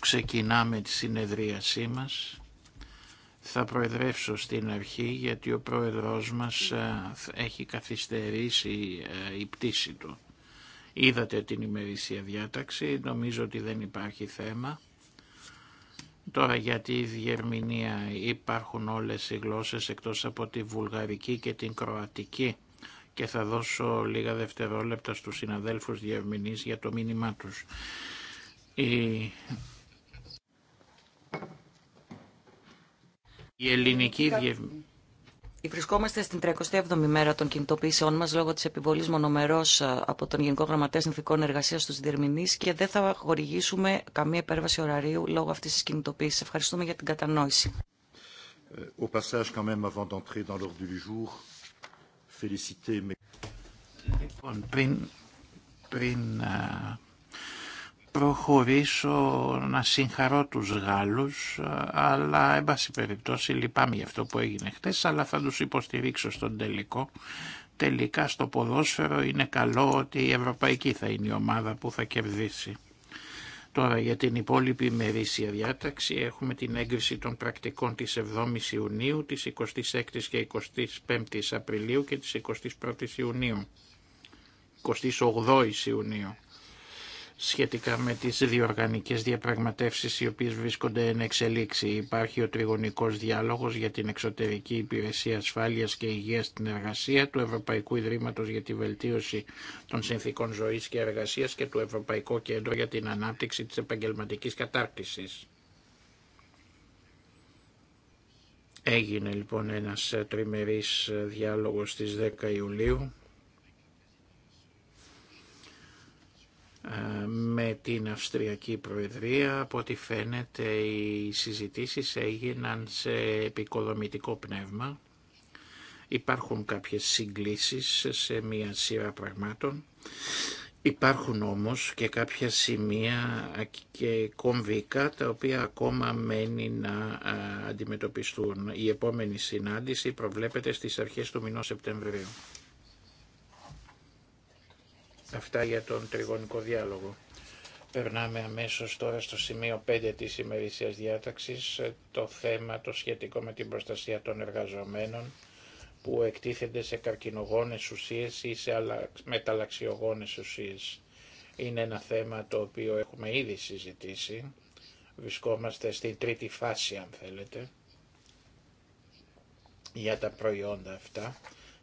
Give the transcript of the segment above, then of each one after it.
ξεκινάμε τη συνεδρίασή μας. Θα προεδρεύσω στην αρχή γιατί ο πρόεδρος μας ε, έχει καθυστερήσει ε, η πτήση του. Είδατε την ημερήσια διάταξη, νομίζω ότι δεν υπάρχει θέμα. Τώρα γιατί η διερμηνία υπάρχουν όλες οι γλώσσες εκτός από τη βουλγαρική και την κροατική και θα δώσω λίγα δευτερόλεπτα στους συναδέλφους διευμηνείς για το μήνυμά τους. Η... Η ελληνική Βρισκόμαστε στην 37η μέρα των κινητοποιήσεών μα λόγω τη επιβολή μονομερό ε, από τον Γενικό Γραμματέα Συνθηκών Εργασία στου Διερμηνεί και δεν θα χορηγήσουμε καμία υπέρβαση ωραρίου λόγω αυτή τη κινητοποίηση. Ευχαριστούμε για την κατανόηση. Ε, au passage, quand même, avant d'entrer dans l'ordre du jour, Λοιπόν, πριν, ε, προχωρήσω να συγχαρώ τους Γάλλους, ε, αλλά εν πάση περιπτώσει λυπάμαι για αυτό που έγινε χτες, αλλά θα τους υποστηρίξω στον τελικό. Τελικά στο ποδόσφαιρο είναι καλό ότι η Ευρωπαϊκή θα είναι η ομάδα που θα κερδίσει. Τώρα για την υπόλοιπη ημερήσια διάταξη έχουμε την έγκριση των πρακτικών της 7ης Ιουνίου, της 26ης και 25ης Απριλίου και της 21ης Ιουνίου. 28ης Ιουνίου σχετικά με τις διοργανικές διαπραγματεύσεις οι οποίες βρίσκονται εν εξελίξη. Υπάρχει ο τριγωνικός διάλογος για την εξωτερική υπηρεσία ασφάλειας και υγείας στην εργασία του Ευρωπαϊκού Ιδρύματος για τη βελτίωση των συνθήκων ζωής και εργασίας και του Ευρωπαϊκού Κέντρου για την ανάπτυξη της επαγγελματικής κατάρτισης. Έγινε λοιπόν ένας τριμερής διάλογος στις 10 Ιουλίου Ε, με την Αυστριακή Προεδρία. Από ό,τι φαίνεται οι συζητήσεις έγιναν σε επικοδομητικό πνεύμα. Υπάρχουν κάποιες συγκλήσεις σε μία σειρά πραγμάτων. Υπάρχουν όμως και κάποια σημεία και κομβικά τα οποία ακόμα μένει να αντιμετωπιστούν. Η επόμενη συνάντηση προβλέπεται στις αρχές του μηνός Σεπτεμβρίου. Αυτά για τον τριγωνικό διάλογο. Περνάμε αμέσως τώρα στο σημείο 5 της ημερησίας διάταξης, το θέμα το σχετικό με την προστασία των εργαζομένων που εκτίθενται σε καρκινογόνες ουσίες ή σε μεταλλαξιογόνες ουσίες. Είναι ένα θέμα το οποίο έχουμε ήδη συζητήσει. Βρισκόμαστε στην τρίτη φάση, αν θέλετε, για τα προϊόντα αυτά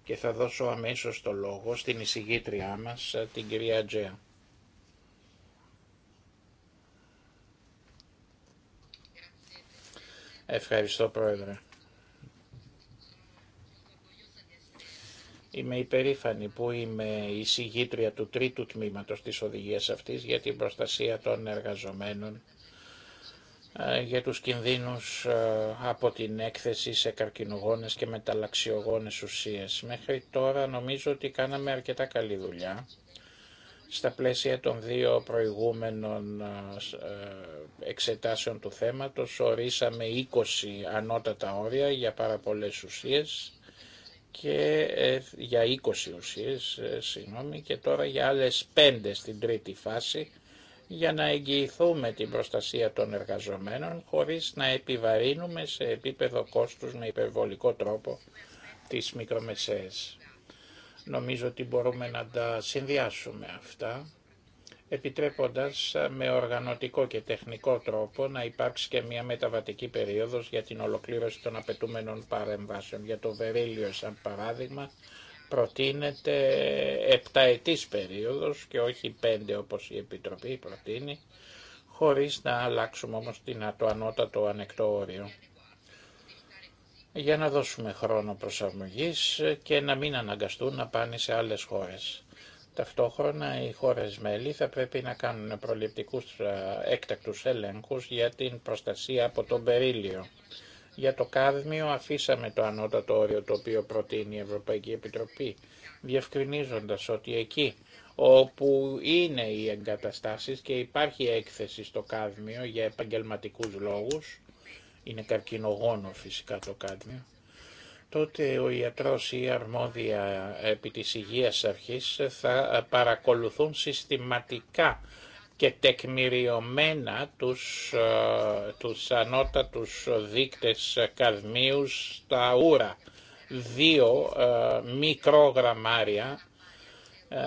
και θα δώσω αμέσως το λόγο στην εισηγήτριά μας, ε, την κυρία Τζέα. Ευχαριστώ Πρόεδρε. Είμαι υπερήφανη που είμαι η του τρίτου τμήματος της οδηγίας αυτής για την προστασία των εργαζομένων ε, για τους κινδύνους ε, από την έκθεση σε καρκινογόνες και μεταλλαξιογόνες ουσίες. Μέχρι τώρα νομίζω ότι κάναμε αρκετά καλή δουλειά στα πλαίσια των δύο προηγούμενων ε, εξετάσεων του θέματος ορίσαμε 20 ανώτατα όρια για πάρα πολλές ουσίες και για 20 ουσίες, συγγνώμη, και τώρα για άλλες 5 στην τρίτη φάση για να εγγυηθούμε την προστασία των εργαζομένων χωρίς να επιβαρύνουμε σε επίπεδο κόστους με υπερβολικό τρόπο τις μικρομεσαίες. Νομίζω ότι μπορούμε να τα συνδυάσουμε αυτά, επιτρέποντας με οργανωτικό και τεχνικό τρόπο να υπάρξει και μια μεταβατική περίοδος για την ολοκλήρωση των απαιτούμενων παρεμβάσεων. Για το Βερίλιο, σαν παράδειγμα, προτείνεται επταετής περίοδος και όχι πέντε όπως η Επιτροπή προτείνει, χωρίς να αλλάξουμε όμως την, το ανώτατο ανεκτό όριο. Για να δώσουμε χρόνο προσαρμογής και να μην αναγκαστούν να πάνε σε άλλες χώρες. Ταυτόχρονα οι χώρες μέλη θα πρέπει να κάνουν προληπτικούς έκτακτους ελέγχους για την προστασία από τον περίλιο. Για το κάδμιο αφήσαμε το ανώτατο όριο το οποίο προτείνει η Ευρωπαϊκή Επιτροπή, διευκρινίζοντας ότι εκεί όπου είναι οι εγκαταστάσεις και υπάρχει έκθεση στο κάδμιο για επαγγελματικούς λόγους, είναι καρκινογόνο φυσικά το κάδμιο, τότε ο ιατρός ή η αρμόδια επί της υγείας αρχής θα παρακολουθούν συστηματικά και τεκμηριωμένα τους, ε, τους ανώτατους δείκτες καδμίου στα ούρα, δύο ε, μικρόγραμμάρια ε,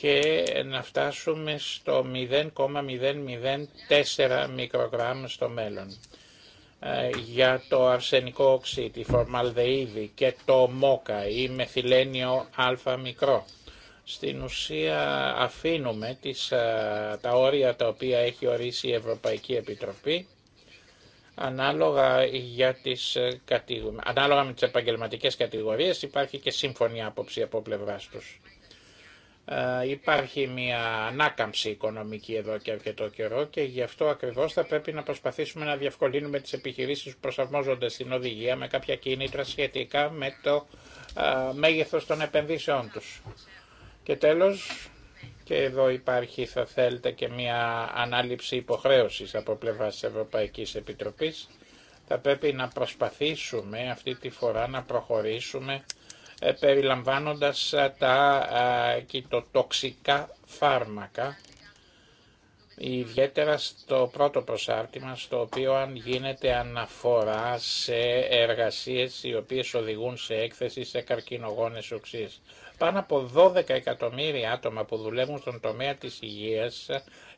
και να φτάσουμε στο 0,004 μικρογράμμα στο μέλλον. Για το αρσενικό οξύ, τη φορμαλδεΐδη και το μόκα ή μεθυλένιο αλφα μικρό στην ουσία αφήνουμε τις, ε, τα όρια τα οποία έχει ορίσει η Ευρωπαϊκή Επιτροπή ανάλογα, για τις, ε, ανάλογα με τις επαγγελματικές κατηγορίες υπάρχει και σύμφωνη άποψη από πλευράς τους. Ε, υπάρχει μια ανάκαμψη οικονομική εδώ και αρκετό καιρό και γι' αυτό ακριβώς θα πρέπει να προσπαθήσουμε να διευκολύνουμε τις επιχειρήσεις που προσαρμόζονται στην οδηγία με κάποια κίνητρα σχετικά με το μέγεθος των επενδύσεών τους. Και τέλος, και εδώ υπάρχει θα θέλετε και μια ανάληψη υποχρέωσης από πλευράς της Ευρωπαϊκής Επιτροπής, θα πρέπει να προσπαθήσουμε αυτή τη φορά να προχωρήσουμε ε, περιλαμβάνοντας ε, τα ε, κοιτοτοξικά φάρμακα, ιδιαίτερα στο πρώτο προσάρτημα, στο οποίο αν γίνεται αναφορά σε εργασίες οι οποίες οδηγούν σε έκθεση σε καρκινογόνες οξύς. Πάνω από 12 εκατομμύρια άτομα που δουλεύουν στον τομέα της υγείας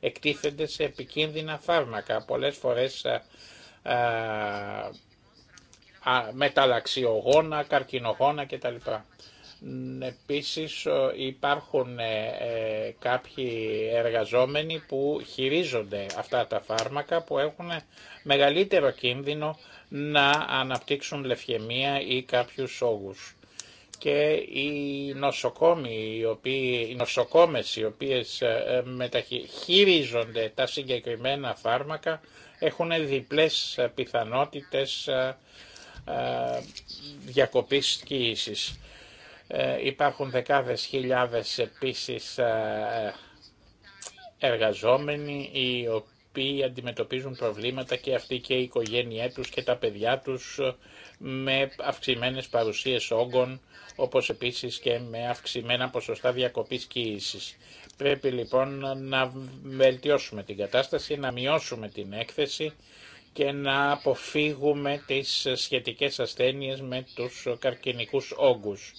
εκτίθενται σε επικίνδυνα φάρμακα, πολλές φορές α, ε, ε, α, μεταλλαξιογόνα, καρκινογόνα κτλ. Επίσης ε, υπάρχουν κάποιοι εργαζόμενοι που χειρίζονται αυτά τα φάρμακα που έχουν μεγαλύτερο κίνδυνο να αναπτύξουν λευχαιμία ή κάποιους όγους και οι νοσοκόμοι, οι, οποίοι, οι νοσοκόμες οι οποίες ε, ε, μεταχειρίζονται τα συγκεκριμένα φάρμακα έχουν διπλές ε, πιθανότητες διακοπής κοίησης. Υπάρχουν δεκάδες χιλιάδες επίσης εργαζόμενοι οι οποίοι οποίοι αντιμετωπίζουν προβλήματα και αυτοί και η οικογένειά τους και τα παιδιά τους ε, με αυξημένες παρουσίες όγκων, όπως επίσης και με αυξημένα ποσοστά διακοπής κοίησης. Πρέπει λοιπόν να βελτιώσουμε την κατάσταση, να μειώσουμε την έκθεση και να αποφύγουμε τις σχετικές ασθένειες με τους καρκινικούς όγκους.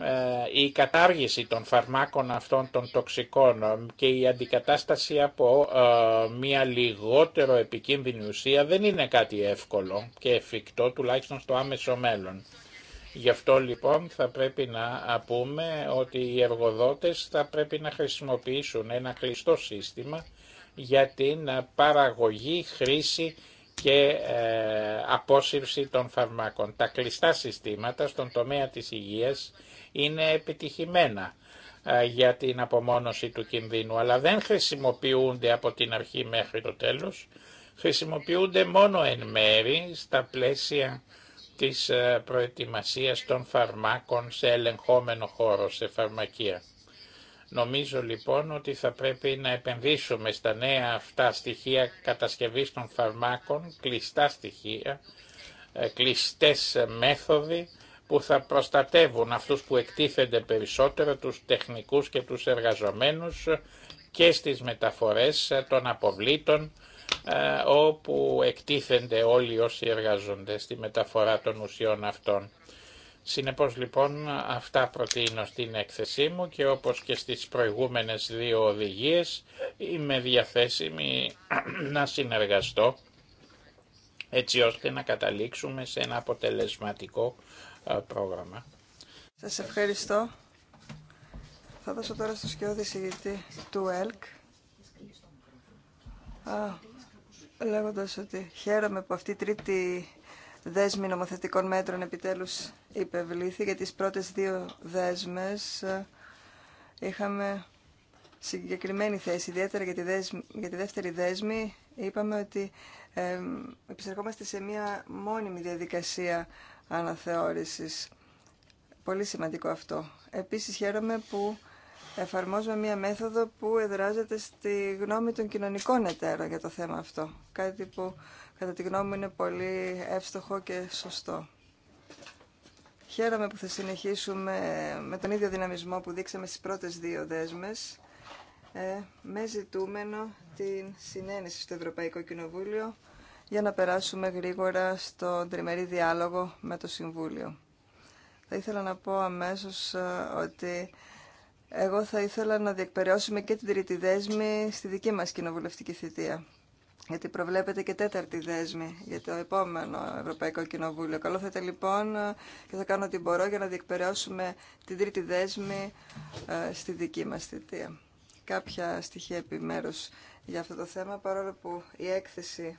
Ε, η κατάργηση των φαρμάκων αυτών των τοξικών ε, και η αντικατάσταση από ε, μια λιγότερο επικίνδυνη ουσία δεν είναι κάτι εύκολο και εφικτό τουλάχιστον στο άμεσο μέλλον. Γι' αυτό λοιπόν θα πρέπει να πούμε ότι οι εργοδότες θα πρέπει να χρησιμοποιήσουν ένα κλειστό σύστημα για την παραγωγή, χρήση και απόσυρση των φαρμάκων. Τα κλειστά συστήματα στον τομέα της υγείας είναι επιτυχημένα ε, για την απομόνωση του κινδύνου, αλλά δεν χρησιμοποιούνται από την αρχή μέχρι το τέλος, χρησιμοποιούνται μόνο εν μέρη στα πλαίσια της ε, προετοιμασίας των φαρμάκων σε ελεγχόμενο χώρο, σε φαρμακεία. Νομίζω λοιπόν ότι θα πρέπει να επενδύσουμε στα νέα αυτά στοιχεία κατασκευής των φαρμάκων, κλειστά στοιχεία, ε, κλειστές μέθοδοι, που θα προστατεύουν αυτούς που εκτίθενται περισσότερο, τους τεχνικούς και τους εργαζομένους και στις μεταφορές των αποβλήτων ε, όπου εκτίθενται όλοι όσοι εργάζονται στη μεταφορά των ουσιών αυτών. Συνεπώς λοιπόν αυτά προτείνω στην έκθεσή μου και όπως και στις προηγούμενες δύο οδηγίες είμαι διαθέσιμη να συνεργαστώ έτσι ώστε να καταλήξουμε σε ένα αποτελεσματικό ε, πρόγραμμα. Σας ευχαριστώ. Θα δώσω τώρα στο σκιώδη συγγητή του ΕΛΚ. Α, λέγοντας ότι χαίρομαι που αυτή η τρίτη δέσμη νομοθετικών μέτρων επιτέλους υπευλήθη για τις πρώτες δύο δέσμες ε, είχαμε συγκεκριμένη θέση, ιδιαίτερα για τη, τη δεύτερη δέσμη είπαμε ότι ε, επιστρεφόμαστε σε μία μόνιμη διαδικασία αναθεώρησης. Πολύ σημαντικό αυτό. Επίσης χαίρομαι που εφαρμόζουμε μία μέθοδο που εδράζεται στη γνώμη των κοινωνικών εταίρων για το θέμα αυτό. Κάτι που κατά τη γνώμη μου είναι πολύ εύστοχο και σωστό. Χαίρομαι που θα συνεχίσουμε με τον ίδιο δυναμισμό που δείξαμε στις πρώτες δύο δέσμες ε, με ζητούμενο την συνένεση στο Ευρωπαϊκό Κοινοβούλιο για να περάσουμε γρήγορα στον τριμερή διάλογο με το Συμβούλιο. Θα ήθελα να πω αμέσως ε, ότι εγώ θα ήθελα να διεκπαιρεώσουμε και την τρίτη δέσμη στη δική μας κοινοβουλευτική θητεία. Γιατί προβλέπεται και τέταρτη δέσμη για το επόμενο Ευρωπαϊκό Κοινοβούλιο. Καλό θα ήταν λοιπόν ε, και θα κάνω ό,τι μπορώ για να διεκπαιρεώσουμε την τρίτη δέσμη ε, στη δική μας θητεία. Κάποια στοιχεία επιμέρους για αυτό το θέμα, παρόλο που η έκθεση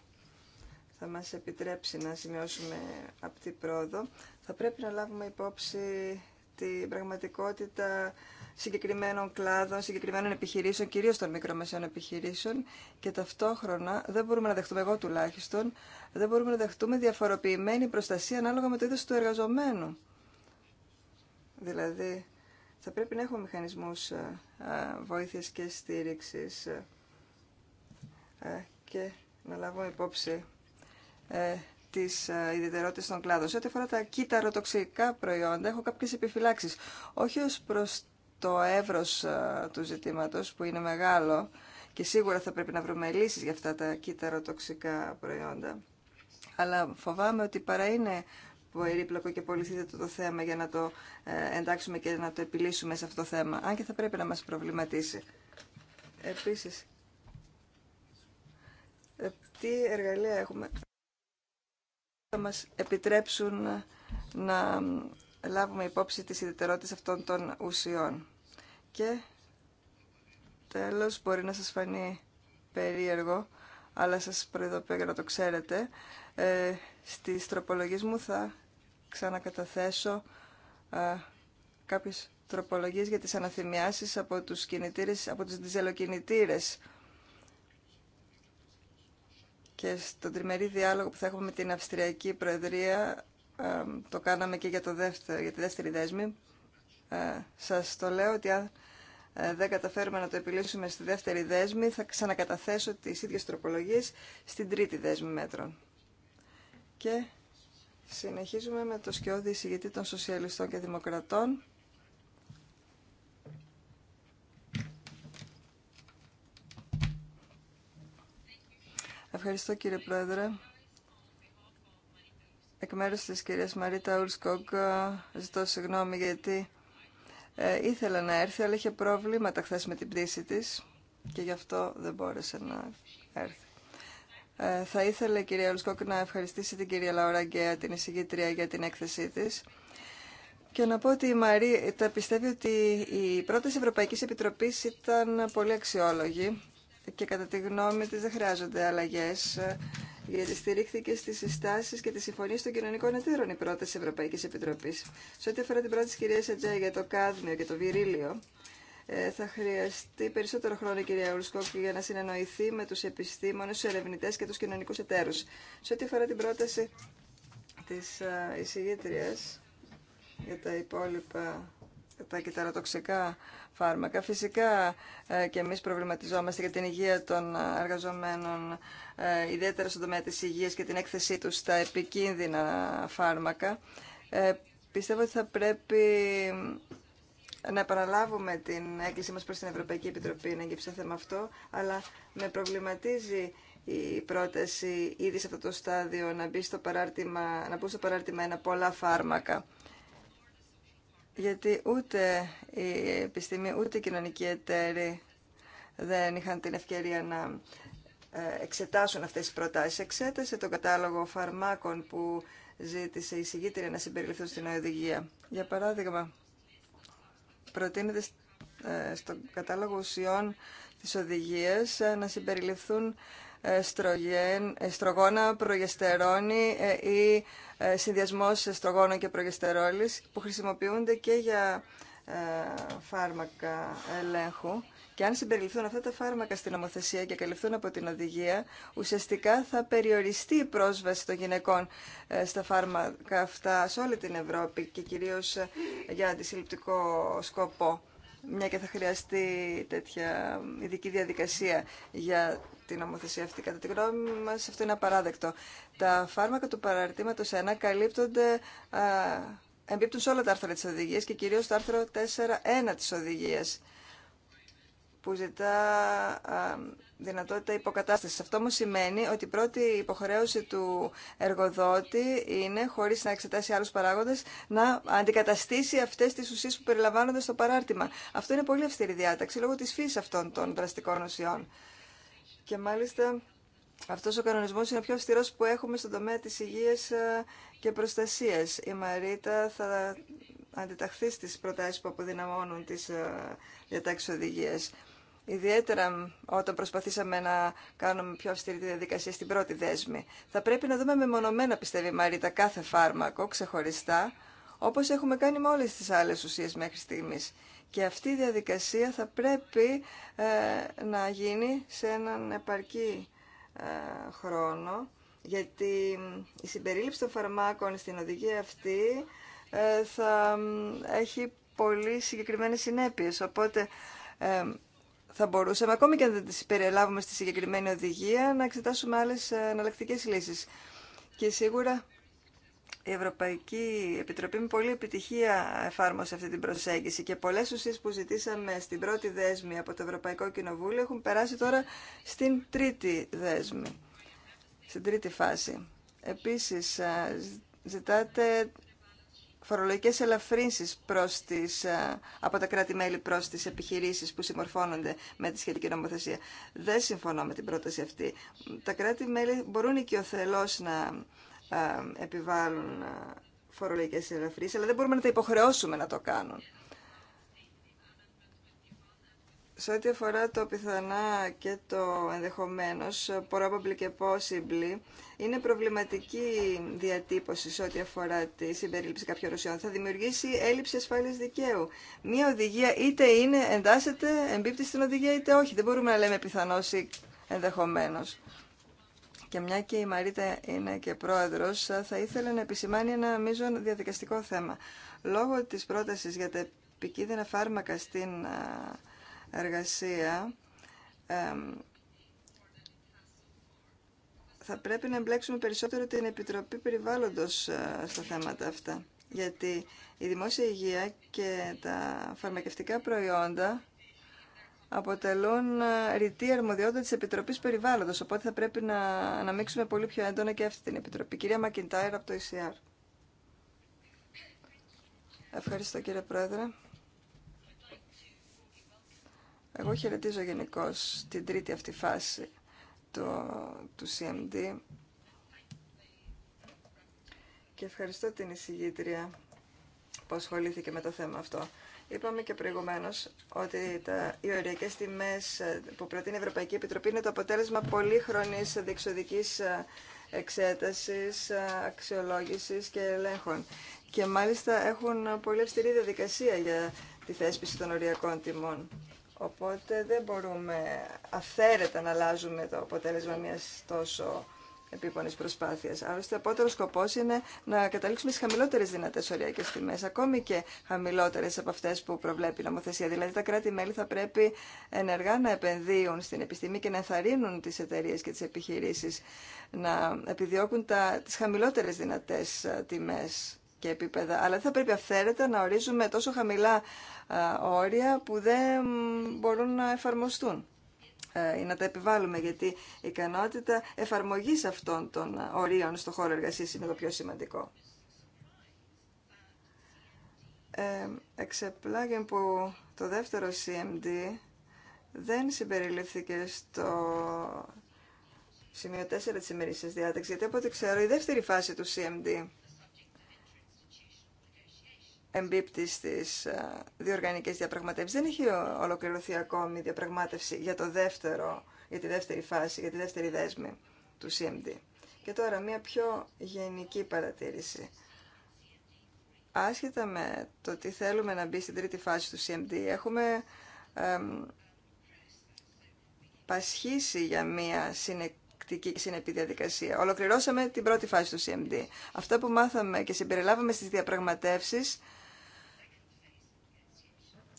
θα μας επιτρέψει να σημειώσουμε αυτή πρόοδο, θα πρέπει να λάβουμε υπόψη την πραγματικότητα συγκεκριμένων κλάδων, συγκεκριμένων επιχειρήσεων, κυρίως των μικρομεσαίων επιχειρήσεων και ταυτόχρονα δεν μπορούμε να δεχτούμε, εγώ τουλάχιστον, δεν μπορούμε να δεχτούμε διαφοροποιημένη προστασία ανάλογα με το είδος του εργαζομένου. Δηλαδή, θα πρέπει να έχουμε μηχανισμούς ε, ε, βοήθειας και στήριξης ε, και να λάβουμε υπόψη ε, τι ε, ιδιαιτερότητε των κλάδων. Σε ό,τι αφορά τα κύτταρο-τοξικά προϊόντα, έχω κάποιε επιφυλάξει. Όχι ω προ το εύρο ε, του ζητήματο, που είναι μεγάλο και σίγουρα θα πρέπει να βρούμε λύσει για αυτά τα κύτταρο-τοξικά προϊόντα. Αλλά φοβάμαι ότι παρά είναι περίπλοκο και πολυθύτετο το θέμα για να το εντάξουμε και να το επιλύσουμε σε αυτό το θέμα. Αν και θα πρέπει να μα προβληματίσει. Επίση, τι εργαλεία έχουμε θα μας επιτρέψουν να λάβουμε υπόψη τις ιδιαιτερότητες αυτών των ουσιών. Και τέλος μπορεί να σας φανεί περίεργο, αλλά σας προειδοποιώ για να το ξέρετε, ε, στις τροπολογίες μου θα ξανακαταθέσω ε, κάποιες τροπολογίες για τις αναθυμιάσεις από τους κινητήρες, από τους διζελοκινητήρες και στον τριμερή διάλογο που θα έχουμε με την Αυστριακή Προεδρία, ε, το κάναμε και για, το δεύτερο, για τη δεύτερη δέσμη, ε, σας το λέω ότι αν ε, δεν καταφέρουμε να το επιλύσουμε στη δεύτερη δέσμη, θα ξανακαταθέσω τις ίδιες τροπολογίες στην τρίτη δέσμη μέτρων. Και συνεχίζουμε με το σκιώδη εισηγητή των Σοσιαλιστών και Δημοκρατών, Ευχαριστώ κύριε Πρόεδρε. Εκ μέρους της κυρία Μαρίτα Ουρσκόγκ ζητώ συγγνώμη γιατί ε, ήθελα να έρθει αλλά είχε πρόβληματα χθε με την πτήση τη και γι' αυτό δεν μπόρεσε να έρθει. Ε, θα ήθελα η κυρία Ουρσκόγκ να ευχαριστήσει την κυρία Λαουραγκέα, την εισηγήτρια για την έκθεσή τη. Και να πω ότι η Μαρίτα πιστεύει ότι η πρόταση Ευρωπαϊκή Επιτροπή ήταν πολύ αξιόλογη και κατά τη γνώμη της δεν χρειάζονται αλλαγές ε, γιατί στηρίχθηκε στι συστάσει και τι συμφωνίε των κοινωνικών εταίρων η πρόταση Ευρωπαϊκή Επιτροπή. Σε ό,τι αφορά την πρόταση τη κυρία Ατζέ για το κάδμιο και το Βιρίλιο ε, θα χρειαστεί περισσότερο χρόνο η κυρία Ουρσκόπ για να συνεννοηθεί με του επιστήμονε, του ερευνητέ και του κοινωνικού εταίρου. Σε ό,τι αφορά την πρόταση τη ε, εισηγήτρια για τα υπόλοιπα, τα κυταρατοξικά φάρμακα. Φυσικά ε, και εμείς προβληματιζόμαστε για την υγεία των ε, εργαζομένων, ε, ιδιαίτερα στον τομέα της υγείας και την έκθεσή τους στα επικίνδυνα φάρμακα. Πιστεύω ότι θα πρέπει να επαναλάβουμε την έκκλησή μας προς την Ευρωπαϊκή Επιτροπή να εγκύψει θέμα αυτό, αλλά με προβληματίζει η πρόταση ήδη σε αυτό το στάδιο να, μπει στο παράρτημα, να μπουν στο παράρτημα ένα πολλά φάρμακα γιατί ούτε η επιστήμη ούτε οι κοινωνικοί εταίροι δεν είχαν την ευκαιρία να ε, εξετάσουν αυτές τις προτάσεις. Εξέτασε το κατάλογο φαρμάκων που ζήτησε η να συμπεριληφθούν στην οδηγία. Για παράδειγμα, προτείνεται ε, στον κατάλογο ουσιών της οδηγίας ε, να συμπεριληφθούν ε, στρογόνα, προγεστερόνη ε, ή ε, συνδυασμός εστρογόνων και προγεστερόλης που χρησιμοποιούνται και για φάρμακα ελέγχου. Και αν συμπεριληφθούν αυτά τα φάρμακα στην νομοθεσία και καλυφθούν από την οδηγία, ουσιαστικά θα περιοριστεί η πρόσβαση των γυναικών στα φάρμακα αυτά σε όλη την Ευρώπη και κυρίως για αντισυλληπτικό σκοπό μια και θα χρειαστεί τέτοια ειδική διαδικασία για την νομοθεσία αυτή. Κατά τη γνώμη μας αυτό είναι απαράδεκτο. Τα φάρμακα του παραρτήματος 1 καλύπτονται, α, εμπίπτουν σε όλα τα άρθρα της οδηγίας και κυρίως το άρθρο 4.1 της οδηγίας που ζητά α, δυνατότητα υποκατάστασης. Αυτό μου σημαίνει ότι η πρώτη υποχρέωση του εργοδότη είναι, χωρίς να εξετάσει άλλους παράγοντες, να αντικαταστήσει αυτές τις ουσίες που περιλαμβάνονται στο παράρτημα. Αυτό είναι πολύ αυστηρή διάταξη λόγω της φύσης αυτών των δραστικών ουσιών. Και μάλιστα αυτός ο κανονισμός είναι ο πιο αυστηρός που έχουμε στον τομέα της υγείας ε, και προστασίας. Η Μαρίτα θα αντιταχθεί στις προτάσεις που αποδυναμώνουν τις ε, διατάξεις οδηγίες ιδιαίτερα όταν προσπαθήσαμε να κάνουμε πιο αυστηρή τη διαδικασία στην πρώτη δέσμη. Θα πρέπει να δούμε μεμονωμένα, πιστεύει η Μαρίτα, κάθε φάρμακο ξεχωριστά, όπως έχουμε κάνει με όλε τι άλλες ουσίες μέχρι στιγμής. Και αυτή η διαδικασία θα πρέπει ε, να γίνει σε έναν επαρκή ε, χρόνο, γιατί η συμπερίληψη των φαρμάκων στην οδηγία αυτή ε, θα έχει πολύ συγκεκριμένες συνέπειες. Οπότε θα μπορούσαμε, ακόμη και αν δεν τις περιελάβουμε στη συγκεκριμένη οδηγία, να εξετάσουμε άλλες ε, εναλλακτικέ λύσεις. Και σίγουρα η Ευρωπαϊκή Επιτροπή με πολλή επιτυχία εφάρμοσε αυτή την προσέγγιση και πολλές ουσίες που ζητήσαμε στην πρώτη δέσμη από το Ευρωπαϊκό Κοινοβούλιο έχουν περάσει τώρα στην τρίτη δέσμη, στην τρίτη φάση. Επίσης, ε, ζητάτε φορολογικές ελαφρύνσεις προς τις, ε, από τα κράτη-μέλη προς τις επιχειρήσεις που συμμορφώνονται με τη σχετική νομοθεσία. Δεν συμφωνώ με την πρόταση αυτή. Τα κράτη-μέλη μπορούν οικειοθελώς να ε, επιβάλλουν ε, φορολογικές ελαφρύνσεις, αλλά δεν μπορούμε να τα υποχρεώσουμε να το κάνουν. Σε ό,τι αφορά το πιθανά και το ενδεχομένως, probably και possibly, είναι προβληματική διατύπωση σε ό,τι αφορά τη συμπερίληψη κάποιων ρωσιών. Θα δημιουργήσει έλλειψη ασφάλειας δικαίου. Μία οδηγία είτε είναι, εντάσσεται, εμπίπτει στην οδηγία είτε όχι. Δεν μπορούμε να λέμε πιθανώς ή ενδεχομένως. Και μια και η Μαρίτα είναι και πρόεδρος, θα ήθελα να επισημάνει ένα μείζον διαδικαστικό θέμα. Λόγω της πρότασης για τα επικίνδυνα φάρμακα στην εργασία θα πρέπει να εμπλέξουμε περισσότερο την Επιτροπή Περιβάλλοντος ε, στα θέματα αυτά. Γιατί η δημόσια υγεία και τα φαρμακευτικά προϊόντα αποτελούν ε, ρητή αρμοδιότητα της Επιτροπής Περιβάλλοντος, οπότε θα πρέπει να αναμίξουμε πολύ πιο έντονα και αυτή την Επιτροπή. Κυρία Μακιντάιρ από το ECR. Ευχαριστώ κύριε Πρόεδρε. Εγώ χαιρετίζω γενικώ την τρίτη αυτή φάση του CMD και ευχαριστώ την εισηγήτρια που ασχολήθηκε με το θέμα αυτό. Είπαμε και προηγουμένω ότι τα, οι ωριακέ τιμέ ε, που προτείνει η Ευρωπαϊκή Επιτροπή είναι το αποτέλεσμα πολύχρονη διεξοδική ε, εξέταση, ε, αξιολόγηση και ελέγχων. Και μάλιστα έχουν πολύ αυστηρή διαδικασία για τη θέσπιση των οριακών τιμών. Οπότε δεν μπορούμε αυθαίρετα να αλλάζουμε το αποτέλεσμα μιας τόσο επίπονη προσπάθεια. Άλλωστε, ο απότερο σκοπό είναι να καταλήξουμε στι χαμηλότερε δυνατέ οριακέ τιμέ, ακόμη και χαμηλότερε από αυτέ που προβλέπει η νομοθεσία. Δηλαδή, τα κράτη-μέλη θα πρέπει ενεργά να επενδύουν στην επιστήμη και να ενθαρρύνουν τι εταιρείε και τι επιχειρήσει να επιδιώκουν τι χαμηλότερε δυνατέ ε, τιμέ και επίπεδα. Αλλά δεν θα πρέπει αυθαίρετα να ορίζουμε τόσο χαμηλά όρια που δεν μπορούν να εφαρμοστούν ε, ή να τα επιβάλλουμε, γιατί η ικανότητα εφαρμογής αυτών των ορίων στο χώρο εργασίας είναι το πιο σημαντικό. Ε, που το δεύτερο CMD δεν συμπεριληφθήκε στο σημείο 4 της ημερήσιας διάταξης, γιατί από ξέρω η δεύτερη φάση του CMD εμπίπτει στι ε, διοργανικέ διαπραγματεύσει. Δεν έχει ολοκληρωθεί ακόμη η διαπραγμάτευση για, το δεύτερο, για τη δεύτερη φάση, για τη δεύτερη δέσμη του CMD. Και τώρα μια πιο γενική παρατήρηση. Άσχετα με το τι θέλουμε να μπει στην τρίτη φάση του CMD, έχουμε εμ, πασχίσει για μια συνεκτική συνεπή διαδικασία. Ολοκληρώσαμε την πρώτη φάση του CMD. Αυτά που μάθαμε και συμπεριλάβαμε στις διαπραγματεύσεις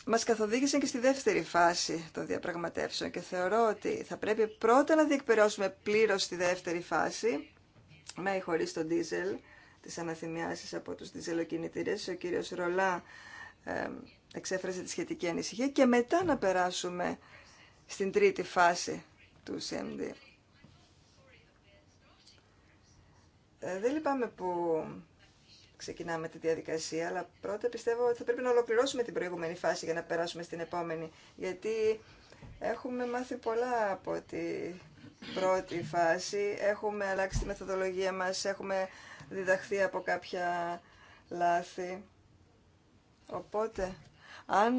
μας καθοδήγησαν και στη δεύτερη φάση των διαπραγματεύσεων και θεωρώ ότι θα πρέπει πρώτα να διεκπαιρεώσουμε πλήρως τη δεύτερη φάση με ή χωρίς τον δίζελ, τις αναθυμιάσεις από τους διζελοκινητήρες. Ο κύριος Ρολά ε, εξέφρασε τη σχετική ανησυχία και μετά να περάσουμε στην τρίτη φάση του CMD. Ε, δεν λυπάμαι που ξεκινάμε τη διαδικασία, αλλά πρώτα πιστεύω ότι θα πρέπει να ολοκληρώσουμε την προηγούμενη φάση για να περάσουμε στην επόμενη, γιατί έχουμε μάθει πολλά από τη πρώτη φάση, έχουμε αλλάξει τη μεθοδολογία μας, έχουμε διδαχθεί από κάποια λάθη. Οπότε, αν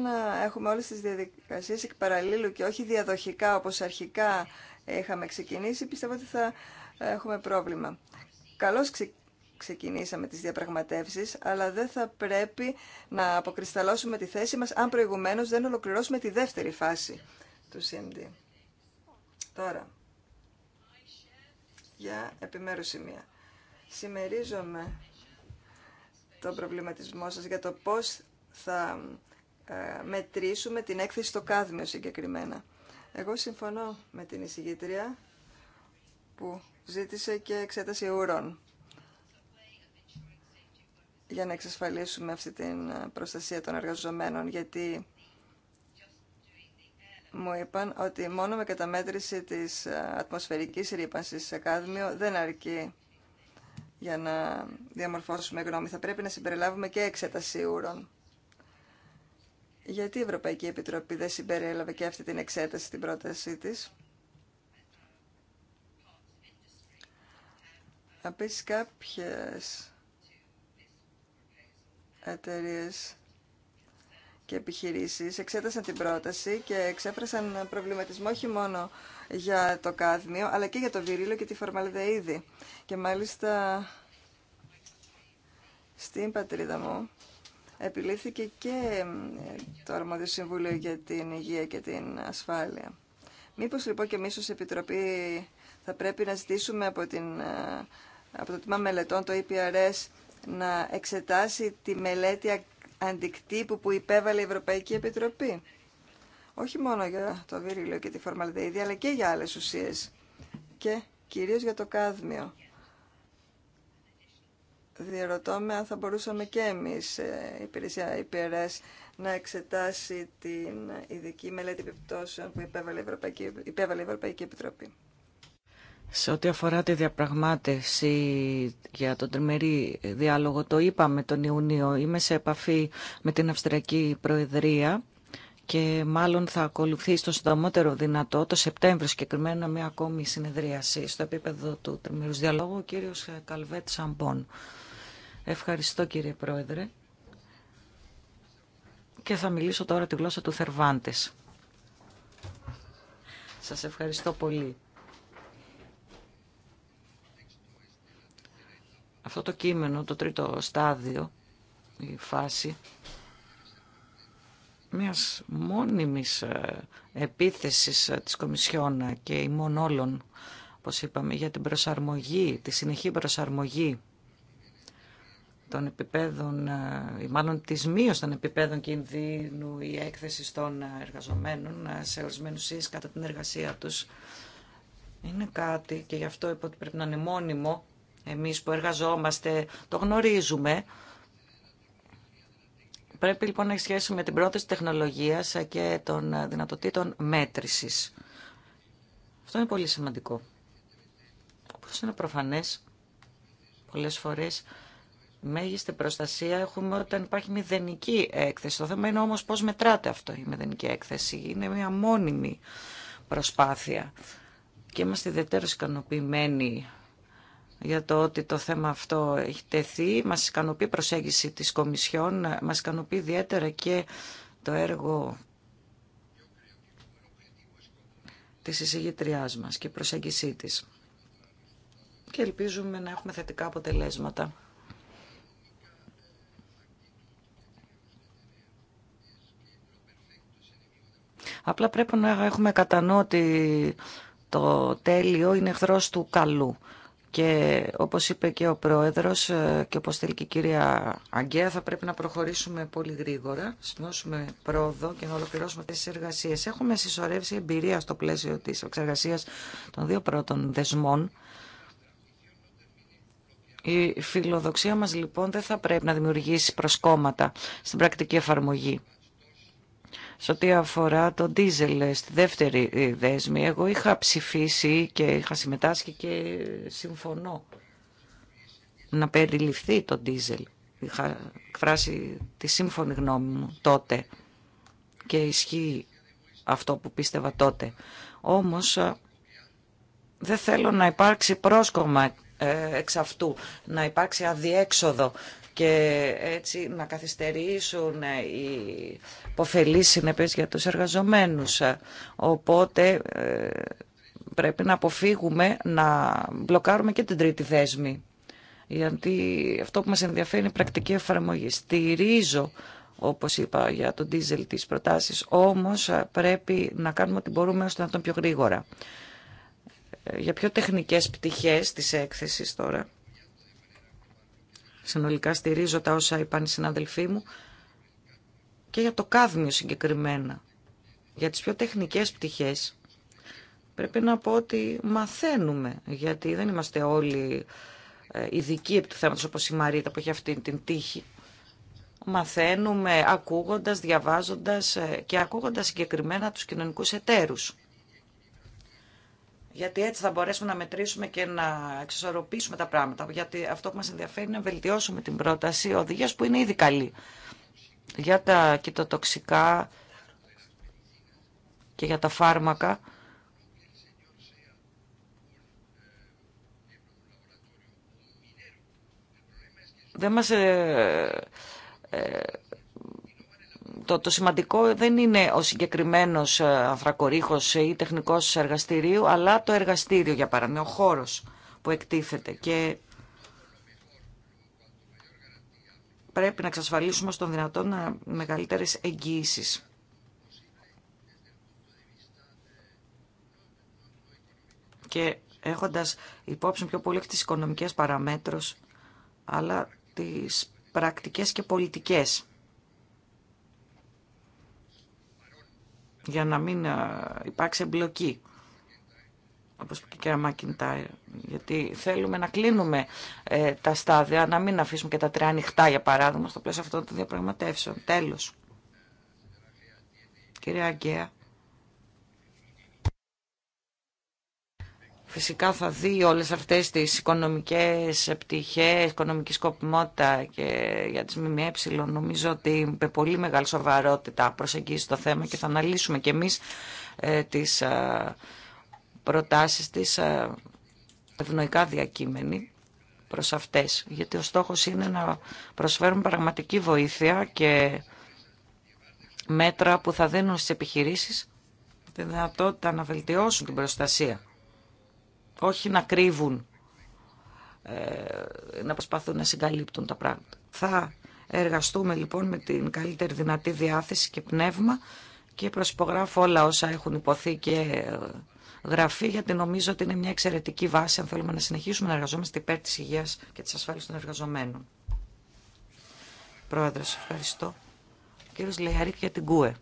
έχουμε όλες τις διαδικασίες εκ παραλλήλου και όχι διαδοχικά όπως αρχικά είχαμε ξεκινήσει, πιστεύω ότι θα έχουμε πρόβλημα. Καλώς ξεκινήσαμε ξεκινήσαμε τις διαπραγματεύσεις, αλλά δεν θα πρέπει να αποκρισταλώσουμε τη θέση μας αν προηγουμένως δεν ολοκληρώσουμε τη δεύτερη φάση του CMD. Τώρα, για επιμέρους σημεία. Σημερίζομαι τον προβληματισμό σας για το πώς θα ε, μετρήσουμε την έκθεση στο κάδμιο συγκεκριμένα. Εγώ συμφωνώ με την εισηγήτρια που ζήτησε και εξέταση ουρών για να εξασφαλίσουμε αυτή την ε, προστασία των εργαζομένων, γιατί μου είπαν ότι μόνο με καταμέτρηση της ε, ατμοσφαιρικής ρήπανσης σε κάδμιο δεν αρκεί για να διαμορφώσουμε γνώμη. Θα πρέπει να συμπεριλάβουμε και εξέταση ούρων. Γιατί η Ευρωπαϊκή Επιτροπή δεν συμπεριέλαβε και αυτή την εξέταση στην πρότασή της. Επίσης κάποιες εταιρείε και επιχειρήσεις εξέτασαν την πρόταση και εξέφρασαν προβληματισμό όχι μόνο για το κάδμιο, αλλά και για το βυρίλο και τη φορμαλδεΐδη. Και μάλιστα στην πατρίδα μου επιλήθηκε και το Αρμόδιο Συμβούλιο για την Υγεία και την Ασφάλεια. Μήπως λοιπόν και εμείς ως Επιτροπή θα πρέπει να ζητήσουμε από, την, ε, από το Τμήμα Μελετών, το EPRS, να εξετάσει τη μελέτη αντικτύπου που υπέβαλε η Ευρωπαϊκή Επιτροπή. Όχι μόνο για το βίριλο και τη φορμαλδεϊδή, αλλά και για άλλες ουσίες. Και κυρίως για το κάδμιο. Διερωτώμε αν θα μπορούσαμε και εμείς, η ε, υπηρεσία IPRS, να εξετάσει την ειδική μελέτη επιπτώσεων που υπέβαλε η Ευρωπαϊκή, υπέβαλε η Ευρωπαϊκή Επιτροπή. Σε ό,τι αφορά τη διαπραγμάτευση για τον τριμερή διάλογο, το είπαμε τον Ιούνιο, είμαι σε επαφή με την Αυστριακή Προεδρία και μάλλον θα ακολουθεί στο συντομότερο δυνατό, το Σεπτέμβριο συγκεκριμένα, μια ακόμη συνεδρίαση στο επίπεδο του τριμερούς διαλόγου, ο κύριος Καλβέτ Σαμπόν. Ευχαριστώ κύριε Πρόεδρε. Και θα μιλήσω τώρα τη γλώσσα του Θερβάντες. Σας ευχαριστώ πολύ. Αυτό το κείμενο, το τρίτο στάδιο, η φάση μιας μόνιμης ε, επίθεσης ε, της Κομισιόνα και ημών όλων, όπως είπαμε, για την προσαρμογή, τη συνεχή προσαρμογή των επιπέδων, ε, ή μάλλον της μείωσης των επιπέδων κινδύνου ή έκθεση των εργαζομένων σε ορισμένου κατά την εργασία τους, είναι κάτι και γι' αυτό είπα ότι πρέπει να είναι μόνιμο εμείς που εργαζόμαστε το γνωρίζουμε. Πρέπει λοιπόν να έχει σχέση με την πρόθεση τεχνολογίας και των δυνατοτήτων μέτρησης. Αυτό είναι πολύ σημαντικό. Όπως είναι προφανές, πολλές φορές μέγιστη προστασία έχουμε όταν υπάρχει μηδενική έκθεση. Το θέμα είναι όμως πώς μετράται αυτό η μηδενική έκθεση. Είναι μια μόνιμη προσπάθεια. Και είμαστε ιδιαίτερως ικανοποιημένοι για το ότι το θέμα αυτό έχει τεθεί. Μας ικανοποιεί η προσέγγιση της Κομισιόν, μας ικανοποιεί ιδιαίτερα και το έργο της εισηγητριάς μας και η προσέγγισή της. Και ελπίζουμε να έχουμε θετικά αποτελέσματα. Απλά πρέπει να έχουμε κατά το τέλειο είναι εχθρός του καλού. Και όπως είπε και ο Πρόεδρος ε, και όπως θέλει και η κυρία Αγκαία θα πρέπει να προχωρήσουμε πολύ γρήγορα, δώσουμε πρόοδο και να ολοκληρώσουμε τις εργασίες. Έχουμε συσσωρεύσει εμπειρία στο πλαίσιο της εξεργασίας των δύο πρώτων δεσμών. Η φιλοδοξία μας λοιπόν δεν θα πρέπει να δημιουργήσει προσκόμματα στην πρακτική εφαρμογή σε ό,τι αφορά το ντίζελ ε, στη δεύτερη ε, δέσμη. Εγώ είχα ψηφίσει και είχα συμμετάσχει και συμφωνώ να περιληφθεί το δίζελ. Είχα εκφράσει τη σύμφωνη γνώμη μου τότε και ισχύει αυτό που πίστευα τότε. Όμως ε, δεν θέλω να υπάρξει πρόσκομα εξ αυτού, να υπάρξει αδιέξοδο και έτσι να καθυστερήσουν οι υποφελείς συνεπές για τους εργαζομένους. Οπότε ε, πρέπει να αποφύγουμε να μπλοκάρουμε και την τρίτη δέσμη. Γιατί αυτό που μας ενδιαφέρει είναι η πρακτική εφαρμογή. Στηρίζω όπως είπα για τον ντίζελ τις προτάσεις, όμως ε, πρέπει να κάνουμε ό,τι μπορούμε ώστε να τον πιο γρήγορα. Ε, για πιο τεχνικές πτυχές της έκθεσης τώρα. Συνολικά στηρίζω τα όσα είπαν οι συναδελφοί μου και για το κάδμιο συγκεκριμένα. Για τις πιο τεχνικές πτυχές πρέπει να πω ότι μαθαίνουμε, γιατί δεν είμαστε όλοι ε, ειδικοί επί του θέματος όπως η Μαρίτα που έχει αυτή την τύχη. Μαθαίνουμε ακούγοντας, διαβάζοντας ε, και ακούγοντας συγκεκριμένα τους κοινωνικούς εταίρους. Γιατί έτσι θα μπορέσουμε να μετρήσουμε και να εξισορροπήσουμε τα πράγματα. Γιατί αυτό που μας ενδιαφέρει είναι να βελτιώσουμε την πρόταση οδηγία που είναι ήδη καλή. Για τα κοιτοτοξικά και για τα φάρμακα. Δεν μας ε, ε το, το σημαντικό δεν είναι ο συγκεκριμένο ε, ανθρακορίχο ή τεχνικός εργαστηρίου, αλλά το εργαστήριο, για παράδειγμα, ο χώρο που εκτίθεται. Και πρέπει να εξασφαλίσουμε στον δυνατόν ε, μεγαλύτερες εγγύησεις. Και έχοντας υπόψη πιο πολύ και τις οικονομικές παραμέτρους, αλλά τις πρακτικές και πολιτικές για να μην ε, υπάρξει εμπλοκή όπως είπε και η κυρία Μακιντάιρ, γιατί θέλουμε να κλείνουμε ε, τα στάδια, να μην αφήσουμε και τα τρία ανοιχτά, για παράδειγμα, στο πλαίσιο αυτών των διαπραγματεύσεων. Τέλος. Κυρία Αγκαία, Φυσικά θα δει όλες αυτές τις οικονομικές πτυχές, οικονομική σκοπιμότητα και για τις ΜΜΕ νομίζω ότι με πολύ μεγάλη σοβαρότητα προσεγγίζει το θέμα και θα αναλύσουμε και εμείς ε, τις ε, προτάσεις της ε, ευνοϊκά διακείμενη προς αυτές. Γιατί ο στόχος είναι να προσφέρουμε πραγματική βοήθεια και μέτρα που θα δίνουν στις επιχειρήσεις τη δυνατότητα να βελτιώσουν την προστασία όχι να κρύβουν, ε, να προσπαθούν να συγκαλύπτουν τα πράγματα. Θα εργαστούμε λοιπόν με την καλύτερη δυνατή διάθεση και πνεύμα και προσυπογράφω όλα όσα έχουν υποθεί και ε, γραφεί, γιατί νομίζω ότι είναι μια εξαιρετική βάση αν θέλουμε να συνεχίσουμε να εργαζόμαστε υπέρ της υγείας και της ασφάλειας των εργαζομένων. Πρόεδρος, ευχαριστώ. Ο κύριος για την ΚΟΕ.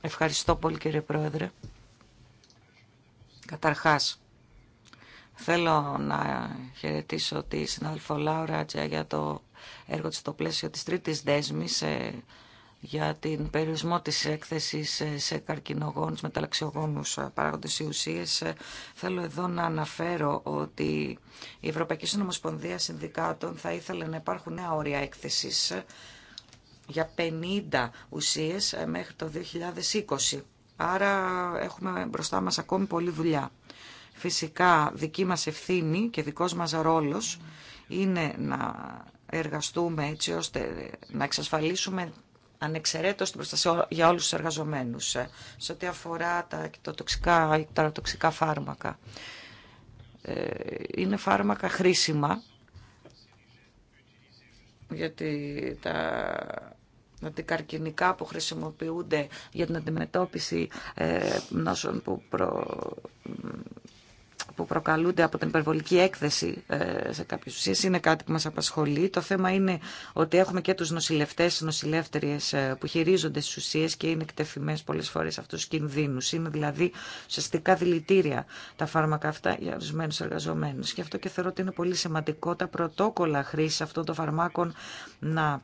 Ευχαριστώ πολύ κύριε Πρόεδρε. Καταρχάς, Θέλω να χαιρετήσω τη συνάδελφο Λάουρα για το έργο της στο πλαίσιο της τρίτης δέσμης ε, για την περιορισμό της έκθεσης ε, σε καρκινογόνους, μεταλλαξιογόνους ε, παράγοντες ή ουσίες. Θέλω εδώ να αναφέρω ότι η Ευρωπαϊκή Συνομοσπονδία Συνδικάτων θα ήθελε να υπάρχουν νέα όρια έκθεσης για 50 ουσίες μέχρι το 2020. Άρα έχουμε μπροστά μας ακόμη πολλή δουλειά. Φυσικά δική μας ευθύνη και δικός μας ρόλος είναι να εργαστούμε έτσι ώστε να εξασφαλίσουμε ανεξαιρέτως την προστασία για όλους τους εργαζομένους ε, σε ό,τι αφορά τα, το τοξικά, τα τοξικά φάρμακα. Ε, είναι φάρμακα χρήσιμα γιατί τα καρκινικά που χρησιμοποιούνται για την αντιμετώπιση ε, νόσων που προ που προκαλούνται από την υπερβολική έκθεση ε, σε κάποιε ουσίες είναι κάτι που μα απασχολεί. Το θέμα είναι ότι έχουμε και τους νοσηλευτές, ε, που χειρίζονται στι ουσίες και είναι εκτεθειμένες πολλές φορές αυτού του κινδύνου. Είναι δηλαδή ουσιαστικά δηλητήρια τα φάρμακα αυτά για ορισμένου εργαζομένου. Και αυτό και θεωρώ ότι είναι πολύ σημαντικό τα πρωτόκολλα χρήση αυτών των φαρμάκων να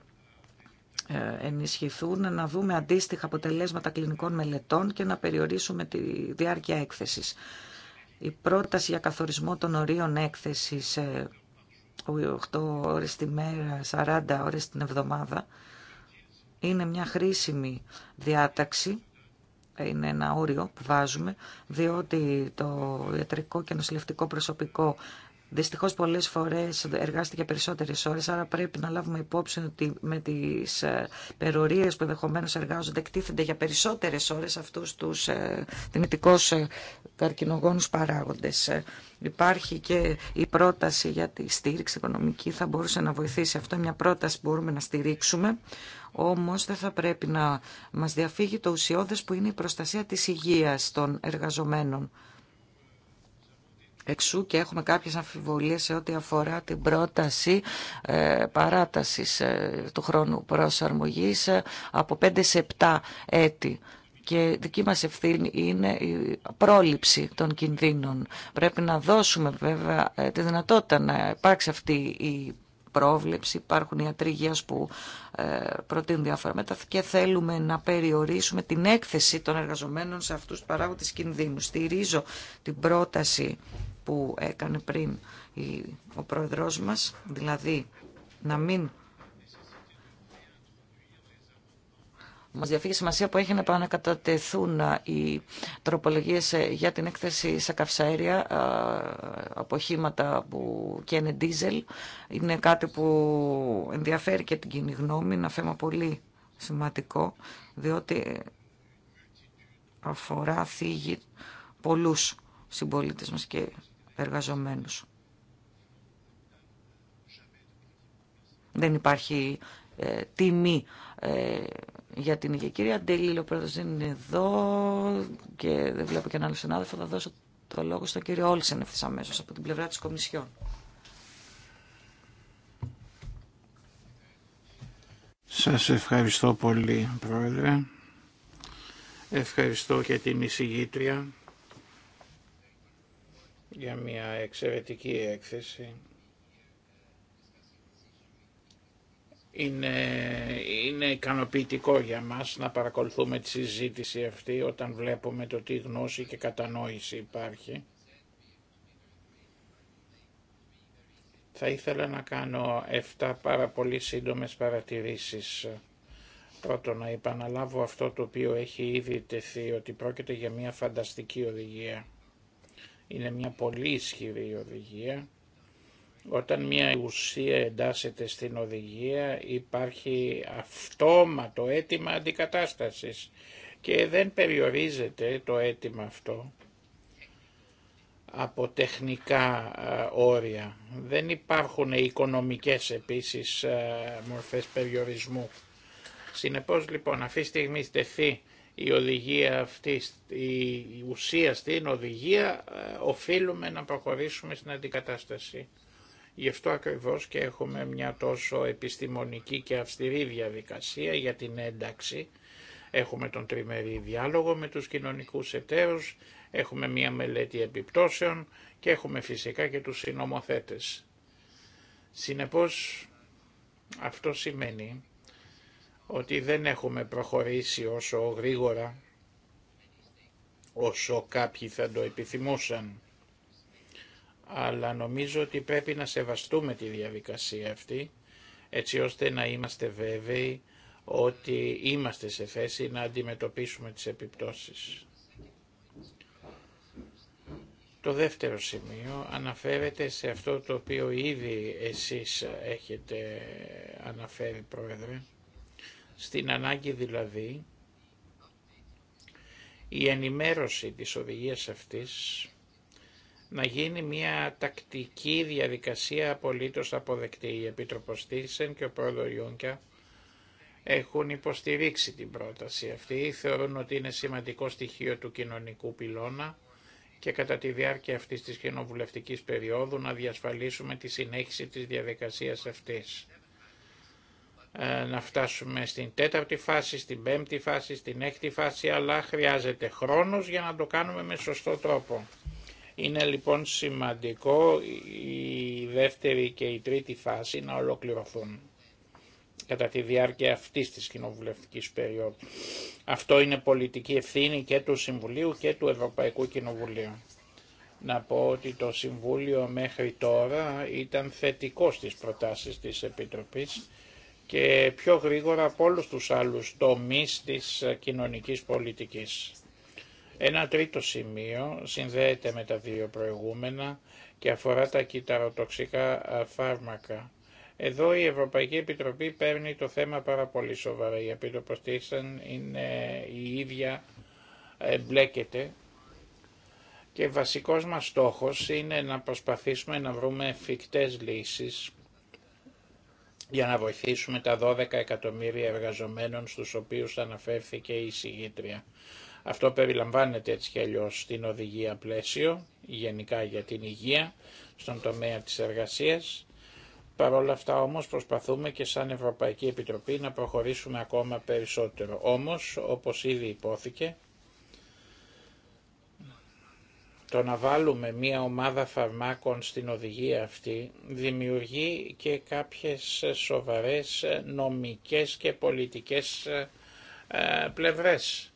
ε, ενισχυθούν, να δούμε αντίστοιχα αποτελέσματα κλινικών μελετών και να περιορίσουμε τη διάρκεια έκθεσης. Η πρόταση για καθορισμό των ορίων έκθεσης 8 ε, ώρες τη μέρα, 40 ώρες την εβδομάδα, είναι μια χρήσιμη διάταξη, είναι ένα όριο που βάζουμε, διότι το ιατρικό και νοσηλευτικό προσωπικό Δυστυχώ πολλέ φορέ εργάστηκε περισσότερε ώρε, άρα πρέπει να λάβουμε υπόψη ότι με τι ε, περορίε που ενδεχομένω εργάζονται εκτίθενται για περισσότερε ώρε αυτού του ε, δυνητικού ε, καρκινογόνου παράγοντε. Υπάρχει και η πρόταση για τη στήριξη οικονομική, θα μπορούσε να βοηθήσει αυτό. Είναι Μια πρόταση που μπορούμε να στηρίξουμε, όμω δεν θα πρέπει να μα διαφύγει το ουσιώδε που είναι η προστασία τη υγεία των εργαζομένων. Εξού και έχουμε κάποιες αμφιβολίες σε ό,τι αφορά την πρόταση ε, παράτασης ε, του χρόνου προσαρμογής ε, από 5 σε 7 έτη και δική μας ευθύνη είναι η πρόληψη των κινδύνων. Πρέπει να δώσουμε βέβαια τη δυνατότητα να υπάρξει αυτή η πρόβλεψη. Υπάρχουν ιατροί υγείας που προτείνουν διάφορα μέτρα και θέλουμε να περιορίσουμε την έκθεση των εργαζομένων σε αυτούς τους παράγοντες κινδύνου. Στηρίζω την πρόταση που έκανε πριν ο πρόεδρός μας, δηλαδή να μην Μα διαφύγει σημασία που έχει να επανακατατεθούν ε, οι τροπολογίε ε, για την έκθεση σε καυσαέρια ε, από χήματα που καίνε είναι Είναι κάτι που ενδιαφέρει και την κοινή γνώμη, ένα θέμα πολύ σημαντικό, διότι αφορά, θίγει πολλού συμπολίτε μα. και εργαζομένους. Δεν υπάρχει ε, τιμή ε, για την υγεία. Κυρία Ντέλη, ο πρόεδρος δεν είναι εδώ και δεν βλέπω και ένα άλλο συνάδελφο. Θα δώσω το λόγο στον κύριο Όλσεν ευθύς αμέσως από την πλευρά της Κομισιόν. Σας ευχαριστώ πολύ, Πρόεδρε. Ευχαριστώ και την εισηγήτρια για μια εξαιρετική έκθεση. Είναι, είναι ικανοποιητικό για μας να παρακολουθούμε τη συζήτηση αυτή όταν βλέπουμε το τι γνώση και κατανόηση υπάρχει. Θα ήθελα να κάνω 7 πάρα πολύ σύντομες παρατηρήσεις. Πρώτον, να επαναλάβω αυτό το οποίο έχει ήδη τεθεί, ότι πρόκειται για μια φανταστική οδηγία. Είναι μια πολύ ισχυρή οδηγία. Όταν μια ουσία εντάσσεται στην οδηγία υπάρχει αυτόματο αίτημα αντικατάστασης και δεν περιορίζεται το αίτημα αυτό από τεχνικά ε, όρια. Δεν υπάρχουν οικονομικές επίσης ε, μορφές περιορισμού. Συνεπώς λοιπόν αυτή τη στιγμή η οδηγία αυτή, η ουσία στην οδηγία, ε, οφείλουμε να προχωρήσουμε στην αντικατάσταση. Γι' αυτό ακριβώς και έχουμε μια τόσο επιστημονική και αυστηρή διαδικασία για την ένταξη. Έχουμε τον τριμερή διάλογο με τους κοινωνικούς εταίρους, έχουμε μια μελέτη επιπτώσεων και έχουμε φυσικά και τους συνομοθέτες. Συνεπώς αυτό σημαίνει ότι δεν έχουμε προχωρήσει όσο γρήγορα όσο κάποιοι θα το επιθυμούσαν. Αλλά νομίζω ότι πρέπει να σεβαστούμε τη διαδικασία αυτή, έτσι ώστε να είμαστε βέβαιοι ότι είμαστε σε θέση να αντιμετωπίσουμε τις επιπτώσεις. Το δεύτερο σημείο αναφέρεται σε αυτό το οποίο ήδη εσείς έχετε αναφέρει, Πρόεδρε, στην ανάγκη δηλαδή η ενημέρωση της οδηγίας αυτής να γίνει μια τακτική διαδικασία απολύτως αποδεκτή. Η Επίτροπος Τίσεν και ο Πρόεδρο Ιούνκια έχουν υποστηρίξει την πρόταση αυτή, θεωρούν ότι είναι σημαντικό στοιχείο του κοινωνικού πυλώνα και κατά τη διάρκεια αυτής της κοινοβουλευτικής περίοδου να διασφαλίσουμε τη συνέχιση της διαδικασίας αυτής. Ε, να φτάσουμε στην τέταρτη φάση, στην πέμπτη φάση, στην έκτη φάση, αλλά χρειάζεται χρόνος για να το κάνουμε με σωστό τρόπο. Είναι λοιπόν σημαντικό η δεύτερη και η τρίτη φάση να ολοκληρωθούν κατά τη διάρκεια αυτής της κοινοβουλευτικής περίοδου. Αυτό είναι πολιτική ευθύνη και του Συμβουλίου και του Ευρωπαϊκού Κοινοβουλίου. Να πω ότι το Συμβούλιο μέχρι τώρα ήταν θετικό στις προτάσεις της Επιτροπής και πιο γρήγορα από όλους τους άλλους τομείς της κοινωνικής πολιτικής. Ένα τρίτο σημείο συνδέεται με τα δύο προηγούμενα και αφορά τα κυταροτοξικά φάρμακα. Εδώ η Ευρωπαϊκή Επιτροπή παίρνει το θέμα πάρα πολύ σοβαρά. Η Επίτροπος είναι η ίδια εμπλέκεται και βασικός μας στόχος είναι να προσπαθήσουμε να βρούμε εφικτές λύσεις για να βοηθήσουμε τα 12 εκατομμύρια εργαζομένων στους οποίους αναφέρθηκε η συγγήτρια. Αυτό περιλαμβάνεται έτσι και αλλιώς στην οδηγία πλαίσιο, γενικά για την υγεία, στον τομέα της εργασίας. Παρ' όλα αυτά όμως προσπαθούμε και σαν Ευρωπαϊκή Επιτροπή να προχωρήσουμε ακόμα περισσότερο. Όμως, όπως ήδη υπόθηκε, το να βάλουμε μία ομάδα φαρμάκων στην οδηγία αυτή δημιουργεί και κάποιες σοβαρές νομικές και πολιτικές ε, πλευρές.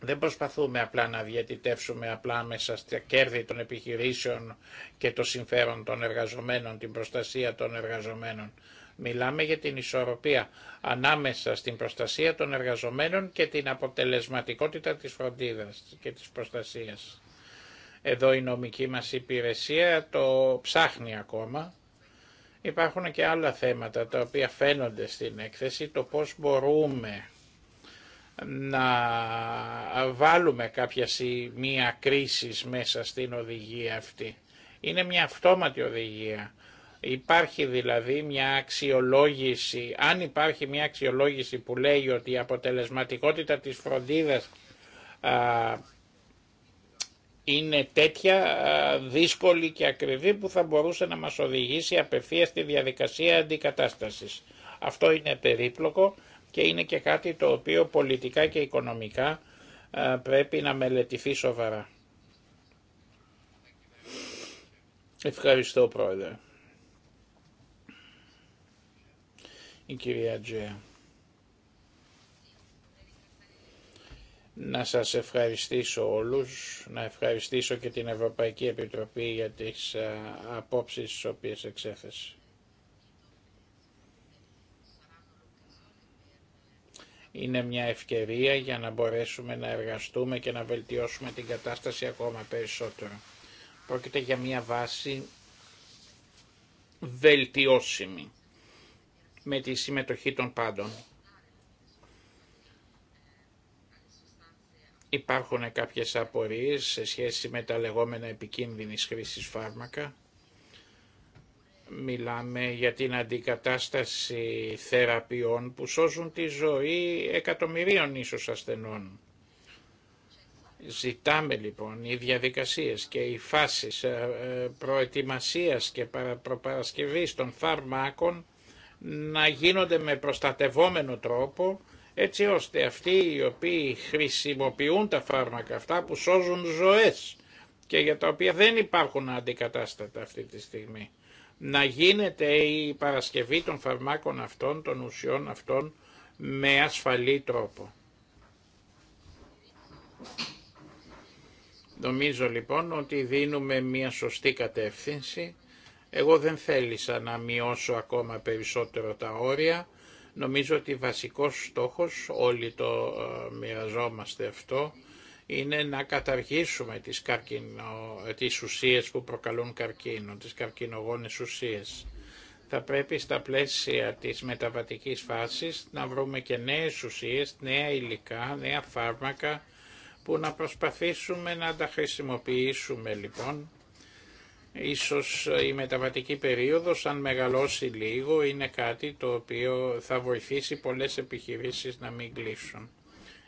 Δεν προσπαθούμε απλά να διατητεύσουμε απλά μέσα στα κέρδη των επιχειρήσεων και το συμφέρον των εργαζομένων, την προστασία των εργαζομένων. Μιλάμε για την ισορροπία ανάμεσα στην προστασία των εργαζομένων και την αποτελεσματικότητα της φροντίδας και της προστασίας. Εδώ η νομική μας υπηρεσία το ψάχνει ακόμα. Υπάρχουν και άλλα θέματα τα οποία φαίνονται στην έκθεση, το πώς μπορούμε να βάλουμε κάποια σημεία κρίσης μέσα στην οδηγία αυτή. Είναι μια αυτόματη οδηγία Υπάρχει δηλαδή μια αξιολόγηση, αν υπάρχει μια αξιολόγηση που λέει ότι η αποτελεσματικότητα της φροντίδας είναι τέτοια δύσκολη και ακριβή που θα μπορούσε να μας οδηγήσει απευθείας στη διαδικασία αντικατάστασης. Αυτό είναι περίπλοκο και είναι και κάτι το οποίο πολιτικά και οικονομικά πρέπει να μελετηθεί σοβαρά. Ευχαριστώ πρόεδρε. η κυρία Τζέα. Να σας ευχαριστήσω όλους, να ευχαριστήσω και την Ευρωπαϊκή Επιτροπή για τις ε, απόψεις τις οποίες εξέθεσε. Είναι μια ευκαιρία για να μπορέσουμε να εργαστούμε και να βελτιώσουμε την κατάσταση ακόμα περισσότερο. Πρόκειται για μια βάση βελτιώσιμη με τη συμμετοχή των πάντων. Υπάρχουν κάποιες απορίες σε σχέση με τα λεγόμενα επικίνδυνης χρήσης φάρμακα. Μιλάμε για την αντικατάσταση θεραπείων που σώζουν τη ζωή εκατομμυρίων ίσως ασθενών. Ζητάμε λοιπόν οι διαδικασίες και οι φάσεις ε, ε, προετοιμασίας και προπαρασκευής των φάρμακων να γίνονται με προστατευόμενο τρόπο έτσι ώστε αυτοί οι οποίοι χρησιμοποιούν τα φάρμακα αυτά που σώζουν ζωές και για τα οποία δεν υπάρχουν αντικατάστατα αυτή τη στιγμή να γίνεται η παρασκευή των φαρμάκων αυτών, των ουσιών αυτών με ασφαλή τρόπο. Νομίζω λοιπόν ότι δίνουμε μια σωστή κατεύθυνση εγώ δεν θέλησα να μειώσω ακόμα περισσότερο τα όρια. Νομίζω ότι βασικός στόχος, όλοι το ε, μοιραζόμαστε αυτό, είναι να καταργήσουμε τις, καρκινο, ε, τις ουσίες που προκαλούν καρκίνο, τις καρκινογόνες ουσίες. Θα πρέπει στα πλαίσια της μεταβατικής φάσης να βρούμε και νέες ουσίες, νέα υλικά, νέα φάρμακα, που να προσπαθήσουμε να τα χρησιμοποιήσουμε λοιπόν Ίσως η μεταβατική περίοδος αν μεγαλώσει λίγο είναι κάτι το οποίο θα βοηθήσει πολλές επιχειρήσεις να μην κλείσουν.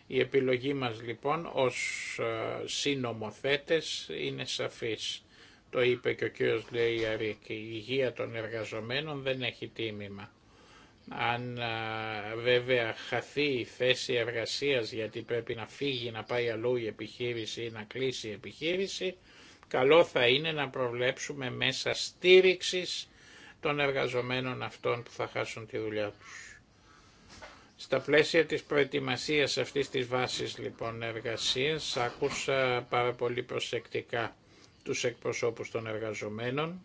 Η επιλογή μας λοιπόν ως ε, συνομοθέτες είναι σαφής. Το είπε και ο κύριος Λέιαρικ, η υγεία των εργαζομένων δεν έχει τίμημα. Αν ε, βέβαια χαθεί η θέση εργασίας γιατί πρέπει να φύγει, να πάει αλλού η επιχείρηση ή να κλείσει η επιχείρηση, Καλό θα είναι να προβλέψουμε μέσα στήριξης των εργαζομένων αυτών που θα χάσουν τη δουλειά τους. Στα πλαίσια της προετοιμασίας αυτής της βάσης λοιπόν εργασίας άκουσα πάρα πολύ προσεκτικά τους εκπροσώπους των εργαζομένων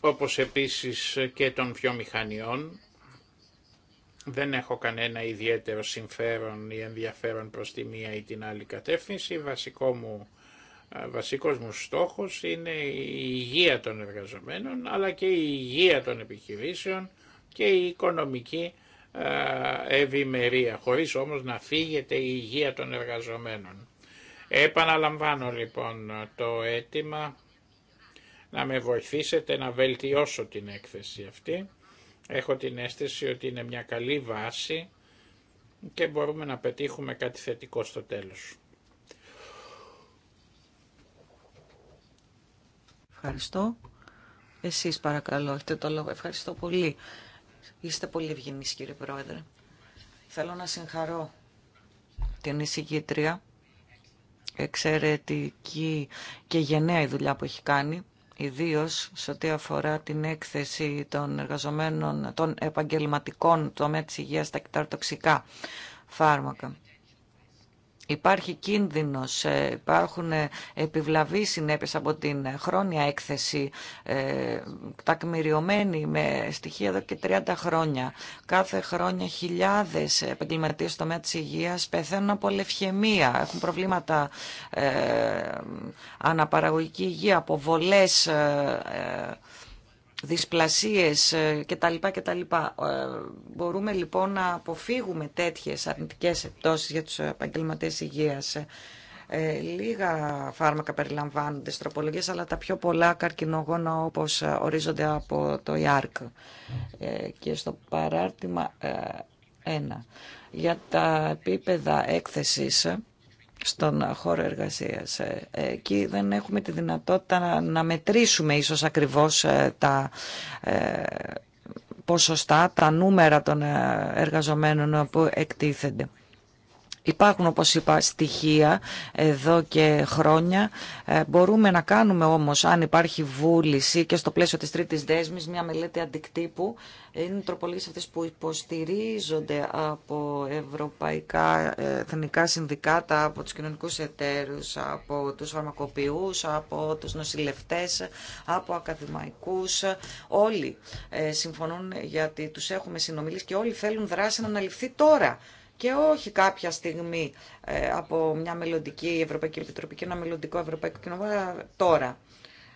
όπως επίσης και των βιομηχανιών. Δεν έχω κανένα ιδιαίτερο συμφέρον ή ενδιαφέρον προς τη μία ή την άλλη κατεύθυνση. Βασικό μου βασικός μου στόχος είναι η υγεία των εργαζομένων αλλά και η υγεία των επιχειρήσεων και η οικονομική ευημερία, χωρίς όμως να φύγεται η υγεία των εργαζομένων. Επαναλαμβάνω λοιπόν το αίτημα να με βοηθήσετε να βελτιώσω την έκθεση αυτή. Έχω την αίσθηση ότι είναι μια καλή βάση και μπορούμε να πετύχουμε κάτι θετικό στο τέλος. Ευχαριστώ. Εσείς παρακαλώ, έχετε το λόγο. Ευχαριστώ πολύ. Είστε πολύ ευγενείς κύριε Πρόεδρε. Θέλω να συγχαρώ την εισηγήτρια. Εξαιρετική και γενναία η δουλειά που έχει κάνει ιδίω σε ό,τι αφορά την έκθεση των εργαζομένων, των επαγγελματικών τομέα της υγεία στα κοιτάρτοξικά φάρμακα. Υπάρχει κίνδυνος, ε, υπάρχουν ε, επιβλαβείς συνέπειες από την χρόνια έκθεση, ε, τακμηριωμένη με στοιχεία εδώ και 30 χρόνια. Κάθε χρόνια χιλιάδες επαγγελματίες στο τομέα της υγείας πεθαίνουν από λευχαιμία, έχουν προβλήματα αναπαραγωγική υγεία, από βολές, δυσπλασίες κτλ. Ε, κτλ. Ε, μπορούμε λοιπόν να αποφύγουμε τέτοιες αρνητικές επιπτώσεις για τους επαγγελματές υγείας. Ε, λίγα φάρμακα περιλαμβάνονται στις αλλά τα πιο πολλά καρκινογόνα όπως ορίζονται από το ΙΑΡΚ. και στο παράρτημα 1. Για τα επίπεδα έκθεσης, στον χώρο εργασίας. Ε, εκεί δεν έχουμε τη δυνατότητα να μετρήσουμε ίσως ακριβώς ε, τα ε, ποσοστά, τα νούμερα των εργαζομένων που εκτίθενται. Υπάρχουν, όπως είπα, στοιχεία εδώ και χρόνια. Ε, μπορούμε να κάνουμε όμως, αν υπάρχει βούληση και στο πλαίσιο της τρίτης δέσμης, μια μελέτη αντικτύπου. Είναι τροπολογίες αυτές που υποστηρίζονται από ευρωπαϊκά ε, εθνικά συνδικάτα, από τους κοινωνικούς εταίρους, από τους φαρμακοποιούς, από τους νοσηλευτές, από ακαδημαϊκούς. Όλοι ε, συμφωνούν γιατί τους έχουμε συνομιλήσει και όλοι θέλουν δράση να αναλυφθεί τώρα και όχι κάποια στιγμή ε, από μια μελλοντική Ευρωπαϊκή Επιτροπή και ένα μελλοντικό Ευρωπαϊκό Κοινοβούλιο ε, τώρα.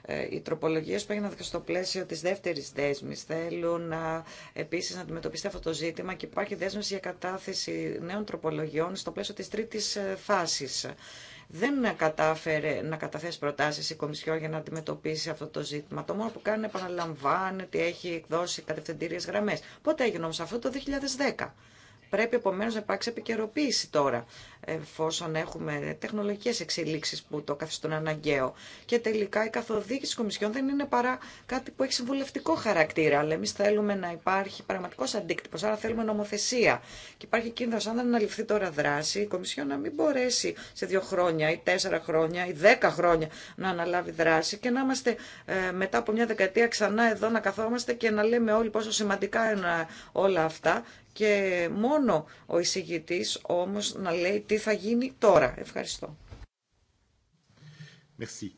Ε, οι τροπολογίε που έγιναν στο πλαίσιο τη δεύτερη δέσμη θέλουν να, επίσης να αντιμετωπιστεί αυτό το ζήτημα και υπάρχει δέσμευση για κατάθεση νέων τροπολογιών στο πλαίσιο της τρίτης φάση. Δεν κατάφερε να καταθέσει προτάσει η Κομισιό για να αντιμετωπίσει αυτό το ζήτημα. Το μόνο που κάνει είναι επαναλαμβάνει ότι έχει εκδώσει κατευθυντήριε γραμμέ. Πότε έγινε όμω αυτό, το 2010. Πρέπει επομένω να υπάρξει επικαιροποίηση τώρα, εφόσον έχουμε τεχνολογικέ εξελίξει που το καθιστούν αναγκαίο. Και τελικά η καθοδήγηση τη Κομισιόν δεν είναι παρά κάτι που έχει συμβουλευτικό χαρακτήρα. Αλλά εμεί θέλουμε να υπάρχει πραγματικό αντίκτυπο, άρα θέλουμε νομοθεσία. Και υπάρχει κίνδυνο, αν δεν αναλυφθεί τώρα δράση, η Κομισιόν να μην μπορέσει σε δύο χρόνια ή τέσσερα χρόνια ή δέκα χρόνια να αναλάβει δράση και να είμαστε ε, μετά από μια δεκαετία ξανά εδώ να καθόμαστε και να λέμε όλοι πόσο σημαντικά είναι όλα αυτά και μόνο ο εισηγητής όμως να λέει τι θα γίνει τώρα. Ευχαριστώ. Merci.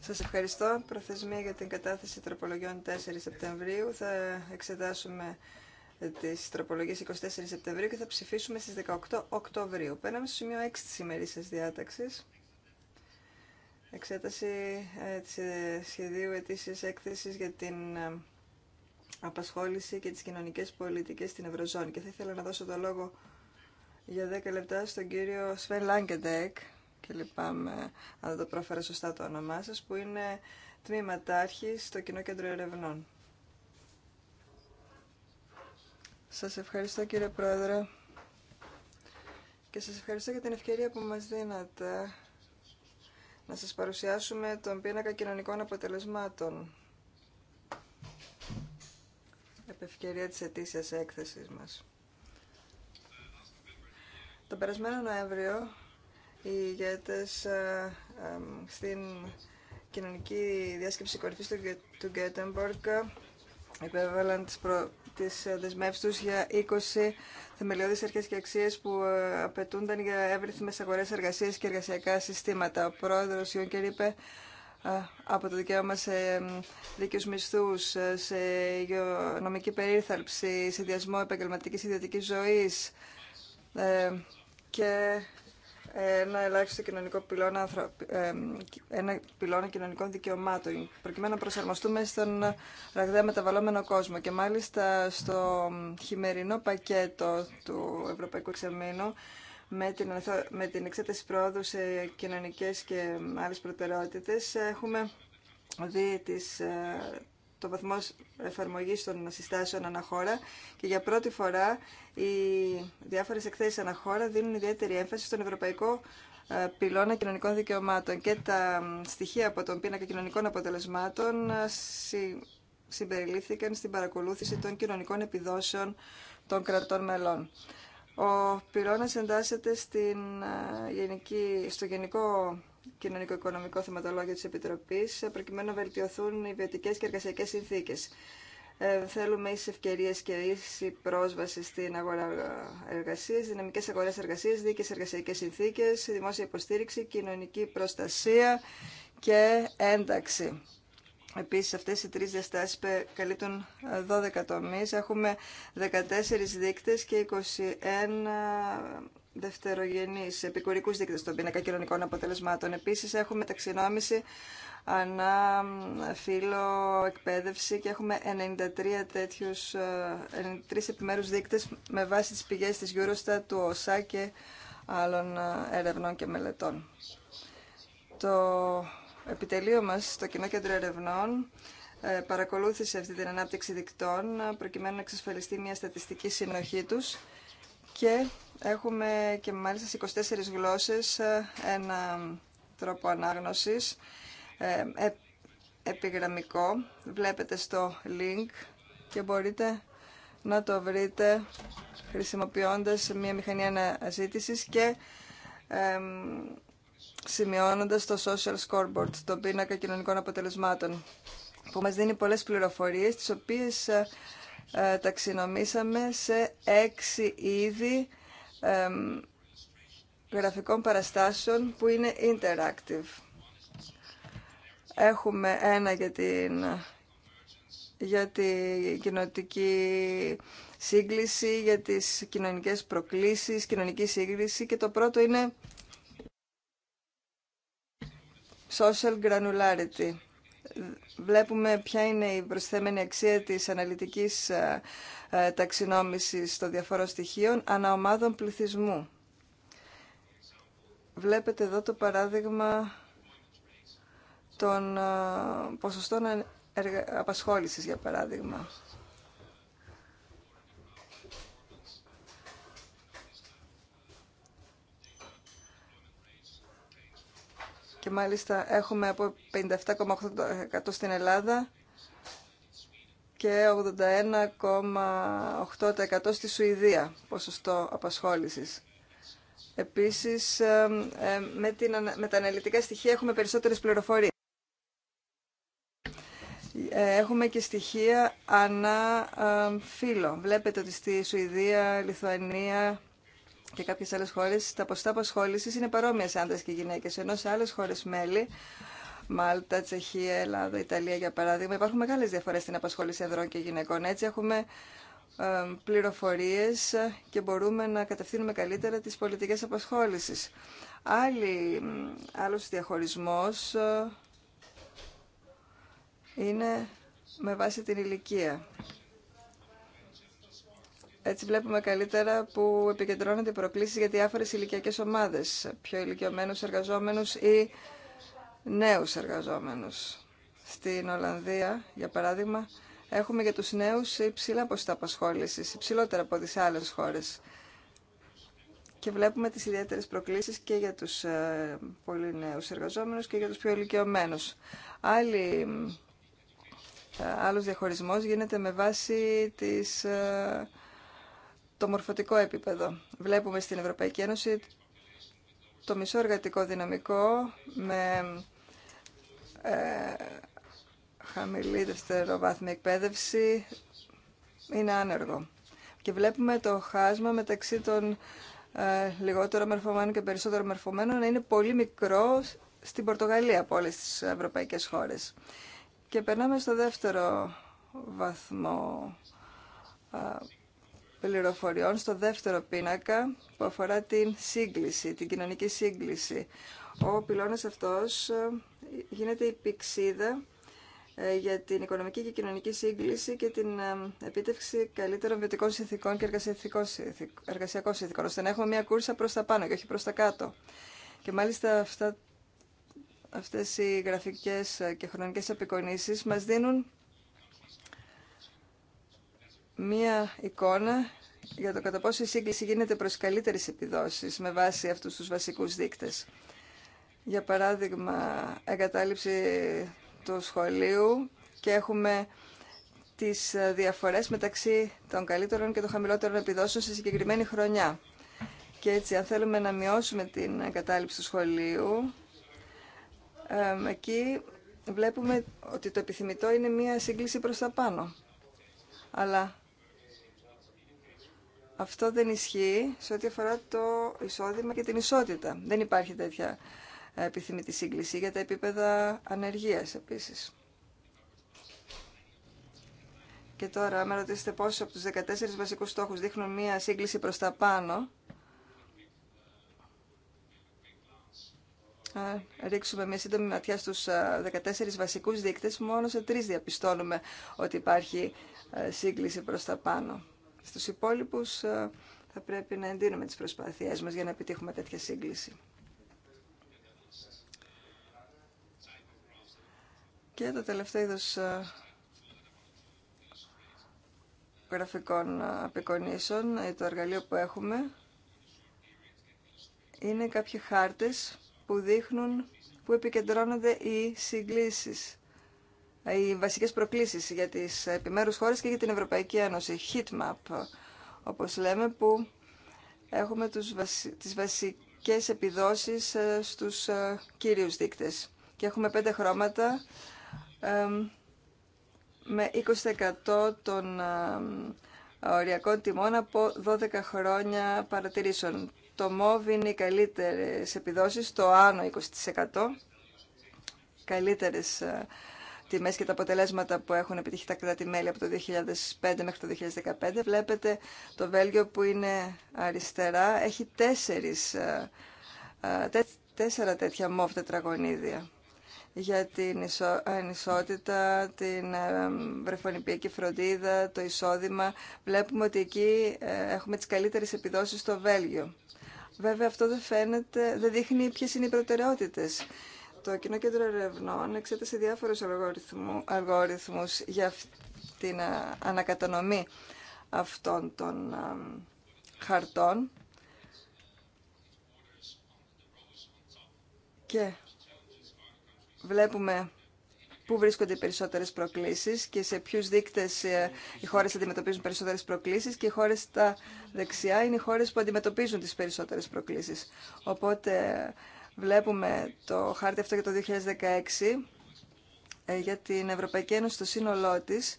Σας ευχαριστώ. Προθεσμία για την κατάθεση τροπολογιών 4 Σεπτεμβρίου. Θα εξετάσουμε τις τροπολογίες 24 Σεπτεμβρίου και θα ψηφίσουμε στις 18 Οκτωβρίου. Πέραμε στο σημείο 6 της ημερήσιας διάταξης. Εξέταση ε, ε, σχεδίου ετήσιας έκθεσης για την ε, απασχόληση και τις κοινωνικές πολιτικές στην Ευρωζώνη. Και θα ήθελα να δώσω το λόγο για 10 λεπτά στον κύριο Σφεν Λάγκεντεκ και λυπάμαι αν δεν το πρόφερα σωστά το όνομά σας, που είναι τμήματάρχη στο Κοινό Κέντρο Ερευνών. Σας ευχαριστώ κύριε Πρόεδρε και σας ευχαριστώ για την ευκαιρία που μας δίνατε να σας παρουσιάσουμε τον πίνακα κοινωνικών αποτελεσμάτων ευκαιρία της ετήσιας έκθεσης μας. Το περασμένο Νοέμβριο οι ηγέτες ε, στην κοινωνική διάσκεψη κορυφής του Γκέτεμπορκ επέβαλαν τις, προ... τις ε, δεσμεύσεις τους για 20 θεμελιώδεις αρχές και αξίες που ε, απαιτούνταν για εύρυθμες αγορές εργασίας και εργασιακά συστήματα. Ο πρόεδρος Ιούγκερ είπε από το δικαίωμα σε δίκαιους μισθούς, ε, σε υγειονομική περίθαλψη, σε διασμό επαγγελματικής ιδιωτικής ζωής ε, και ένα ελάχιστο κοινωνικό πυλώνα, ε, ένα πυλώνα κοινωνικών δικαιωμάτων, προκειμένου να προσαρμοστούμε στον ραγδαία μεταβαλλόμενο κόσμο. Και μάλιστα στο χειμερινό πακέτο του Ευρωπαϊκού Εξαμήνου με την, με την εξέταση πρόοδου σε κοινωνικές και άλλες προτεραιότητες έχουμε δει τις, ε, το βαθμό εφαρμογής των συστάσεων αναχώρα και για πρώτη φορά οι διάφορες εκθέσεις αναχώρα δίνουν ιδιαίτερη έμφαση στον ευρωπαϊκό ε, πυλώνα κοινωνικών δικαιωμάτων και τα στοιχεία από τον πίνακα κοινωνικών αποτελεσμάτων ε, συμπεριλήφθηκαν στην παρακολούθηση των κοινωνικών επιδόσεων των κρατών μελών. Ο πυρώνας εντάσσεται στην, ε, γενική, στο γενικό κοινωνικο-οικονομικό θεματολόγιο της Επιτροπής, ε, προκειμένου να βελτιωθούν οι βιωτικές και εργασιακές συνθήκες. Ε, θέλουμε ίσες ευκαιρίες και ίση πρόσβαση στην αγορά εργασίας, δυναμικές αγορές εργασίας, δίκαιες εργασιακές συνθήκες, δημόσια υποστήριξη, κοινωνική προστασία και ένταξη. Επίσης αυτές οι τρεις διαστάσεις καλύπτουν 12 ε, τομείς. Έχουμε 14 δείκτες και 21 δευτερογενείς επικουρικούς δείκτες στον πίνακα κοινωνικών αποτελεσμάτων. Επίσης έχουμε ταξινόμηση ανά φύλλο εκπαίδευση και έχουμε 93 τέτοιους, 93 ε, επιμέρους δείκτες με βάση τις πηγές της Eurostat, του ΟΣΑ και άλλων ε, ερευνών και μελετών. Το επιτελείο μας στο Κοινό Κέντρο Ερευνών ε, παρακολούθησε αυτή την ανάπτυξη δικτών ε, προκειμένου να εξασφαλιστεί μια στατιστική συνοχή τους και έχουμε και μάλιστα σε 24 γλώσσες ε, ένα τρόπο ανάγνωσης επιγραμμικό. Βλέπετε στο link και μπορείτε να το βρείτε χρησιμοποιώντας μια μηχανή αναζήτησης και σημειώνοντας το Social Scoreboard, το πίνακα κοινωνικών αποτελεσμάτων, που μας δίνει πολλές πληροφορίες, τις οποίες ε, ε, ταξινομήσαμε σε έξι είδη γραφικών παραστάσεων που είναι interactive. Έχουμε ένα για την, για την κοινωτική σύγκληση, για τις κοινωνικές προκλήσεις, κοινωνική σύγκληση και το πρώτο είναι social granularity. Βλέπουμε ποια είναι η προσθέμενη αξία της αναλυτικής ε, ε, ταξινόμησης των διαφορών στοιχείων αναομάδων πληθυσμού. Βλέπετε εδώ το παράδειγμα των ε, ποσοστών απασχόλησης, για παράδειγμα. και μάλιστα έχουμε από 57,8% στην Ελλάδα και 81,8% στη Σουηδία ποσοστό απασχόλησης. Επίσης, ε, ε, με, την, με τα αναλυτικά στοιχεία έχουμε περισσότερες πληροφορίες. Ε, έχουμε και στοιχεία ανά φύλλο. Βλέπετε ότι στη Σουηδία, Λιθουανία, και κάποιε άλλε χώρε τα ποσοστά απασχόληση είναι παρόμοια σε άντρε και γυναίκε. Ενώ σε άλλε χώρε μέλη, Μάλτα, Τσεχία, Ελλάδα, Ιταλία για παράδειγμα, υπάρχουν μεγάλε διαφορέ στην απασχόληση ανδρών και γυναικών. Έτσι έχουμε ε, πληροφορίε και μπορούμε να κατευθύνουμε καλύτερα τι πολιτικέ απασχόληση. Άλλο διαχωρισμό ε, είναι με βάση την ηλικία. Έτσι βλέπουμε καλύτερα που επικεντρώνονται οι προκλήσεις για διάφορες ηλικιακέ ομάδες, πιο ηλικιωμένους εργαζόμενους ή νέους εργαζόμενους. Στην Ολλανδία, για παράδειγμα, έχουμε για τους νέους υψηλά ποσοστά απασχόλησης, υψηλότερα από τις άλλες χώρες. Και βλέπουμε τις ιδιαίτερες προκλήσεις και για τους ε, πολύ νέους εργαζόμενους και για τους πιο ηλικιωμένους. Άλλη, ε, άλλος διαχωρισμός γίνεται με βάση τις ε, το μορφωτικό επίπεδο. Βλέπουμε στην Ευρωπαϊκή Ένωση το μισό εργατικό δυναμικό με ε, χαμηλή δευτεροβάθμια εκπαίδευση είναι άνεργο. Και βλέπουμε το χάσμα μεταξύ των ε, λιγότερο μερφωμένων και περισσότερο μερφωμένων να είναι πολύ μικρό στην Πορτογαλία από όλες τις ευρωπαϊκές χώρες. Και περνάμε στο δεύτερο βαθμό ε, πληροφοριών στο δεύτερο πίνακα που αφορά την σύγκληση, την κοινωνική σύγκληση. Ο πυλώνας αυτός ε, γίνεται η πηξίδα ε, για την οικονομική και κοινωνική σύγκληση και την ε, επίτευξη καλύτερων βιωτικών συνθήκων και εργασιακών συνθήκων, ώστε να έχουμε μια κούρσα προς τα πάνω και όχι προς τα κάτω. Και μάλιστα αυτά, αυτές οι γραφικές και χρονικές απεικονίσεις μας δίνουν μία εικόνα για το κατά πόσο η σύγκληση γίνεται προς καλύτερες επιδόσεις με βάση αυτούς τους βασικούς δείκτες. Για παράδειγμα, εγκατάλειψη του σχολείου και έχουμε τις ε, διαφορές μεταξύ των καλύτερων και των χαμηλότερων επιδόσεων σε συγκεκριμένη χρονιά. Και έτσι, αν θέλουμε να μειώσουμε την εγκατάλειψη του σχολείου, εκεί βλέπουμε ότι το επιθυμητό είναι μία σύγκληση προς τα πάνω. Αλλά αυτό δεν ισχύει σε ό,τι αφορά το εισόδημα και την ισότητα. Δεν υπάρχει τέτοια ε, επιθυμητή σύγκληση για τα επίπεδα ανεργίας επίσης. Και τώρα, αν με ρωτήσετε πόσους από τους 14 βασικούς στόχους δείχνουν μία σύγκληση προς τα πάνω, Αν ρίξουμε μια σύντομη ματιά στους 14 βασικούς δείκτες, μόνο σε τρεις διαπιστώνουμε ότι υπάρχει ε, σύγκληση προς τα πάνω. Στους υπόλοιπους ε, θα πρέπει να εντείνουμε τις προσπάθειές μας για να επιτύχουμε τέτοια σύγκληση. Και το τελευταίο είδος ε, γραφικών ε, απεικονίσεων, το εργαλείο που έχουμε, είναι κάποιοι χάρτες που δείχνουν που επικεντρώνονται οι συγκλήσεις οι βασικές προκλήσει για τις επιμέρους χώρες και για την Ευρωπαϊκή Ένωση, heat map, όπως λέμε, που έχουμε τι τις βασικές επιδόσεις ε, στους ε, κύριους δείκτες. Και έχουμε πέντε χρώματα με 20% των ε, οριακών τιμών από 12 χρόνια παρατηρήσεων. Το MOV είναι οι καλύτερες επιδόσεις, το άνω 20%, καλύτερες τιμές και τα αποτελέσματα που έχουν επιτύχει τα κράτη-μέλη από το 2005 μέχρι το 2015, βλέπετε το Βέλγιο που είναι αριστερά έχει τέσσερις, ε, ε, τέσσερα τέτοια μόβ τετραγωνίδια για την ε, ανισότητα, την βρεφονιπιακή φροντίδα, το εισόδημα. Βλέπουμε ότι εκεί έχουμε τις καλύτερες επιδόσεις στο Βέλγιο. Βέβαια αυτό δεν δεν δείχνει ποιες είναι οι προτεραιότητες το Κοινό Κέντρο Ερευνών εξέτασε διάφορους αλγόριθμους για την ε, ανακατανομή αυτών των χαρτών και βλέπουμε πού βρίσκονται οι περισσότερες προκλήσεις και σε ποιους δείκτες ε, οι χώρες αντιμετωπίζουν περισσότερες προκλήσεις και οι χώρες στα δεξιά είναι οι χώρες που αντιμετωπίζουν τις περισσότερες προκλήσεις. Οπότε βλέπουμε το χάρτη αυτό για το 2016 ε, για την Ευρωπαϊκή Ένωση στο σύνολό της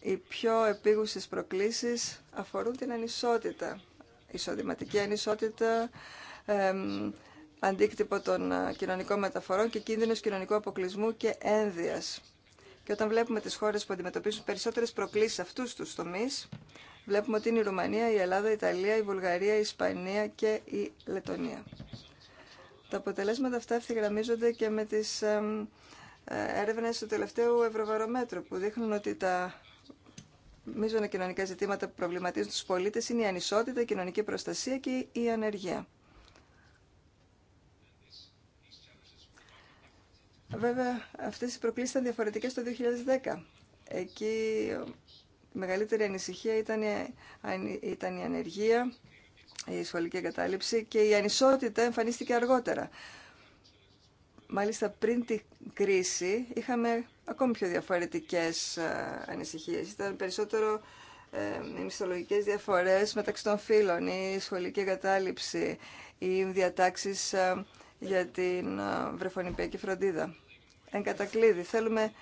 οι πιο επίγουσες προκλήσεις αφορούν την ανισότητα, εισοδηματική ανισότητα, αντίκτυπο των ε, κοινωνικών μεταφορών και κίνδυνος κοινωνικού αποκλεισμού και ένδυας. Και όταν βλέπουμε τις χώρες που αντιμετωπίζουν περισσότερες προκλήσεις αυτούς τους τομείς, βλέπουμε ότι είναι η Ρουμανία, η Ελλάδα, η Ιταλία, η Βουλγαρία, η Ισπανία και η Λετωνία. Τα αποτελέσματα αυτά ευθυγραμμίζονται και με τις ε, έρευνες του τελευταίου Ευρωβαρομέτρου που δείχνουν ότι τα μείζωνα κοινωνικά ζητήματα που προβληματίζουν τους πολίτες είναι η ανισότητα, η κοινωνική προστασία και η ανεργία. Βέβαια, αυτές οι προκλήσεις ήταν διαφορετικές το 2010. Εκεί η ε, μεγαλύτερη ανησυχία ήταν η, ήταν η ανεργία η σχολική εγκατάλειψη και η ανισότητα εμφανίστηκε αργότερα. Μάλιστα πριν την κρίση είχαμε ακόμη πιο διαφορετικές ε, ανησυχίες. Ήταν περισσότερο ε, οι μισθολογικές διαφορές μεταξύ των φύλων, η σχολική εγκατάλειψη, οι διατάξεις ε, για την βρεφονιπιακή φροντίδα. Εν κατακλείδη, θέλουμε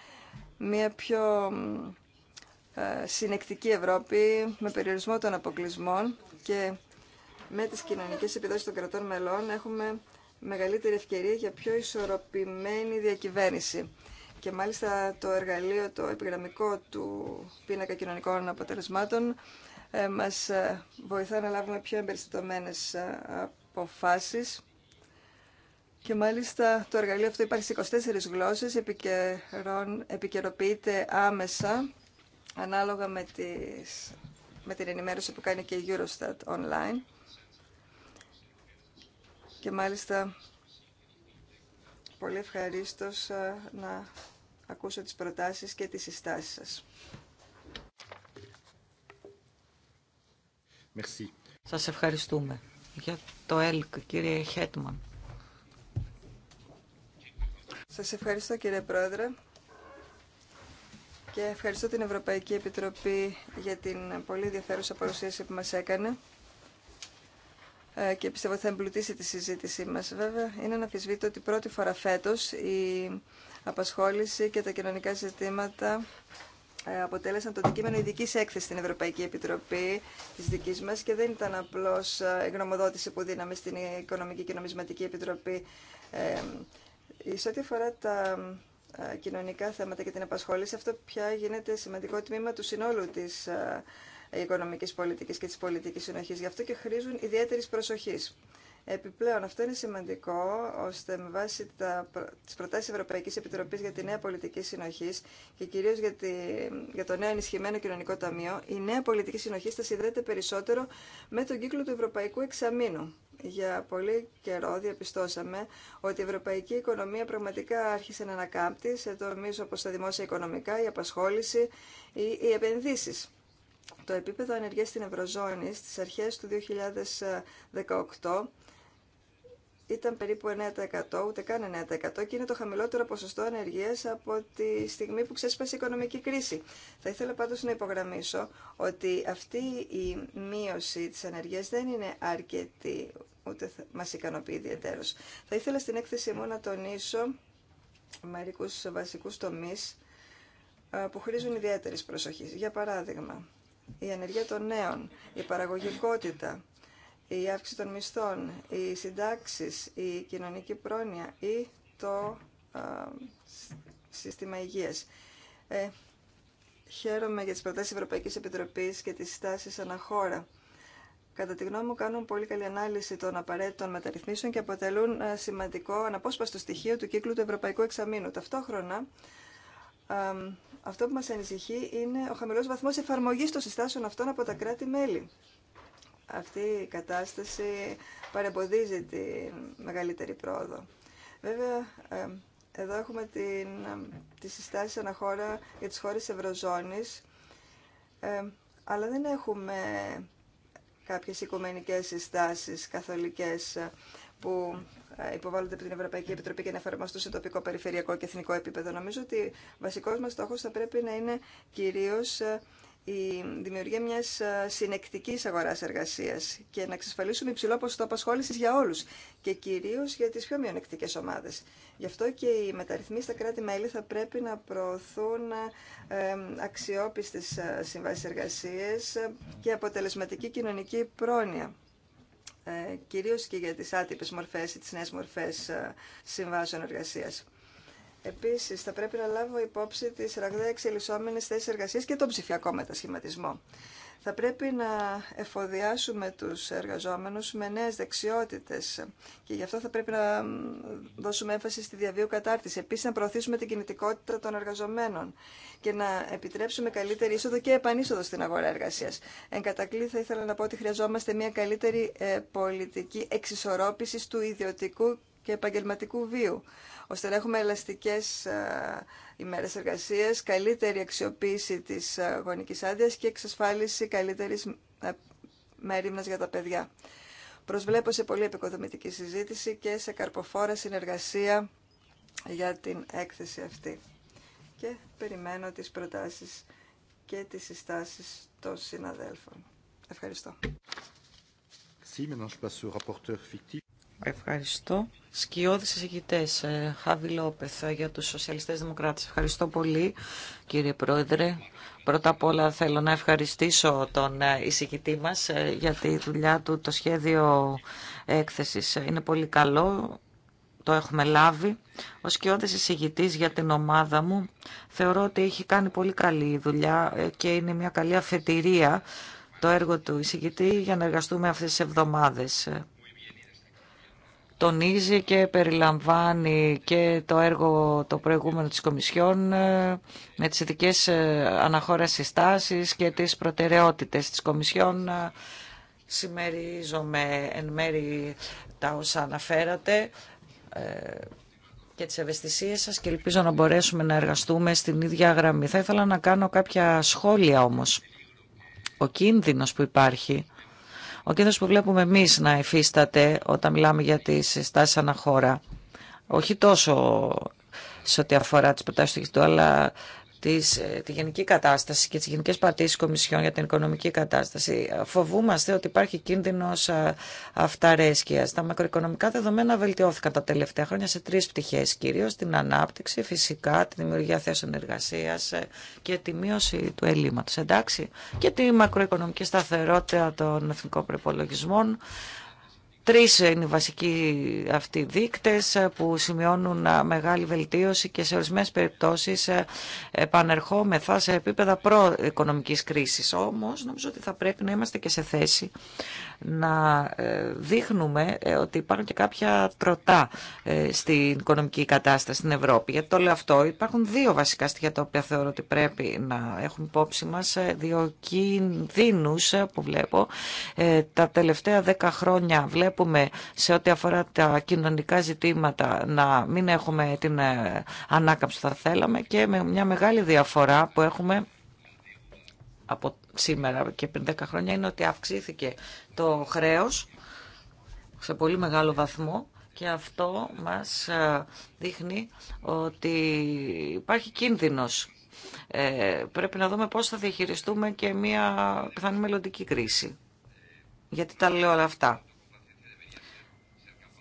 μια πιο συνεκτική Ευρώπη με περιορισμό των αποκλεισμών και με τις κοινωνικές επιδόσεις των κρατών μελών έχουμε μεγαλύτερη ευκαιρία για πιο ισορροπημένη διακυβέρνηση. Και μάλιστα το εργαλείο, το επιγραμμικό του πίνακα κοινωνικών αποτελεσμάτων ε, μας ε, βοηθά να λάβουμε πιο εμπεριστατωμένες ε, αποφάσεις. Και μάλιστα το εργαλείο αυτό υπάρχει σε 24 γλώσσες, επικαιροποιείται άμεσα ανάλογα με, τις, με την ενημέρωση που κάνει και η Eurostat online και μάλιστα πολύ ευχαριστώ ε, να ακούσω τις προτάσεις και τις συστάσεις σας. Merci. Σας ευχαριστούμε. Για το ΕΛΚ, κύριε Χέτμαν. Σας ευχαριστώ κύριε Πρόεδρε και ευχαριστώ την Ευρωπαϊκή Επιτροπή για την πολύ ενδιαφέρουσα παρουσίαση που μας έκανε. Ε, και πιστεύω ότι θα εμπλουτίσει τη συζήτησή μας. Βέβαια, είναι να αναφυσβήτητο ότι πρώτη φορά φέτος η απασχόληση και τα κοινωνικά ζητήματα ε, αποτέλεσαν το αντικείμενο ειδική έκθεση στην Ευρωπαϊκή Επιτροπή της δική μα και δεν ήταν απλώς ε, η γνωμοδότηση που δίναμε στην Οικονομική και Νομισματική Επιτροπή. Ε, σε ό,τι αφορά τα κοινωνικά θέματα και την απασχόληση, αυτό πια γίνεται σημαντικό τμήμα του συνόλου της οικονομική πολιτική και τη πολιτική συνοχή, Γι' αυτό και χρήζουν ιδιαίτερη προσοχή. Επιπλέον, αυτό είναι σημαντικό, ώστε με βάση τι προτάσει τη Ευρωπαϊκής Επιτροπής για τη νέα πολιτική συνοχή και κυρίω για, για το νέο ενισχυμένο κοινωνικό ταμείο, η νέα πολιτική συνοχή θα συνδέεται περισσότερο με τον κύκλο του Ευρωπαϊκού Εξαμήνου. Για πολύ καιρό διαπιστώσαμε ότι η ευρωπαϊκή οικονομία πραγματικά άρχισε να ανακάμπτει σε τομείς όπω τα δημόσια οικονομικά, η απασχόληση ή οι επενδύσει το επίπεδο ανεργίας στην Ευρωζώνη στις αρχές του 2018 ήταν περίπου 9%, ούτε καν 9% και είναι το χαμηλότερο ποσοστό ανεργίας από τη στιγμή που ξέσπασε η οικονομική κρίση. Θα ήθελα πάντως να υπογραμμίσω ότι αυτή η μείωση της ανεργίας δεν είναι αρκετή, ούτε μας ικανοποιεί ιδιαίτερως. Θα ήθελα στην έκθεσή μου να τονίσω μερικούς βασικούς τομείς ε, που χρήζουν ιδιαίτερης προσοχής. Για παράδειγμα, η ανεργία των νέων, η παραγωγικότητα, η αύξηση των μισθών, οι συντάξεις, η κοινωνική πρόνοια ή το σύστημα υγείας. Ε, χαίρομαι για τις προτάσεις Ευρωπαϊκής Επιτροπής και τις στάσεις αναχώρα. Κατά τη γνώμη μου κάνουν πολύ καλή ανάλυση των απαραίτητων μεταρρυθμίσεων και αποτελούν ε, σημαντικό αναπόσπαστο στοιχείο του κύκλου του Ευρωπαϊκού Εξαμήνου. Ταυτόχρονα αυτό που μας ανησυχεί είναι ο χαμηλός βαθμός εφαρμογής των συστάσεων αυτών από τα κράτη-μέλη. Αυτή η κατάσταση παρεμποδίζει τη μεγαλύτερη πρόοδο. Βέβαια, εδώ έχουμε την, τις συστάσεις αναχώρα για τις χώρες Ευρωζώνης, αλλά δεν έχουμε κάποιες οικουμενικές συστάσεις καθολικές που ε, υποβάλλονται από την Ευρωπαϊκή Επιτροπή και να εφαρμοστούν σε τοπικό, περιφερειακό και εθνικό επίπεδο. Νομίζω ότι βασικό μα στόχος θα πρέπει να είναι κυρίω ε, η δημιουργία μια ε, συνεκτική αγορά εργασία και να εξασφαλίσουμε υψηλό ποσοστό απασχόληση για όλου και κυρίω για τι πιο μειονεκτικέ ομάδε. Γι' αυτό και οι μεταρρυθμίσει στα κράτη-μέλη θα πρέπει να προωθούν αξιόπιστε συμβάσει εργασία και αποτελεσματική κοινωνική πρόνοια. Ε, κυρίως και για τις άτυπες μορφές ή τις νέες μορφές ε, συμβάσεων εργασίας. Επίσης, θα πρέπει να λάβω υπόψη τις ραγδαία εξελισσόμενες θέσεις εργασίας και τον ψηφιακό μετασχηματισμό. Θα πρέπει να εφοδιάσουμε τους εργαζόμενους με νέες δεξιότητες και γι' αυτό θα πρέπει να δώσουμε έμφαση στη διαβίου κατάρτιση. Επίσης να προωθήσουμε την κινητικότητα των εργαζομένων και να επιτρέψουμε καλύτερη είσοδο και επανείσοδο στην αγορά εργασίας. Εν κατακλή θα ήθελα να πω ότι χρειαζόμαστε μια καλύτερη ε, πολιτική εξισορρόπησης του ιδιωτικού και επαγγελματικού βίου, ώστε να έχουμε ελαστικές ε, ημέρες εργασίας, καλύτερη αξιοποίηση της γονικής άδεια και εξασφάλιση καλύτερης ε, μέρημνας για τα παιδιά. Προσβλέπω σε πολύ επικοδομητική συζήτηση και σε καρποφόρα συνεργασία για την έκθεση αυτή. Και περιμένω τις προτάσεις και τις συστάσεις των συναδέλφων. Ευχαριστώ. Ευχαριστώ. Σκιώδης εισηγητές, ε, Χάβι ε, για του Σοσιαλιστέ Δημοκράτε. Ευχαριστώ πολύ κύριε Πρόεδρε. Πρώτα απ' όλα θέλω να ευχαριστήσω τον ε, εισηγητή μας για τη δουλειά του, το σχέδιο έκθεση. Είναι πολύ καλό, το έχουμε λάβει. Ο σκιώδης εισηγητή για την ομάδα μου θεωρώ ότι έχει κάνει πολύ καλή δουλειά και είναι μια καλή αφετηρία το έργο του εισηγητή για να εργαστούμε αυτές τις εβδομάδες τονίζει και περιλαμβάνει και το έργο το προηγούμενο της Κομισιόν ε, με τις ειδικές ε, αναχώρες συστάσεις και τις προτεραιότητες της Κομισιόν. Ε, Σημερίζομαι εν μέρη τα όσα αναφέρατε και τις ευαισθησίες σας και ελπίζω να μπορέσουμε να εργαστούμε στην ίδια γραμμή. Θα ήθελα να κάνω κάποια σχόλια όμως. Ο κίνδυνος που υπάρχει ο κίνδυνος που βλέπουμε εμείς να εφίσταται όταν μιλάμε για τις στάσεις αναχώρα, όχι τόσο σε ό,τι αφορά τις προτάσεις του αλλά της ε, τη γενική κατάσταση και τις γενικές πατήσεις κομισιών για την οικονομική κατάσταση. Φοβούμαστε ότι υπάρχει κίνδυνος αυταρέσκειας. Τα μακροοικονομικά δεδομένα βελτιώθηκαν τα τελευταία χρόνια σε τρεις πτυχές, κυρίως την ανάπτυξη, φυσικά τη δημιουργία θέσεων εργασίας ε, και τη μείωση του ελλείμματος, εντάξει, και τη μακροοικονομική σταθερότητα των εθνικών προπολογισμών. Τρεις είναι οι βασικοί αυτοί δείκτες ε, που σημειώνουν ε, μεγάλη βελτίωση και σε ορισμένες περιπτώσεις ε, επανερχόμεθα σε επίπεδα προ-οικονομικής κρίσης. Όμως νομίζω ότι θα πρέπει να είμαστε και σε θέση να ε, δείχνουμε ε, ότι υπάρχουν και κάποια τροτά ε, στην οικονομική κατάσταση στην Ευρώπη. Γιατί το λέω αυτό, υπάρχουν δύο βασικά στοιχεία τα οποία θεωρώ ότι πρέπει να έχουμε υπόψη μας, δύο κινδύνους που βλέπω. Τα τελευταία δέκα χρόνια βλέπουμε σε ό,τι αφορά τα κοινωνικά ζητήματα να μην έχουμε την ανάκαμψη που θα θέλαμε και με μια μεγάλη διαφορά που έχουμε από σήμερα και πριν 10 χρόνια είναι ότι αυξήθηκε το χρέος σε πολύ μεγάλο βαθμό και αυτό μας ε, δείχνει ότι υπάρχει κίνδυνος. Ε, πρέπει να δούμε πώς θα διαχειριστούμε και μια πιθανή μελλοντική κρίση. Γιατί τα λέω όλα αυτά.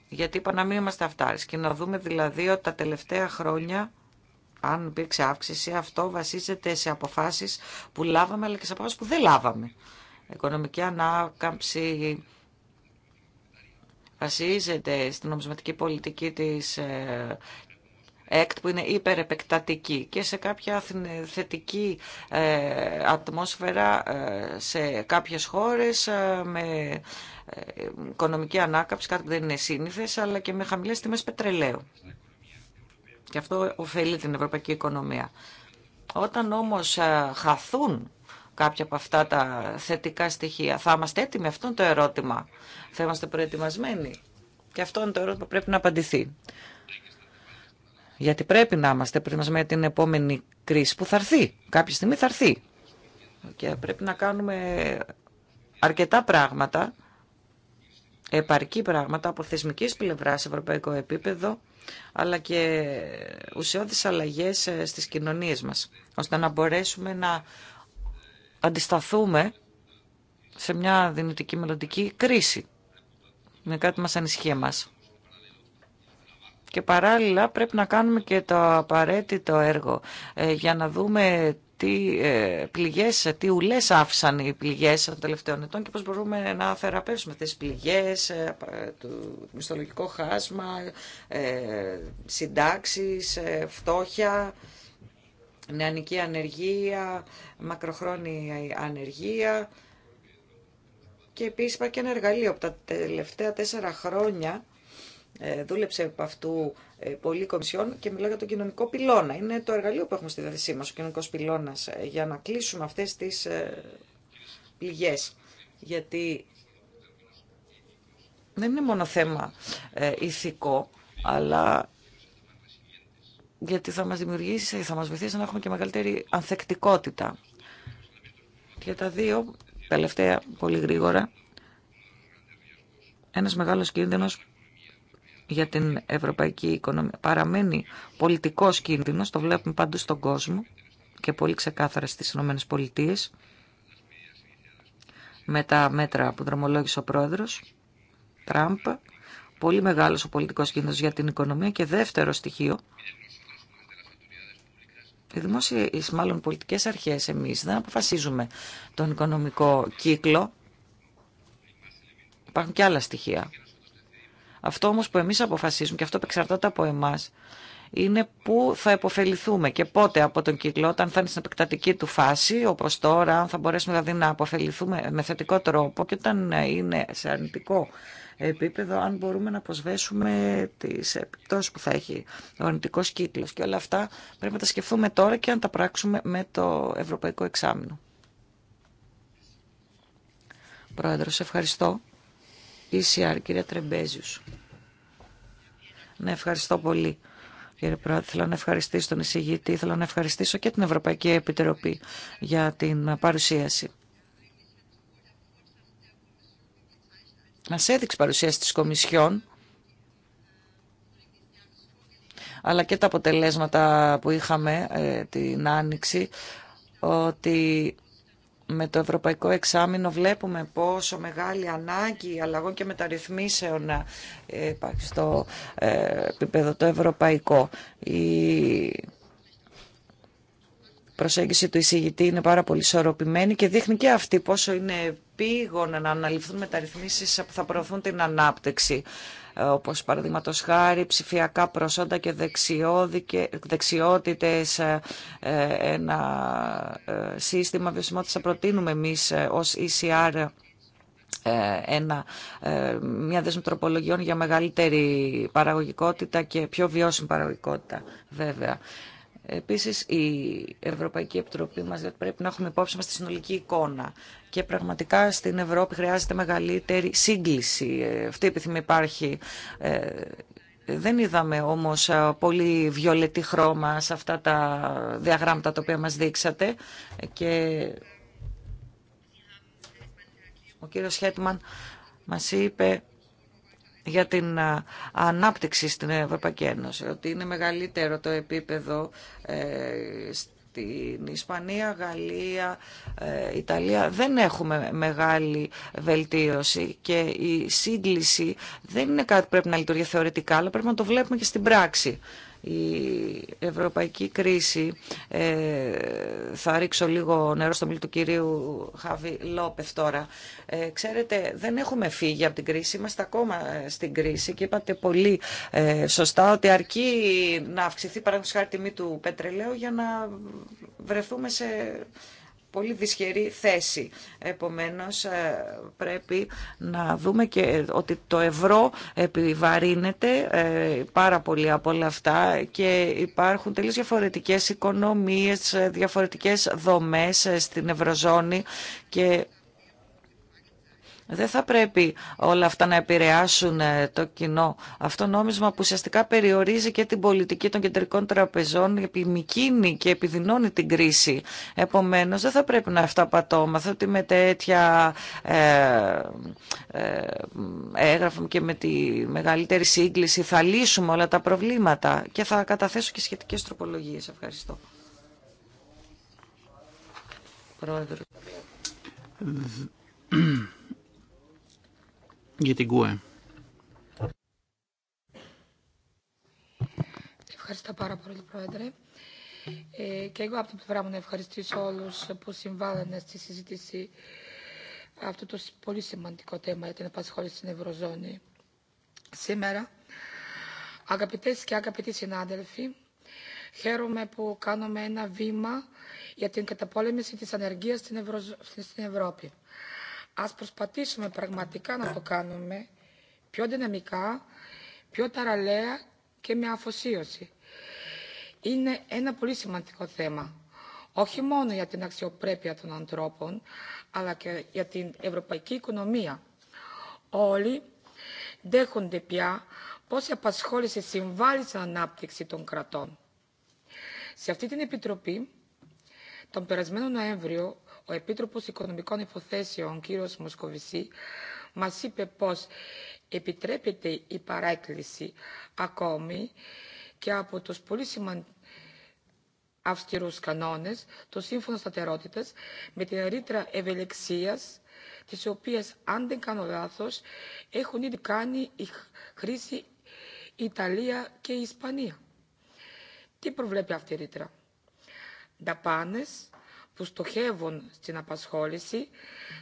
Γιατί είπα να μην είμαστε και να δούμε δηλαδή ότι τα τελευταία χρόνια αν υπήρξε αύξηση, αυτό βασίζεται σε αποφάσεις που λάβαμε αλλά και σε αποφάσεις που δεν λάβαμε. Οικονομική ανάκαμψη βασίζεται στην νομισματική πολιτική της ε, ΕΚΤ που είναι υπερεπεκτατική και σε κάποια θετική ε, ατμόσφαιρα ε, σε κάποιες χώρες με οικονομική ανάκαμψη, κάτι που δεν είναι σύνηθες, αλλά και με χαμηλές τιμές πετρελαίου. Και αυτό ωφελεί την ευρωπαϊκή οικονομία. Όταν όμως ε, χαθούν κάποια από αυτά τα θετικά στοιχεία, θα είμαστε έτοιμοι, αυτό το ερώτημα. Θα είμαστε προετοιμασμένοι. Και αυτό είναι το ερώτημα που πρέπει να απαντηθεί. Γιατί πρέπει να είμαστε προετοιμασμένοι για την επόμενη κρίση που θα έρθει. Κάποια στιγμή θα έρθει. Και πρέπει να κάνουμε αρκετά πράγματα, επαρκή πράγματα από θεσμικής πλευράς σε ευρωπαϊκό επίπεδο, αλλά και ουσιώδεις αλλαγές ε, στις κοινωνίες μας, ώστε να μπορέσουμε να αντισταθούμε σε μια δυνητική μελλοντική κρίση. με κάτι μας ανησυχεί Και παράλληλα πρέπει να κάνουμε και το απαραίτητο έργο ε, για να δούμε τι ε, πληγές, τι ουλές άφησαν οι πληγέ των τελευταίων ετών και πώς μπορούμε να θεραπεύσουμε αυτές τις πληγές, ε, το μισθολογικό χάσμα, ε, συντάξεις, φτώχεια, νεανική ανεργία, μακροχρόνια ανεργία. Και επίσης υπάρχει και ένα εργαλείο που τα τελευταία τέσσερα χρόνια δούλεψε από αυτού ε, πολύ κομισιόν και μιλάω για τον κοινωνικό πυλώνα. Είναι το εργαλείο που έχουμε στη διάθεσή μα ο κοινωνικό πυλώνας, ε, για να κλείσουμε αυτές τις ε, πληγέ. Γιατί δεν είναι μόνο θέμα ηθικό, αλλά γιατί θα μας δημιουργήσει, θα μας βοηθήσει να έχουμε και μεγαλύτερη ανθεκτικότητα. Για τα δύο, τελευταία, πολύ γρήγορα, ένας μεγάλος κίνδυνος για την ευρωπαϊκή οικονομία. Παραμένει πολιτικός κίνδυνος, το βλέπουμε παντού στον κόσμο και πολύ ξεκάθαρα στις Ηνωμένες Πολιτείες με τα μέτρα που δρομολόγησε ο πρόεδρος Τραμπ. Πολύ μεγάλος ο πολιτικός κίνδυνος για την οικονομία και δεύτερο στοιχείο οι δημόσιε, μάλλον πολιτικές αρχές εμεί δεν αποφασίζουμε τον οικονομικό κύκλο. Υπάρχουν και άλλα στοιχεία αυτό όμως που εμείς αποφασίζουμε και αυτό που εξαρτάται από εμάς είναι πού θα επωφεληθούμε και πότε από τον κύκλο, όταν θα είναι στην επεκτατική του φάση, όπω τώρα, αν θα μπορέσουμε δηλαδή να αποφεληθούμε με θετικό τρόπο και όταν είναι σε αρνητικό επίπεδο, αν μπορούμε να προσβέσουμε τι επιπτώσει που θα έχει ο αρνητικό κύκλο. Και όλα αυτά πρέπει να τα σκεφτούμε τώρα και αν τα πράξουμε με το Ευρωπαϊκό Εξάμεινο. Πρόεδρος, ευχαριστώ. ECR, Ναι, ευχαριστώ πολύ. Κύριε Πρόεδρε, θέλω να ευχαριστήσω τον εισηγητή, θέλω να ευχαριστήσω και την Ευρωπαϊκή Επιτροπή για την παρουσίαση. Μα έδειξε παρουσίαση της Κομισιόν, αλλά και τα αποτελέσματα που είχαμε ε, την Άνοιξη, ότι με το Ευρωπαϊκό Εξάμεινο βλέπουμε πόσο μεγάλη ανάγκη αλλαγών και μεταρρυθμίσεων ε, υπάρχει στο ε, επίπεδο το ευρωπαϊκό. Η προσέγγιση του εισηγητή είναι πάρα πολύ ισορροπημένη και δείχνει και αυτή πόσο είναι πήγον να αναλυφθούν μεταρρυθμίσεις που θα προωθούν την ανάπτυξη. Ε, όπως παραδείγματο χάρη ψηφιακά προσόντα και δεξιότητες, ε, ε, ένα σύστημα βιωσιμότητας. Προτείνουμε εμείς ως ECR ένα, μια δέσμη τροπολογιών για μεγαλύτερη παραγωγικότητα και πιο βιώσιμη παραγωγικότητα βέβαια. Επίσης η Ευρωπαϊκή Επιτροπή μας πρέπει να έχουμε υπόψη μα τη συνολική εικόνα και πραγματικά στην Ευρώπη χρειάζεται μεγαλύτερη σύγκληση. Ε, αυτή η επιθυμία υπάρχει. Ε, δεν είδαμε όμως ε, πολύ βιολετή χρώμα σε αυτά τα διαγράμματα τα οποία μας δείξατε και ο κύριος Χέτμαν μας είπε για την ανάπτυξη στην Ευρωπαϊκή Ένωση, ότι είναι μεγαλύτερο το επίπεδο ε, στην Ισπανία, Γαλλία, ε, Ιταλία δεν έχουμε μεγάλη βελτίωση και η σύγκληση δεν είναι κάτι που πρέπει να λειτουργεί θεωρητικά, αλλά πρέπει να το βλέπουμε και στην πράξη η ευρωπαϊκή κρίση ε, θα ρίξω λίγο νερό στο μιλ του κυρίου Χαβι Λόπεφ τώρα ε, ξέρετε δεν έχουμε φύγει από την κρίση είμαστε ακόμα ε, στην κρίση και είπατε πολύ σωστά ότι αρκεί να αυξηθεί παραδείγματος χάρη τιμή του πετρελαίου για να βρεθούμε σε πολύ δυσχερή θέση. Επομένως ε, πρέπει να δούμε και ότι το ευρώ επιβαρύνεται ε, πάρα πολύ από όλα αυτά και υπάρχουν τελείως διαφορετικές οικονομίες, διαφορετικές δομές ε, στην Ευρωζώνη και δεν θα πρέπει όλα αυτά να επηρεάσουν ε, το κοινό. Αυτό νόμισμα που ουσιαστικά περιορίζει και την πολιτική των κεντρικών τραπεζών, επιμικίνει και επιδεινώνει την κρίση. Επομένω, δεν θα πρέπει να αυταπατώμαθα ότι με τέτοια ε, ε, έγγραφα και με τη μεγαλύτερη σύγκληση θα λύσουμε όλα τα προβλήματα και θα καταθέσω και σχετικές τροπολογίες. Ευχαριστώ. Πρόεδρο για την ΚΟΕ. Ευχαριστώ πάρα πολύ, Πρόεδρε. Ε, και εγώ από την πλευρά μου να ευχαριστήσω όλους που συμβάλλανε στη συζήτηση αυτό το πολύ σημαντικό θέμα για την απασχόληση στην Ευρωζώνη. Σήμερα, αγαπητές και αγαπητοί συνάδελφοι, χαίρομαι που κάνουμε ένα βήμα για την καταπόλεμηση της ανεργίας στην, στην Ευρώπη. Ας προσπαθήσουμε πραγματικά να το κάνουμε πιο δυναμικά, πιο ταραλέα και με αφοσίωση. Είναι ένα πολύ σημαντικό θέμα. Όχι μόνο για την αξιοπρέπεια των ανθρώπων, αλλά και για την ευρωπαϊκή οικονομία. Όλοι δέχονται πια πώς η απασχόληση συμβάλλει στην ανάπτυξη των κρατών. Σε αυτή την Επιτροπή, τον περασμένο Νοέμβριο, ο Επίτροπος Οικονομικών Υποθέσεων, κύριος Μοσκοβισή, μας είπε πως επιτρέπεται η παράκληση ακόμη και από τους πολύ σημαντικούς αυστηρούς κανόνες, το σύμφωνο σταθερότητα με την ρήτρα ευελεξίας, τις οποίες, αν δεν κάνω λάθος, έχουν ήδη κάνει η χρήση Ιταλία και η Ισπανία. Τι προβλέπει αυτή η ρήτρα. Δαπάνες που στοχεύουν στην απασχόληση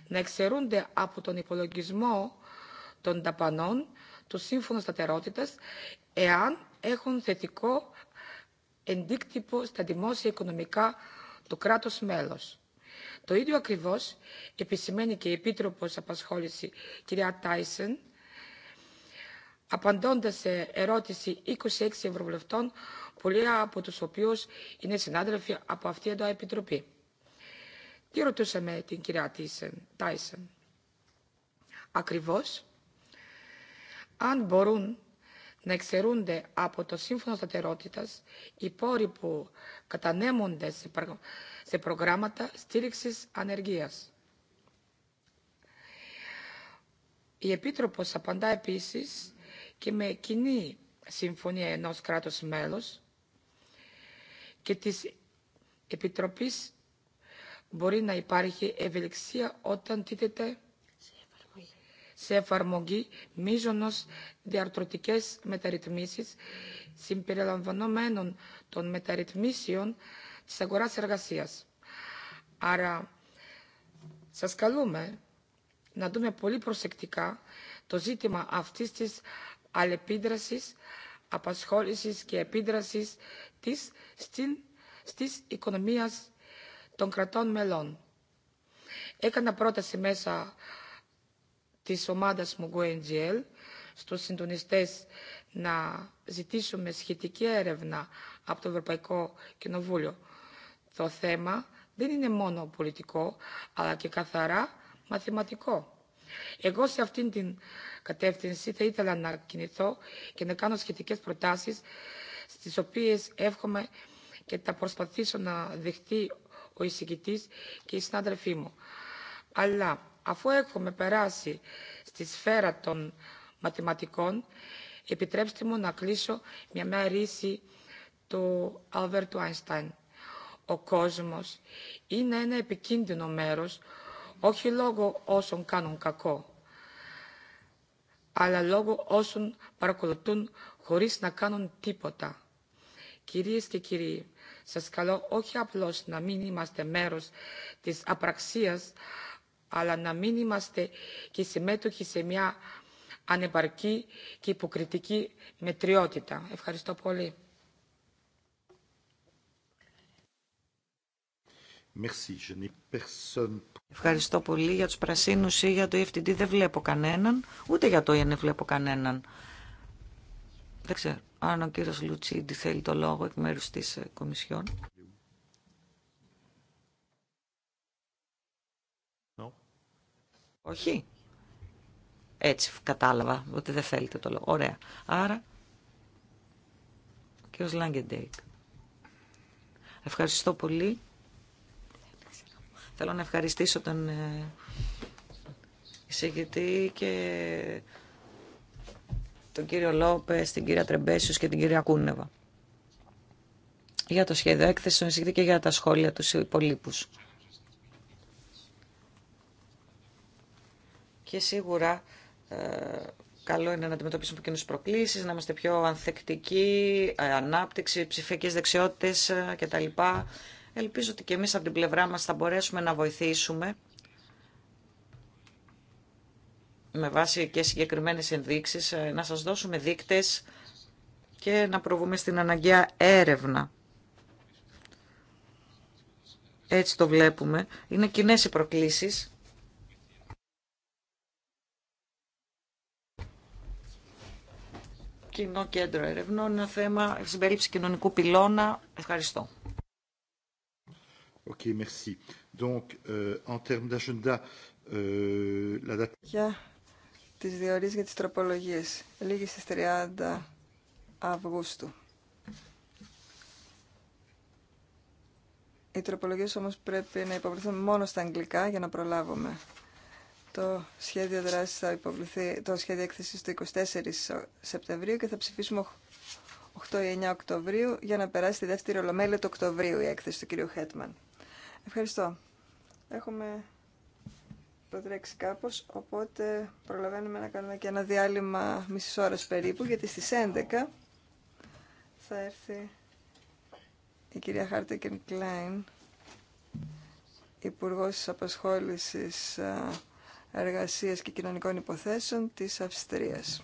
να εξαιρούνται από τον υπολογισμό των ταπανών του σύμφωνο Σταθερότητας εάν έχουν θετικό εντίκτυπο στα δημόσια οικονομικά του κράτους μέλος. Το ίδιο ακριβώς επισημαίνει και η Επίτροπος Απασχόληση κυρία Τάισεν απαντώντας σε ερώτηση 26 ευρωβουλευτών, πολλοί από τους οποίους είναι συνάδελφοι από αυτή εδώ επιτροπή και ρωτούσαμε την κυρία Τάισεν ακριβώς αν μπορούν να εξαιρούνται από το σύμφωνο σταθερότητας οι πόροι που κατανέμονται σε προγράμματα στήριξης ανεργίας. Η Επίτροπος απαντά επίσης και με κοινή συμφωνία ενός κράτους μέλος και της Επιτροπής μπορεί να υπάρχει ευελιξία όταν τίθεται σε εφαρμογή μίζωνος διαρτρωτικές μεταρρυθμίσεις συμπεριλαμβανομένων των μεταρρυθμίσεων της αγοράς εργασίας. Άρα, σας καλούμε να δούμε πολύ προσεκτικά το ζήτημα αυτής της αλεπίδρασης, απασχόλησης και επίδρασης της στην, στις οικονομίας των κρατών μελών. Έκανα πρόταση μέσα της ομάδας μου GoNGL στους συντονιστές να ζητήσουμε σχετική έρευνα από το Ευρωπαϊκό Κοινοβούλιο. Το θέμα δεν είναι μόνο πολιτικό, αλλά και καθαρά μαθηματικό. Εγώ σε αυτήν την κατεύθυνση θα ήθελα να κινηθώ και να κάνω σχετικές προτάσεις στις οποίες εύχομαι και θα προσπαθήσω να δεχτεί ο εισηγητής και οι συνάδελφοί μου. Αλλά αφού έχουμε περάσει στη σφαίρα των μαθηματικών, επιτρέψτε μου να κλείσω μια μια του Αλβέρτου Αϊνστάιν. Ο κόσμος είναι ένα επικίνδυνο μέρος, όχι λόγω όσων κάνουν κακό, αλλά λόγω όσων παρακολουθούν χωρίς να κάνουν τίποτα. Κυρίες και κύριοι, σας καλώ όχι απλώς να μην είμαστε μέρος της απραξίας, αλλά να μην είμαστε και συμμέτοχοι σε μια ανεπαρκή και υποκριτική μετριότητα. Ευχαριστώ πολύ. Ευχαριστώ πολύ για τους πρασίνους ή για το EFTD δεν βλέπω κανέναν, ούτε για το ΕΝΕ βλέπω κανέναν. Δεν ξέρω αν ο κύριος Λουτσίντι θέλει το λόγο εκ μέρους της ε, Κομισιόν. Όχι. Έτσι κατάλαβα ότι δεν θέλετε το λόγο. Ωραία. Άρα, ο κύριος Λάγκεντέικ. Ευχαριστώ πολύ. Θέλω να ευχαριστήσω τον ε, εισηγητή και τον κύριο Λόπε, την κυρία Τρεμπέσιου και την κυρία Κούνεβα. Για το σχέδιο έκθεση, τον και για τα σχόλια του υπολείπου. Και σίγουρα ε, καλό είναι να αντιμετωπίσουμε κοινού προκλήσει, να είμαστε πιο ανθεκτικοί, ανάπτυξη, ψηφιακέ δεξιότητε ε, κτλ. Ελπίζω ότι και εμεί από την πλευρά μα θα μπορέσουμε να βοηθήσουμε με βάση και συγκεκριμένες ενδείξεις ε, να σας δώσουμε δείκτες και να προβούμε στην αναγκαία έρευνα. Έτσι το βλέπουμε. Είναι κοινέ οι προκλήσεις. Κοινό κέντρο ερευνών, ένα θέμα συμπερίληψη κοινωνικού πυλώνα. Ευχαριστώ. Okay, merci. Donc, euh, en termes d'agenda, euh, la date τις διορίες για τις τροπολογίες. Λίγη στις 30 Αυγούστου. Οι τροπολογίες όμως πρέπει να υποβληθούν μόνο στα αγγλικά για να προλάβουμε. Το σχέδιο δράσης θα υποβληθεί, το σχέδιο έκθεσης του 24 Σεπτεμβρίου και θα ψηφίσουμε 8 ή 9 Οκτωβρίου για να περάσει τη δεύτερη ολομέλεια του Οκτωβρίου η έκθεση του κ. Χέτμαν. Ευχαριστώ. Έχουμε προτρέξει κάπω, οπότε προλαβαίνουμε να κάνουμε και ένα διάλειμμα μισή ώρα περίπου, γιατί στι 11 θα έρθει η κυρία Χάρτεκεν Κλάιν, τη Απασχόληση Εργασίας και Κοινωνικών Υποθέσεων της Αυστρίας.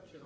Υπότιτλοι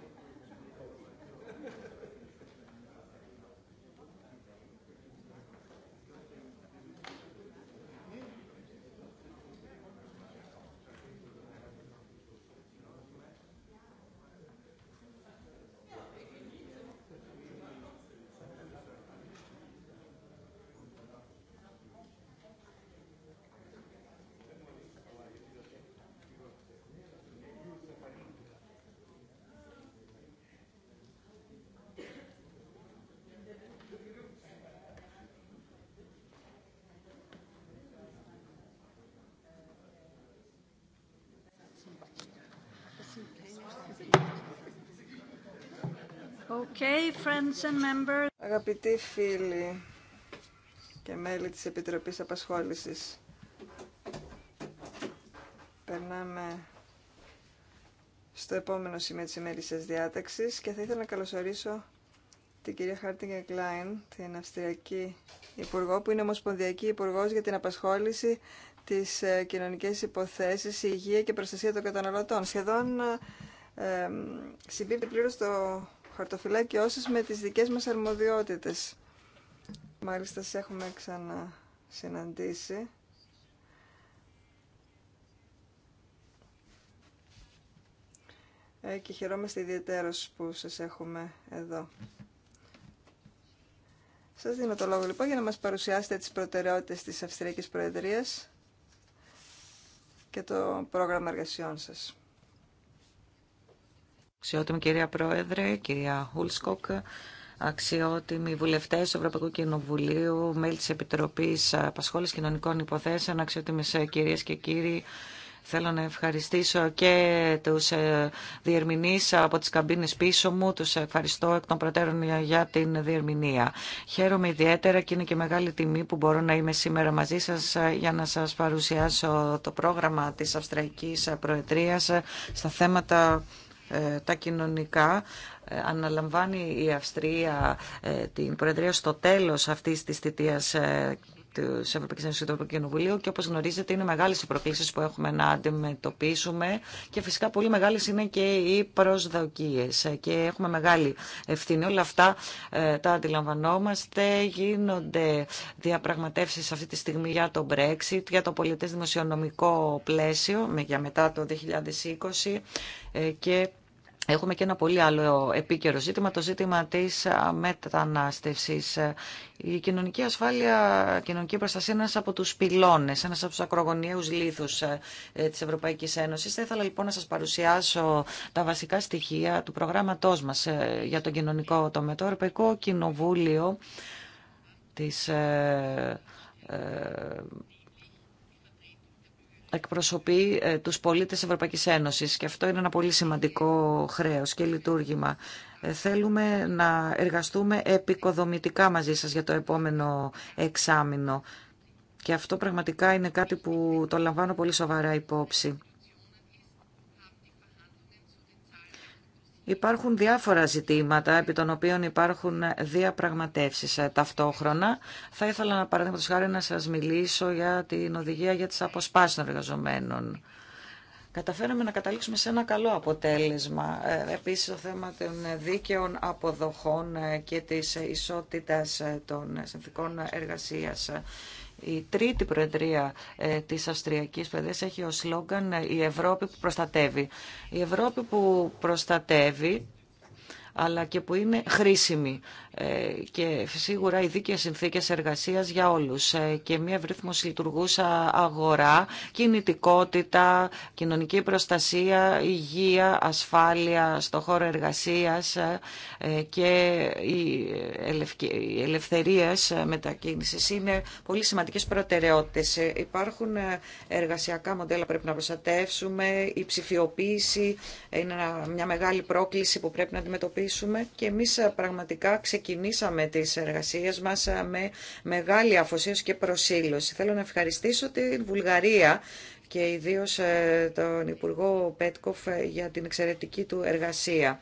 Okay, and members. Αγαπητοί φίλοι και μέλη της Επιτροπής Απασχόλησης, περνάμε στο επόμενο σημείο της ημέρησης διάταξης και θα ήθελα να καλωσορίσω την κυρία Χάρτιγκε Κλάιν, την Αυστριακή Υπουργό, που είναι Ομοσπονδιακή Υπουργό για την Απασχόληση, τις ε, κοινωνικές υποθέσεις, η υγεία και προστασία των καταναλωτών. Σχεδόν ε, ε συμπίπτει πλήρω το χαρτοφυλάκι όσες με τις δικές μας αρμοδιότητες. Μάλιστα, σε έχουμε ξανασυναντήσει. Ε, και χαιρόμαστε ιδιαίτερος που σας έχουμε εδώ. Σας δίνω το λόγο λοιπόν για να μας παρουσιάσετε τις προτεραιότητες της Αυστριακής Προεδρίας και το πρόγραμμα εργασιών σας. Αξιότιμη κυρία Πρόεδρε, κυρία Χουλσκοκ, αξιότιμοι βουλευτέ του Ευρωπαϊκού Κοινοβουλίου, μέλη τη Επιτροπή Απασχόληση Κοινωνικών Υποθέσεων, αξιότιμε κυρίε και κύριοι, Θέλω να ευχαριστήσω και τους ε, διερμηνείς από τις καμπίνες πίσω μου. Τους ευχαριστώ εκ των προτέρων για την διερμηνία. Χαίρομαι ιδιαίτερα και είναι και μεγάλη τιμή που μπορώ να είμαι σήμερα μαζί σας ε, για να σας παρουσιάσω το πρόγραμμα της Αυστραϊκής Προεδρίας ε, στα θέματα τα κοινωνικά αναλαμβάνει η Αυστρία την Προεδρία στο τέλος αυτής της θητείας τη Ευρωπαϊκή Ένωση και του Ευρωπαϊκού Κοινοβουλίου και όπω γνωρίζετε είναι μεγάλε οι προκλήσει που έχουμε να αντιμετωπίσουμε και φυσικά πολύ μεγάλε είναι και οι προσδοκίε και έχουμε μεγάλη ευθύνη. Όλα αυτά ε, τα αντιλαμβανόμαστε. Γίνονται διαπραγματεύσει αυτή τη στιγμή για το Brexit, για το πολιτέ δημοσιονομικό πλαίσιο για μετά το 2020 ε, και Έχουμε και ένα πολύ άλλο επίκαιρο ζήτημα, το ζήτημα της μετανάστευσης. Η κοινωνική ασφάλεια, η κοινωνική προστασία είναι ένας από τους πυλώνες, ένας από τους ακρογωνιαίους λίθους ε, της Ευρωπαϊκής Ένωσης. Θα ήθελα λοιπόν να σας παρουσιάσω τα βασικά στοιχεία του προγράμματός μας ε, για τον κοινωνικό τομέα. Το Ευρωπαϊκό Κοινοβούλιο της ε, εκπροσωπεί ε, τους πολίτες Ευρωπαϊκής Ένωσης και αυτό είναι ένα πολύ σημαντικό χρέος και λειτουργήμα. Ε, θέλουμε να εργαστούμε επικοδομητικά μαζί σας για το επόμενο εξάμεινο και αυτό πραγματικά είναι κάτι που το λαμβάνω πολύ σοβαρά υπόψη. Υπάρχουν διάφορα ζητήματα επί των οποίων υπάρχουν διαπραγματεύσει ε, ταυτόχρονα. Θα ήθελα να παραδείγματος χάρη να σας μιλήσω για την οδηγία για τις αποσπάσει των εργαζομένων. Καταφέραμε να καταλήξουμε σε ένα καλό αποτέλεσμα. Ε, επίσης το θέμα των δίκαιων αποδοχών ε, και της ισότητας των συνθηκών εργασίας. Η τρίτη προεδρία ε, της Αυστριακής Παιδείας έχει ως σλόγγαν ε, «Η Ευρώπη που προστατεύει». Η Ευρώπη που προστατεύει αλλά και που είναι χρήσιμη ε, και σίγουρα οι δίκαιες συνθήκες εργασίας για όλους ε, και μια ευρύθμως λειτουργούσα αγορά, κινητικότητα, κοινωνική προστασία, υγεία, ασφάλεια στο χώρο εργασίας ε, και οι ελευθερίας μετακίνησης είναι πολύ σημαντικές προτεραιότητες. Υπάρχουν εργασιακά μοντέλα πρέπει να προστατεύσουμε, η ψηφιοποίηση είναι μια μεγάλη πρόκληση που πρέπει να αντιμετωπίσουμε και εμείς πραγματικά Κινήσαμε τις εργασίες μας ε, με μεγάλη αφοσίωση και προσήλωση. Θέλω να ευχαριστήσω την Βουλγαρία και ιδίως ε, τον Υπουργό Πέτκοφ ε, για την εξαιρετική του εργασία.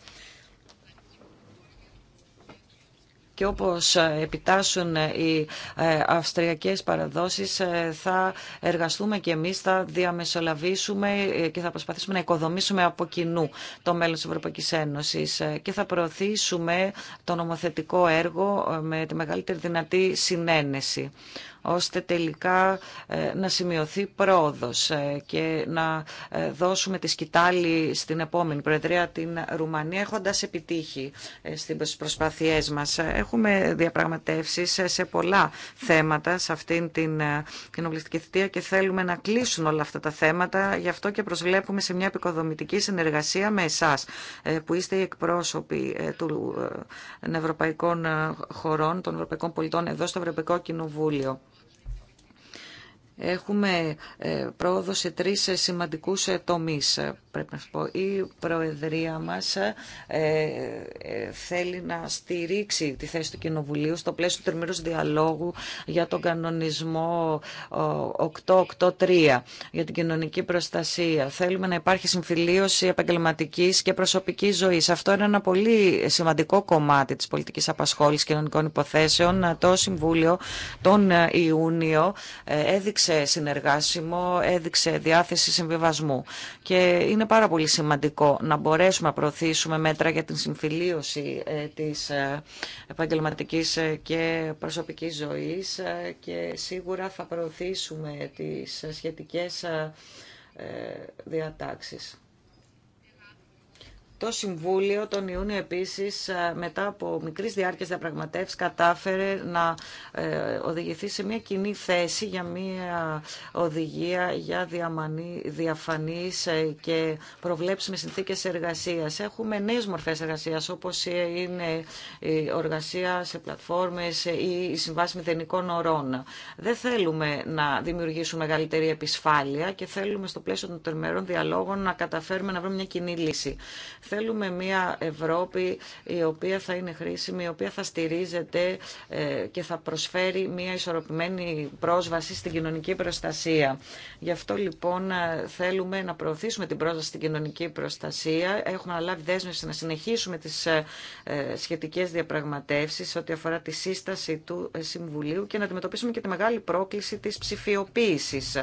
και όπως επιτάσσουν οι ε, αυστριακές παραδόσεις ε, θα εργαστούμε και εμείς, θα διαμεσολαβήσουμε ε, και θα προσπαθήσουμε να οικοδομήσουμε από κοινού το μέλλον της Ευρωπαϊκής Ένωσης και θα προωθήσουμε το νομοθετικό έργο με τη μεγαλύτερη δυνατή συνένεση ώστε τελικά ε, να σημειωθεί πρόοδος ε, και να ε, δώσουμε τη σκητάλη στην επόμενη Προεδρία την Ρουμανία έχοντας επιτύχει στις προσπάθειές μας. Έχουμε διαπραγματεύσεις σε πολλά θέματα σε αυτήν την κοινοβουλευτική θητεία και θέλουμε να κλείσουν όλα αυτά τα θέματα. Γι' αυτό και προσβλέπουμε σε μια επικοδομητική συνεργασία με εσάς που είστε οι εκπρόσωποι των ευρωπαϊκών χωρών, των ευρωπαϊκών πολιτών εδώ στο Ευρωπαϊκό Κοινοβούλιο. Έχουμε ε, πρόοδο σε τρεις ε, σημαντικούς ε, τομείς, πρέπει να σου πω. Η Προεδρία μας θέλει να στηρίξει τη θέση του Κοινοβουλίου στο πλαίσιο του τριμήρους διαλόγου για τον κανονισμό 883 για την κοινωνική προστασία. Θέλουμε να υπάρχει συμφιλίωση επαγγελματικής και προσωπικής ζωής. Αυτό είναι ένα πολύ σημαντικό κομμάτι της πολιτικής απασχόλησης κοινωνικών υποθέσεων. Το Συμβούλιο τον Ιούνιο έδειξε συνεργάσιμο, έδειξε διάθεση συμβιβασμού. Και είναι πάρα πολύ σημαντικό να μπορέσουμε να προωθήσουμε μέτρα για την συμφιλίωση ε, της ε, επαγγελματικής ε, και προσωπικής ζωής και σίγουρα θα προωθήσουμε τις σχετικές διατάξεις. Το Συμβούλιο τον Ιούνιο επίσης ε, μετά από μικρής διάρκειας διαπραγματεύσεις κατάφερε να ε, οδηγηθεί σε μια κοινή θέση για μια οδηγία για διαφανείς ε, και προβλέψιμες συνθήκες εργασίας. Έχουμε νέες μορφές εργασίας όπως είναι η εργασία σε πλατφόρμες ή η συμβάση μηδενικών ορών. Δεν θέλουμε να δημιουργήσουμε μεγαλύτερη επισφάλεια και θέλουμε στο πλαίσιο των τερμερών διαλόγων να καταφέρουμε να βρούμε μια κοινή λύση. Θέλουμε μια Ευρώπη η οποία θα είναι χρήσιμη, η οποία θα στηρίζεται ε, και θα προσφέρει μια ισορροπημένη πρόσβαση στην κοινωνική προστασία. Γι' αυτό λοιπόν ε, θέλουμε να προωθήσουμε την πρόσβαση στην κοινωνική προστασία. Έχουμε αναλάβει δέσμευση να συνεχίσουμε τις ε, σχετικές διαπραγματεύσεις ό,τι αφορά τη σύσταση του Συμβουλίου και να αντιμετωπίσουμε και τη μεγάλη πρόκληση της ψηφιοποίησης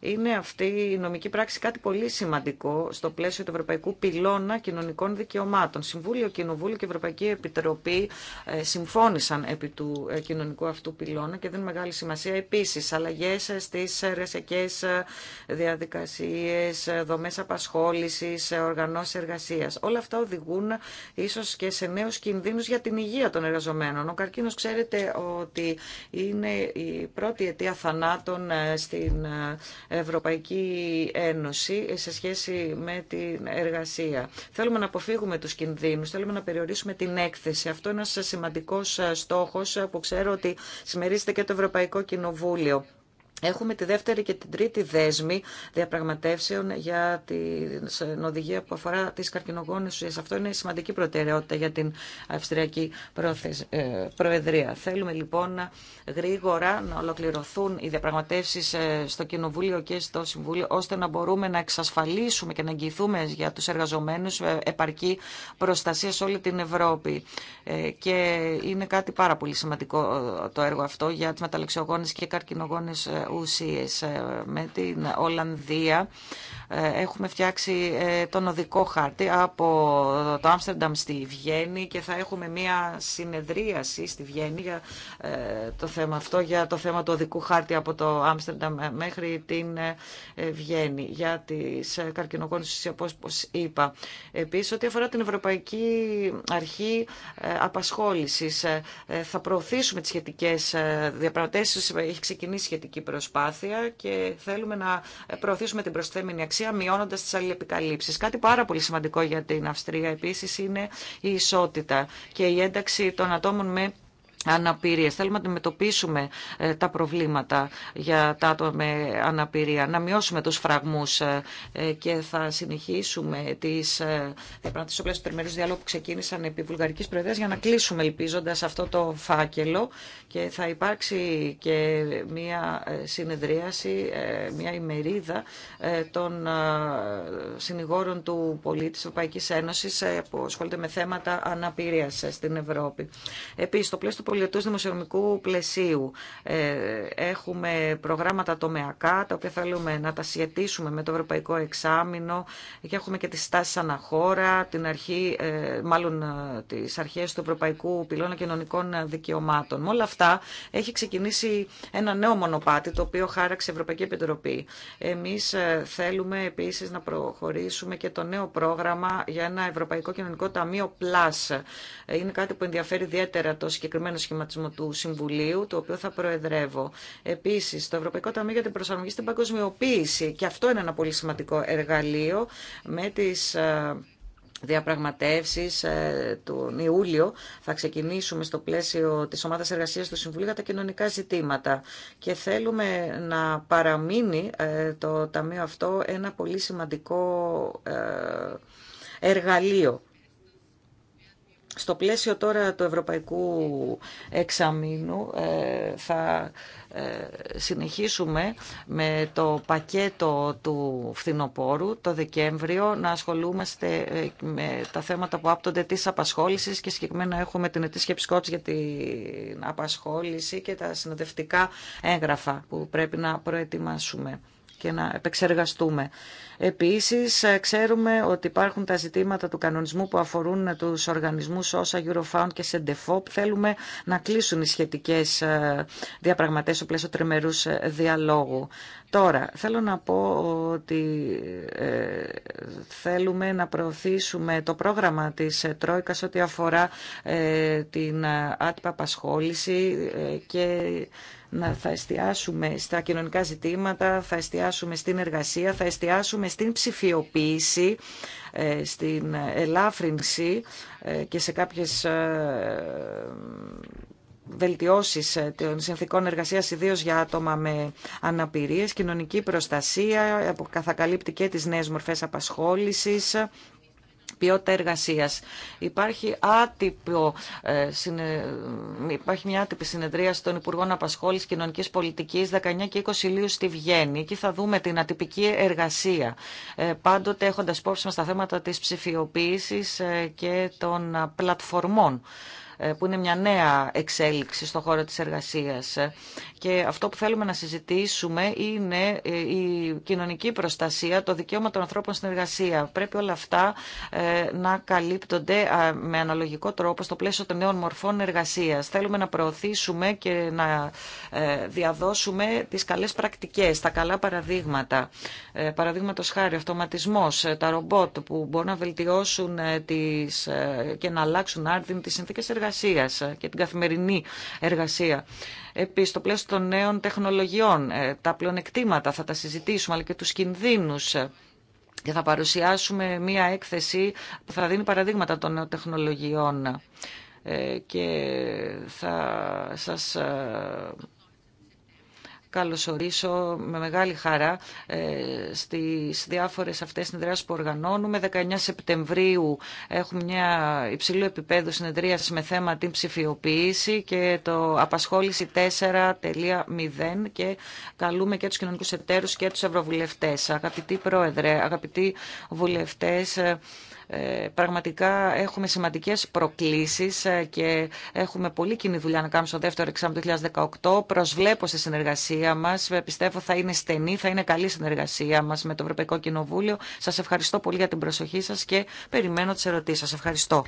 είναι αυτή η νομική πράξη κάτι πολύ σημαντικό στο πλαίσιο του Ευρωπαϊκού Πυλώνα Κοινωνικών Δικαιωμάτων. Συμβούλιο, Κοινοβούλιο και Ευρωπαϊκή Επιτροπή ε, συμφώνησαν επί του ε, κοινωνικού αυτού πυλώνα και δίνουν μεγάλη σημασία. Επίση, αλλαγέ ε, στι εργασιακέ διαδικασίε, δομέ απασχόληση, οργανώσει εργασία. Όλα αυτά οδηγούν ίσω και σε νέου κινδύνου για την υγεία των εργαζομένων. Ο καρκίνο, ξέρετε ότι είναι η πρώτη αιτία θανάτων στην Ευρωπαϊκή Ένωση σε σχέση με την εργασία. Θέλουμε να αποφύγουμε τους κινδύνους, θέλουμε να περιορίσουμε την έκθεση. Αυτό είναι ένας σημαντικός στόχος που ξέρω ότι συμμερίζεται και το Ευρωπαϊκό Κοινοβούλιο. Έχουμε τη δεύτερη και την τρίτη δέσμη διαπραγματεύσεων για την οδηγία που αφορά τις καρκινογόνες ουσίες. Αυτό είναι σημαντική προτεραιότητα για την Αυστριακή ε, Προεδρία. Θέλουμε λοιπόν γρήγορα να ολοκληρωθούν οι διαπραγματεύσεις ε, στο Κοινοβούλιο και στο Συμβούλιο, ώστε να μπορούμε να εξασφαλίσουμε και να εγγυηθούμε για τους εργαζομένους ε, επαρκή προστασία σε όλη την Ευρώπη. Και είναι κάτι πάρα πολύ σημαντικό το έργο αυτό για τις μεταλλεξιογόνες και καρκινογόνες ουσίες ε, με την Ολλανδία ε, έχουμε φτιάξει ε, τον οδικό χάρτη από το Άμστερνταμ στη Βιέννη και θα έχουμε μία συνεδρίαση στη Βιέννη για ε, το θέμα αυτό, για το θέμα του οδικού χάρτη από το Άμστερνταμ μέχρι την Βιέννη για τις καρκινογόνες όπως είπα. Επίσης, ό,τι αφορά την Ευρωπαϊκή Αρχή Απασχόλησης, θα προωθήσουμε τις σχετικές διαπραγματεύσεις. Έχει ξεκινήσει σχετική προσπάθεια και θέλουμε να προωθήσουμε την προσθέμενη αξία μειώνοντα τι αλληλεπικαλύψει. Κάτι πάρα πολύ σημαντικό για την Αυστρία επίση είναι η ισότητα και η ένταξη των ατόμων με αναπηρίες. Θέλουμε να αντιμετωπίσουμε ε, τα προβλήματα για τα άτομα με αναπηρία, να μειώσουμε τους φραγμούς ε, ε, και θα συνεχίσουμε τις διαπραγματεύσεις όπλες του τριμερούς διαλόγου που ξεκίνησαν επί Βουλγαρικής Προεδρίας για να κλείσουμε ελπίζοντας αυτό το φάκελο και θα υπάρξει και μια συνεδρίαση, μια ημερίδα των συνηγόρων του πολίτη της Ευρωπαϊκής Ένωσης που ασχολείται με θέματα αναπηρίας στην Ευρώπη. Επίσης, πολιετούς δημοσιονομικού πλαισίου. Ε, έχουμε προγράμματα τομεακά, τα οποία θέλουμε να τα σχετίσουμε με το Ευρωπαϊκό Εξάμεινο και έχουμε και τις στάσεις αναχώρα, την αρχή, ε, μάλλον ε, τις αρχές του Ευρωπαϊκού Πυλώνα Κοινωνικών Δικαιωμάτων. Με όλα αυτά έχει ξεκινήσει ένα νέο μονοπάτι, το οποίο χάραξε η Ευρωπαϊκή Επιτροπή. Εμείς θέλουμε επίσης να προχωρήσουμε και το νέο πρόγραμμα για ένα Ευρωπαϊκό Κοινωνικό Ταμείο Plus. Είναι κάτι που ενδιαφέρει ιδιαίτερα το συγκεκριμένο σχηματισμό του Συμβουλίου, το οποίο θα προεδρεύω. Επίση, το Ευρωπαϊκό Ταμείο για την Προσαρμογή στην Παγκοσμιοποίηση. Και αυτό είναι ένα πολύ σημαντικό εργαλείο με τι ε, διαπραγματεύσεις ε, του Ιούλιο θα ξεκινήσουμε στο πλαίσιο της ομάδας εργασίας του Συμβουλίου για τα κοινωνικά ζητήματα και θέλουμε να παραμείνει ε, το Ταμείο αυτό ένα πολύ σημαντικό εργαλείο στο πλαίσιο τώρα του Ευρωπαϊκού Εξαμήνου ε, θα ε, συνεχίσουμε με το πακέτο του φθινοπόρου το Δεκέμβριο να ασχολούμαστε ε, με τα θέματα που άπτονται της απασχόλησης και συγκεκριμένα έχουμε την ετήσια επισκόπηση για την απασχόληση και τα συνοδευτικά έγγραφα που πρέπει να προετοιμάσουμε και να επεξεργαστούμε. Επίσης, ε, ξέρουμε ότι υπάρχουν τα ζητήματα του κανονισμού που αφορούν τους οργανισμούς όσα Eurofound και Σεντεφόπ. Θέλουμε να κλείσουν οι σχετικές ε, διαπραγματεύσεις στο πλαίσιο τριμερούς ε, διαλόγου. Τώρα, θέλω να πω ότι θέλουμε να προωθήσουμε το πρόγραμμα της Τρόικας ό,τι αφορά την άτυπα απασχόληση και να θα εστιάσουμε στα κοινωνικά ζητήματα, θα εστιάσουμε στην εργασία, θα εστιάσουμε στην ψηφιοποίηση, ε, στην ελάφρυνση ε, και σε κάποιες ε, βελτιώσεις των συνθήκων εργασίας, ιδίως για άτομα με αναπηρίες, κοινωνική προστασία, που καθακαλύπτει και τις νέες μορφές απασχόλησης ποιότητα εργασίας. Υπάρχει, ε, υπάρχει μια άτυπη συνεδρία των Υπουργών Απασχόλησης Κοινωνικής Πολιτικής 19 και 20 Ιλίου στη Βιέννη. Εκεί θα δούμε την ατυπική εργασία. Ε, πάντοτε έχοντας υπόψη μας τα θέματα της ψηφιοποίησης ε, και των πλατφορμών ε, που είναι μια νέα εξέλιξη στον χώρο της εργασίας. Και αυτό που θέλουμε να συζητήσουμε είναι ε, η κοινωνική προστασία, το δικαίωμα των ανθρώπων στην εργασία. Πρέπει όλα αυτά ε, να καλύπτονται με αναλογικό τρόπο στο πλαίσιο των νέων μορφών εργασίας. Θέλουμε να προωθήσουμε και να διαδώσουμε τις καλές πρακτικές, τα καλά παραδείγματα. Παραδείγματο χάρη, αυτοματισμός, τα ρομπότ που μπορούν να βελτιώσουν τις, και να αλλάξουν άρδιν τις συνθήκες εργασίας και την καθημερινή εργασία. Επίσης, στο πλαίσιο των νέων τεχνολογιών, ε, τα πλεονεκτήματα θα τα συζητήσουμε, αλλά και τους κινδύνους και ε, θα παρουσιάσουμε μία έκθεση που θα δίνει παραδείγματα των νέων τεχνολογιών ε, και θα σας καλωσορίσω με μεγάλη χαρά ε, στις διάφορες αυτές συνεδριάσεις που οργανώνουμε. 19 Σεπτεμβρίου έχουμε μια υψηλού επίπεδου συνεδρίαση με θέμα την ψηφιοποίηση και το απασχόληση 4.0 και καλούμε και τους κοινωνικούς εταίρους και τους ευρωβουλευτές. Αγαπητοί πρόεδρε, αγαπητοί βουλευτές, ε, ε, πραγματικά έχουμε σημαντικές προκλήσεις ε, και έχουμε πολύ κοινή δουλειά να κάνουμε στο δεύτερο εξάμεινο του 2018. Προσβλέπω στη συνεργασία μας. Ε, πιστεύω θα είναι στενή, θα είναι καλή συνεργασία μας με το Ευρωπαϊκό Κοινοβούλιο. Σας ευχαριστώ πολύ για την προσοχή σας και περιμένω τις ερωτήσεις σας. Ευχαριστώ.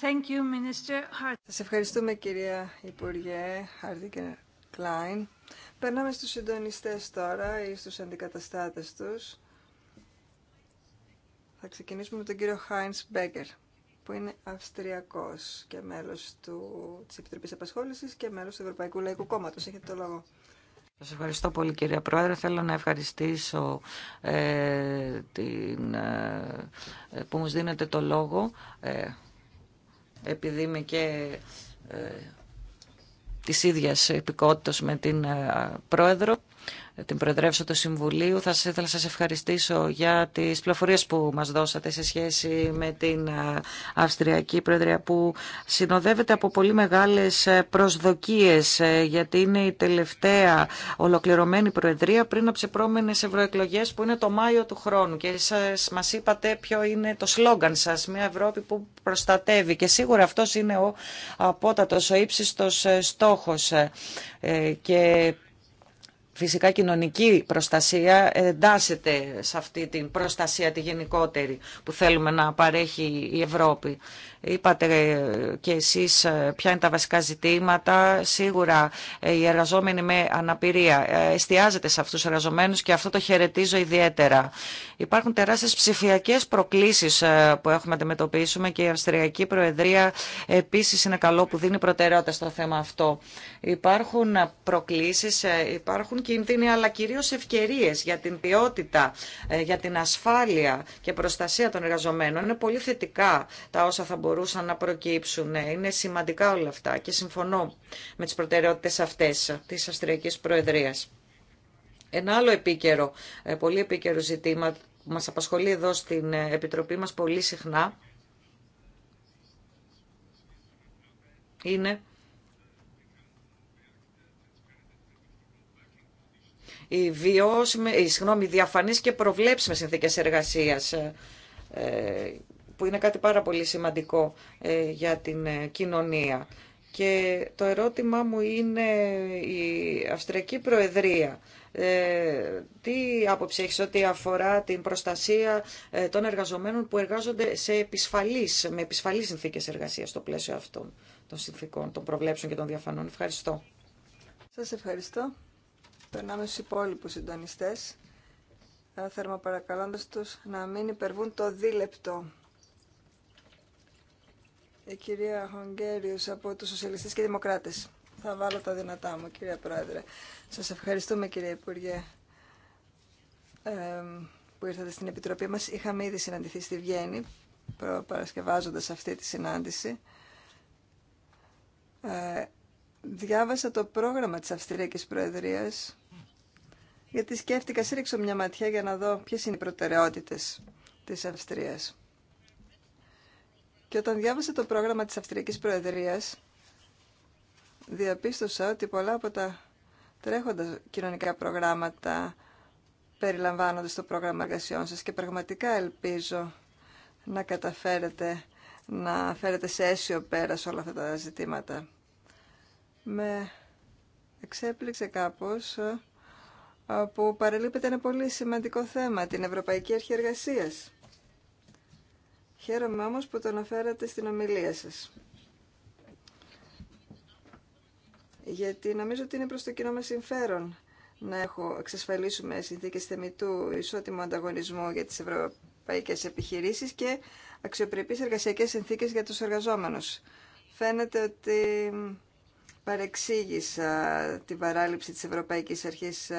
Thank you, Minister. Σας ευχαριστούμε κυρία Υπουργέ και Κλάιν. Περνάμε στους συντονιστές τώρα ή στους αντικαταστάτες τους. Θα ξεκινήσουμε με τον κύριο Χάινς Μπέγκερ, που είναι Αυστριακός και μέλος του, της Επιτροπής Απασχόλησης και μέλος του Ευρωπαϊκού Λαϊκού Κόμματος. Έχετε το λόγο. Σας ευχαριστώ πολύ κυρία Πρόεδρε. Θέλω να ευχαριστήσω ε, την, ε, που μου δίνετε το λόγο, ε, επειδή είμαι και ε, της ίδιας επικότητας με την ε, πρόεδρο την Προεδρεύσα του Συμβουλίου. Θα ήθελα να σας ευχαριστήσω για τις πληροφορίες που μας δώσατε σε σχέση με την Αυστριακή Προεδρία που συνοδεύεται από πολύ μεγάλες ε, προσδοκίες ε, γιατί είναι η τελευταία ολοκληρωμένη Προεδρία πριν από τις επόμενες ευρωεκλογές που είναι το Μάιο του χρόνου και σας μας είπατε ποιο είναι το σλόγγαν σας, μια Ευρώπη που προστατεύει και σίγουρα αυτός είναι ο απότατος, ο ύψιστος ε, στόχος και Φυσικά κοινωνική προστασία εντάσσεται σε αυτή την προστασία τη γενικότερη που θέλουμε να παρέχει η Ευρώπη. Είπατε και εσείς ε, ποια είναι τα βασικά ζητήματα. Σίγουρα ε, οι εργαζόμενοι με αναπηρία ε, εστιάζεται σε αυτούς τους εργαζομένους και αυτό το χαιρετίζω ιδιαίτερα. Υπάρχουν τεράστιες ψηφιακές προκλήσεις που έχουμε να αντιμετωπίσουμε και η Αυστριακή Προεδρία επίσης είναι καλό που δίνει προτεραιότητα στο θέμα αυτό. Υπάρχουν προκλήσεις, υπάρχουν κίνδυνοι αλλά κυρίως ευκαιρίες για την ποιότητα, ε, για την ασφάλεια και προστασία των εργαζομένων. Είναι πολύ θετικά τα όσα θα μπορούσαν να προκύψουν. Ε, είναι σημαντικά όλα αυτά και συμφωνώ με τις προτεραιότητες αυτές της Αυστριακής Προεδρίας. Ένα άλλο επίκαιρο, ε, πολύ επίκαιρο ζητήμα που μας απασχολεί εδώ στην Επιτροπή μας πολύ συχνά είναι οι, βιώσιμες, ε, συγγνώμη, διαφανείς και προβλέψιμες συνθήκες εργασίας ε, που είναι κάτι πάρα πολύ σημαντικό ε, για την κοινωνία. Και το ερώτημά μου είναι η Αυστριακή Προεδρία. τι άποψη έχεις ότι αφορά την προστασία των εργαζομένων που εργάζονται σε επισφαλείς, με επισφαλείς συνθήκες εργασίας στο πλαίσιο αυτών των συνθήκων, των προβλέψεων και των διαφανών. Ευχαριστώ. Σας ευχαριστώ. Περνάμε στους υπόλοιπους συντονιστές, ε, παρακαλώντας τους να μην υπερβούν το δίλεπτο. Η κυρία Χογγέριου από τους Σοσιαλιστές και Δημοκράτες. Θα βάλω τα δυνατά μου, κυρία Πρόεδρε. Σας ευχαριστούμε, κύριε Υπουργέ, που ήρθατε στην Επιτροπή μας. Είχαμε ήδη συναντηθεί στη Βιέννη, παρασκευάζοντας αυτή τη συνάντηση. Ε, διάβασα το πρόγραμμα της Αυστηριακής Προεδρίας γιατί σκέφτηκα, σήριξω μια ματιά για να δω ποιες είναι οι προτεραιότητες της Αυστρίας. Και όταν διάβασα το πρόγραμμα της Αυστριακής Προεδρίας, διαπίστωσα ότι πολλά από τα τρέχοντα κοινωνικά προγράμματα περιλαμβάνονται στο πρόγραμμα εργασιών σας και πραγματικά ελπίζω να καταφέρετε να φέρετε σε αίσιο πέρα όλα αυτά τα ζητήματα. Με εξέπληξε κάπως ε, που παρελείπεται ένα πολύ σημαντικό θέμα, την Ευρωπαϊκή Αρχή Εργασίας. Χαίρομαι όμως που το αναφέρατε στην ομιλία σας. Γιατί νομίζω ότι είναι προς το κοινό μας συμφέρον να έχω, εξασφαλίσουμε συνθήκες θεμητού ισότιμου ανταγωνισμού για τις ευρωπαϊκές επιχειρήσεις και αξιοπρεπείς εργασιακές συνθήκες για τους εργαζόμενους. Φαίνεται ότι παρεξήγησα την παράληψη της Ευρωπαϊκής Αρχής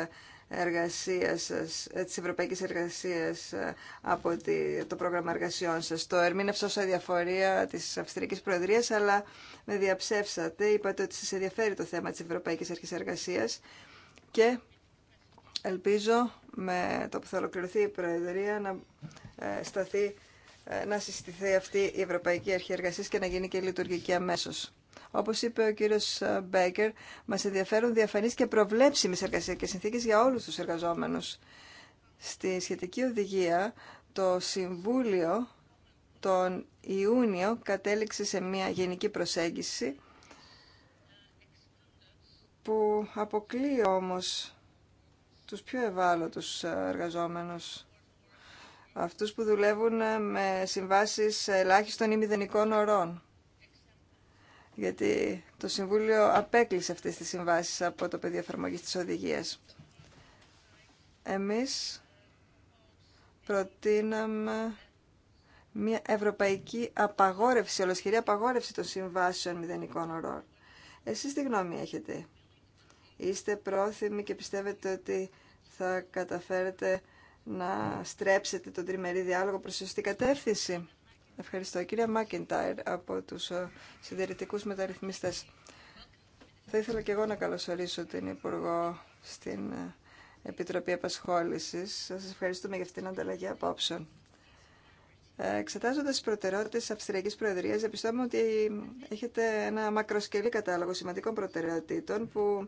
εργασίας σας, ε, της ευρωπαϊκής εργασίας ε, από το πρόγραμμα εργασιών σας. Το ερμήνευσα ως αδιαφορία της Αυστρικής Προεδρίας, αλλά με διαψεύσατε. Είπατε ότι σας ενδιαφέρει το θέμα της Ευρωπαϊκής Αρχής Εργασίας και ελπίζω με το που θα ολοκληρωθεί η Προεδρία να ε, σταθεί να συστηθεί αυτή η Ευρωπαϊκή Αρχή Εργασίας και να γίνει και λειτουργική αμέσως. Όπω είπε ο κύριο ε, Μπέκερ, μα ενδιαφέρουν διαφανεί και προβλέψιμες εργασιακέ συνθήκε για όλους τους εργαζόμενους. Στη σχετική οδηγία, το Συμβούλιο τον Ιούνιο κατέληξε σε μια γενική προσέγγιση που αποκλείει όμως τους πιο ευάλωτους ε, εργαζόμενους. Αυτούς που δουλεύουν ε, με συμβάσεις ελάχιστων ή μηδενικών ωρών γιατί το Συμβούλιο απέκλεισε αυτές τις συμβάσεις από το πεδίο εφαρμογής της οδηγίας. Εμείς προτείναμε μια ευρωπαϊκή απαγόρευση, ολοσχερή απαγόρευση των συμβάσεων μηδενικών ορών. Εσείς τι γνώμη έχετε. Είστε πρόθυμοι και πιστεύετε ότι θα καταφέρετε να στρέψετε τον τριμερή διάλογο προς σωστή κατεύθυνση. Ευχαριστώ. Κυρία Μάκιντάιρ από τους ε, συντηρητικούς μεταρρυθμιστές. Θα ήθελα και εγώ να καλωσορίσω την Υπουργό στην ε, Επιτροπή Απασχόλησης. Σας ευχαριστούμε για αυτήν την ανταλλαγή απόψεων. Ε, Εξετάζοντα τι προτεραιότητε τη Αυστριακή Προεδρία, διαπιστώνουμε ότι έχετε ένα μακροσκελή κατάλογο σημαντικών προτεραιοτήτων που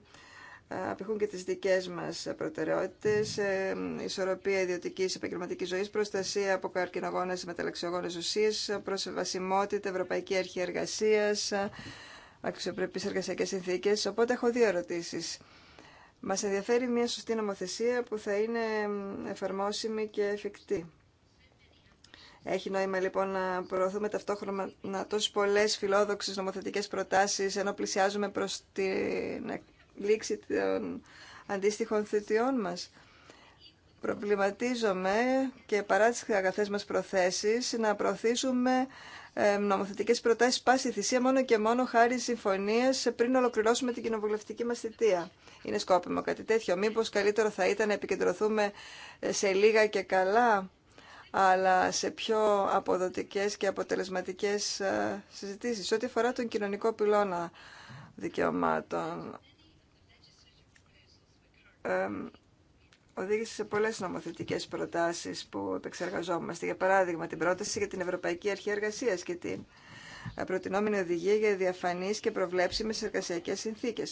απηχούν και τις δικές μας προτεραιότητες, ε, ισορροπία ιδιωτικής επαγγελματική ζωής, προστασία από καρκινογόνες μεταλλαξιογόνες ουσίες, προσβασιμότητα, Ευρωπαϊκή Αρχή Εργασίας, αξιοπρεπείς εργασιακές συνθήκες. Οπότε έχω δύο ερωτήσεις. Μας ενδιαφέρει μια σωστή νομοθεσία που θα είναι εφαρμόσιμη και εφικτή. Έχει νόημα λοιπόν να προωθούμε ταυτόχρονα τόσε πολλέ φιλόδοξε νομοθετικέ προτάσει, ενώ πλησιάζουμε προ την λήξη των αντίστοιχων θητιών μας. Προβληματίζομαι και παρά τις αγαθές μας προθέσεις να προωθήσουμε ε, νομοθετικές προτάσεις πάση θυσία μόνο και μόνο χάρη συμφωνίες πριν ολοκληρώσουμε την κοινοβουλευτική μας θητεία. Είναι σκόπιμο κάτι τέτοιο. Μήπως καλύτερο θα ήταν να επικεντρωθούμε ε, σε λίγα και καλά αλλά σε πιο αποδοτικές και αποτελεσματικές ε, συζητήσεις. Ό,τι αφορά τον κοινωνικό πυλώνα δικαιωμάτων, οδήγησε σε πολλέ νομοθετικέ προτάσει που επεξεργαζόμαστε. Για παράδειγμα, την πρόταση για την Ευρωπαϊκή Αρχή Εργασία και την ε, προτινόμενη οδηγία για διαφανεί και προβλέψιμε εργασιακέ συνθήκε.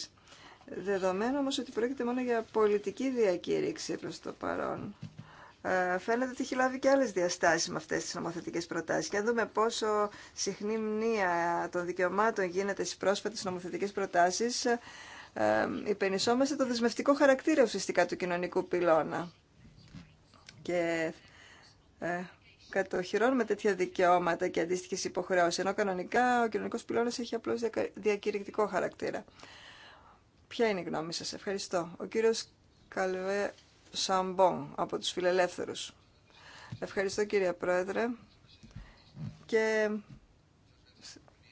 Δεδομένου όμω ότι πρόκειται μόνο για πολιτική διακήρυξη προ το παρόν, ε, φαίνεται ότι έχει λάβει και άλλε διαστάσει με αυτέ τι νομοθετικέ προτάσει. Και αν δούμε πόσο συχνή μνήμα των δικαιωμάτων γίνεται στι πρόσφατε νομοθετικέ προτάσει. Ε, υπενισόμαστε το δεσμευτικό χαρακτήρα ουσιαστικά του κοινωνικού πυλώνα. Και ε, κατοχυρώνουμε τέτοια δικαιώματα και αντίστοιχε υποχρεώσει. ενώ κανονικά ο κοινωνικό πυλώνας έχει απλώς διακηρυκτικό χαρακτήρα. Ποια είναι η γνώμη σας. Ευχαριστώ. Ο κύριος Καλβέ Σαμπόν από τους Φιλελεύθερους. Ευχαριστώ κύριε Πρόεδρε και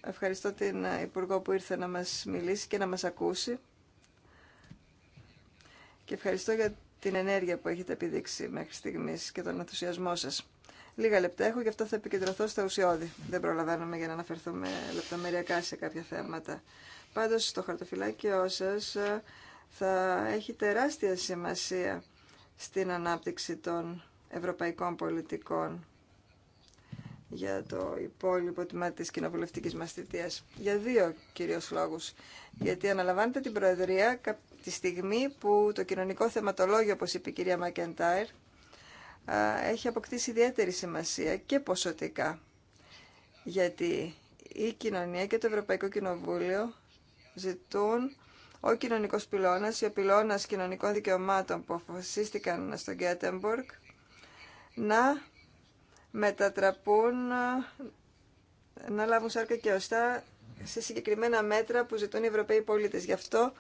ευχαριστώ την ε, Υπουργό που ήρθε να μας μιλήσει και να μας ακούσει και ευχαριστώ για την ενέργεια που έχετε επιδείξει μέχρι στιγμής και τον ενθουσιασμό σα. Λίγα λεπτά έχω γι' αυτό θα επικεντρωθώ στα ουσιώδη. Δεν προλαβαίνουμε για να αναφερθούμε λεπτομεριακά σε κάποια θέματα. Πάντως το χαρτοφυλάκιό σα ε, θα έχει τεράστια σημασία στην ανάπτυξη των ευρωπαϊκών πολιτικών για το υπόλοιπο τμήμα της κοινοβουλευτικής μας θητείας. Για δύο κυρίως λόγους. Γιατί αναλαμβάνετε την Προεδρία τη στιγμή που το κοινωνικό θεματολόγιο, όπως είπε η κυρία Μακεντάιρ, έχει αποκτήσει ιδιαίτερη σημασία και ποσοτικά. Γιατί η κοινωνία και το Ευρωπαϊκό Κοινοβούλιο ζητούν ο κοινωνικός πυλώνας ή ο πυλώνας κοινωνικών δικαιωμάτων που αποφασίστηκαν στο Γκέτεμπορκ να μετατραπούν, να λάβουν σάρκα και ωστά σε συγκεκριμένα μέτρα που ζητούν οι Ευρωπαίοι πολίτες. Γι' αυτό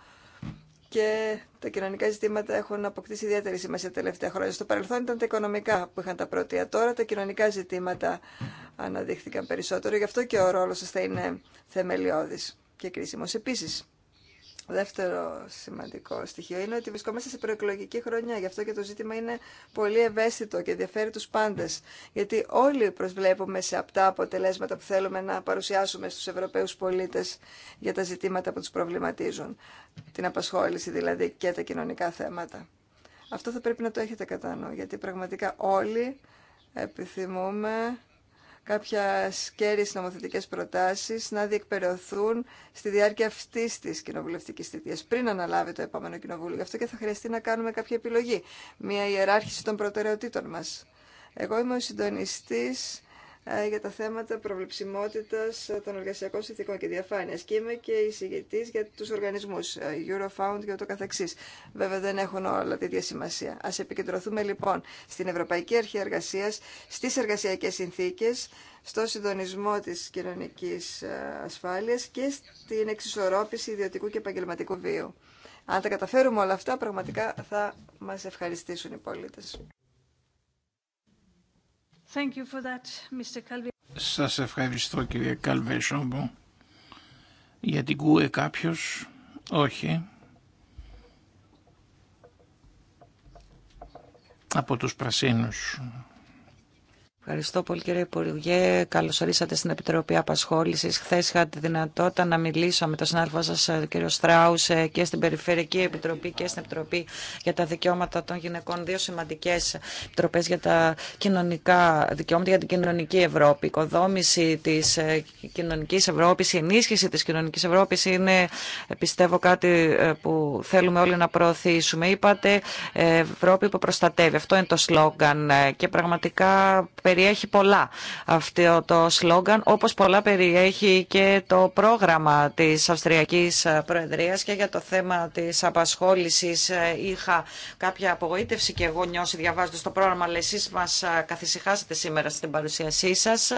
και τα κοινωνικά ζητήματα έχουν αποκτήσει ιδιαίτερη σημασία τα τελευταία χρόνια. Στο παρελθόν ήταν τα οικονομικά που είχαν τα πρώτα. Τώρα τα κοινωνικά ζητήματα αναδείχθηκαν περισσότερο. Γι' αυτό και ο ρόλο σα θα είναι θεμελιώδη και κρίσιμο επίση. Δεύτερο σημαντικό στοιχείο είναι ότι βρισκόμαστε σε προεκλογική χρονιά. Γι' αυτό και το ζήτημα είναι πολύ ευαίσθητο και ενδιαφέρει του πάντε. Γιατί όλοι προσβλέπουμε σε αυτά αποτελέσματα που θέλουμε να παρουσιάσουμε στου Ευρωπαίου πολίτε για τα ζητήματα που του προβληματίζουν. Την απασχόληση δηλαδή και τα κοινωνικά θέματα. Αυτό θα πρέπει να το έχετε κατά νου. Γιατί πραγματικά όλοι επιθυμούμε κάποια σκέρις νομοθετικές προτάσεις να διεκπαιρεωθούν στη διάρκεια αυτή τη κοινοβουλευτική θητεία, πριν αναλάβει το επόμενο κοινοβούλιο. Γι' αυτό και θα χρειαστεί να κάνουμε κάποια επιλογή, μια ιεράρχηση των προτεραιοτήτων μας. Εγώ είμαι ο συντονιστής ε, για τα θέματα προβλεψιμότητα ε, των εργασιακών συνθήκων και διαφάνεια. και είμαι και εισηγητή για τους οργανισμούς ε, Eurofound και ούτω καθεξή. Βέβαια δεν έχουν όλα τη ίδια σημασία. Ας επικεντρωθούμε λοιπόν στην Ευρωπαϊκή Αρχή Εργασία, στι εργασιακές συνθήκε, στο συντονισμό τη κοινωνική ασφάλεια και στην εξισορρόπηση ιδιωτικού και επαγγελματικού βίου. Αν τα καταφέρουμε όλα αυτά, πραγματικά θα μας ευχαριστήσουν οι πολίτες. Σας ευχαριστώ κύριε Καλβέσομπο. Για την κούε κάποιος. Όχι. Από τους πρασίνους. Ευχαριστώ πολύ κύριε Υπουργέ. Καλώ ορίσατε στην Επιτροπή Απασχόληση. Χθε είχα τη δυνατότητα να μιλήσω με τον συνάδελφό σας ε, κύριο Στράου ε, και στην Περιφερειακή Επιτροπή και στην Επιτροπή για τα Δικαιώματα των Γυναικών. Δύο σημαντικέ επιτροπέ για τα κοινωνικά δικαιώματα για την κοινωνική Ευρώπη. Η οικοδόμηση τη ε, κοινωνική Ευρώπη, η ενίσχυση τη κοινωνική Ευρώπη είναι πιστεύω κάτι που θέλουμε όλοι να προωθήσουμε. Είπατε Ευρώπη που προστατεύει. Αυτό είναι το σλόγγαν και πραγματικά περιέχει πολλά αυτό το σλόγγαν, όπως πολλά περιέχει και το πρόγραμμα της Αυστριακής Προεδρίας και για το θέμα της απασχόλησης ε, είχα κάποια απογοήτευση και εγώ νιώσει διαβάζοντας το πρόγραμμα, αλλά εσείς μας ε, καθυσυχάσατε σήμερα στην παρουσίασή σας.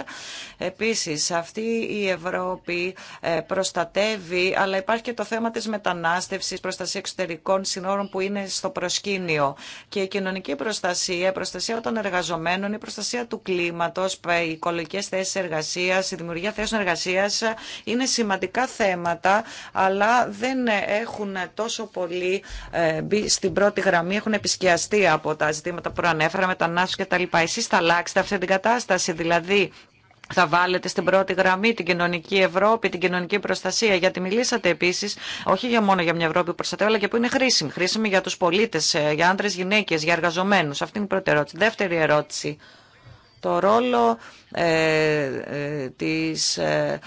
Επίσης, αυτή η Ευρώπη ε, προστατεύει, αλλά υπάρχει και το θέμα της μετανάστευσης, προστασία εξωτερικών συνόρων που είναι στο προσκήνιο και η κοινωνική προστασία, η προστασία των εργαζομένων, η προστασία του κλίματος, οι οικολογικέ θέσει εργασία, η δημιουργία θέσεων εργασία είναι σημαντικά θέματα, αλλά δεν έχουν τόσο πολύ ε, μπει στην πρώτη γραμμή, έχουν επισκιαστεί από τα ζητήματα που προανέφερα, μετανάστε κτλ. Εσεί θα αλλάξετε αυτή την κατάσταση, δηλαδή θα βάλετε στην πρώτη γραμμή την κοινωνική Ευρώπη, την κοινωνική προστασία, γιατί μιλήσατε επίση όχι για μόνο για μια Ευρώπη που προστατεύει, αλλά και που είναι χρήσιμη. Χρήσιμη για του πολίτε, ε, για άντρε, γυναίκε, για εργαζομένου. Αυτή είναι η πρώτη ερώτηση. Δεύτερη ερώτηση το ρόλο ε, ε, της ε,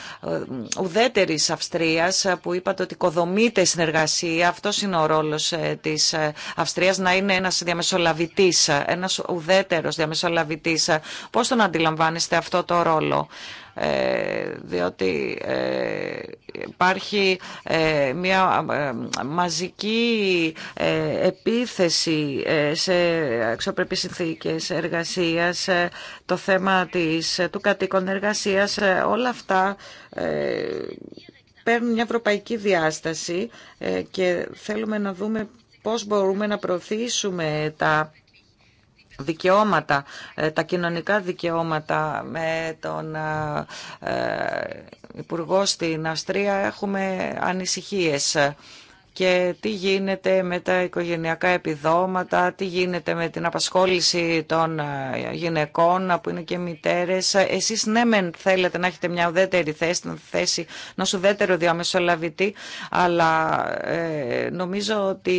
ουδέτερης Αυστρίας που είπατε ότι οικοδομείται συνεργασία. Αυτός είναι ο ρόλος της Αυστρίας να είναι ένας διαμεσολαβητής, ένας ουδέτερος διαμεσολαβητής. Πώς τον αντιλαμβάνεστε αυτό το ρόλο. Ε, διότι ε, υπάρχει ε, μια μαζική επίθεση σε αξιοπρεπείς συνθήκες εργασίας, το θέμα της, του κατοίκων εργασίας, όλα αυτά παίρνουν μια ευρωπαϊκή διάσταση και θέλουμε να δούμε πώς μπορούμε να προωθήσουμε τα δικαιώματα, ε, τα κοινωνικά δικαιώματα με τον ε, ε, Υπουργό στην Αυστρία έχουμε ανησυχίες και τι γίνεται με τα οικογενειακά επιδόματα, τι γίνεται με την απασχόληση των ε, γυναικών που είναι και μητέρες. Εσείς ναι μεν θέλετε να έχετε μια ουδέτερη θέση, να θέση να ουδέτερο διαμεσολαβητή, αλλά ε, νομίζω ότι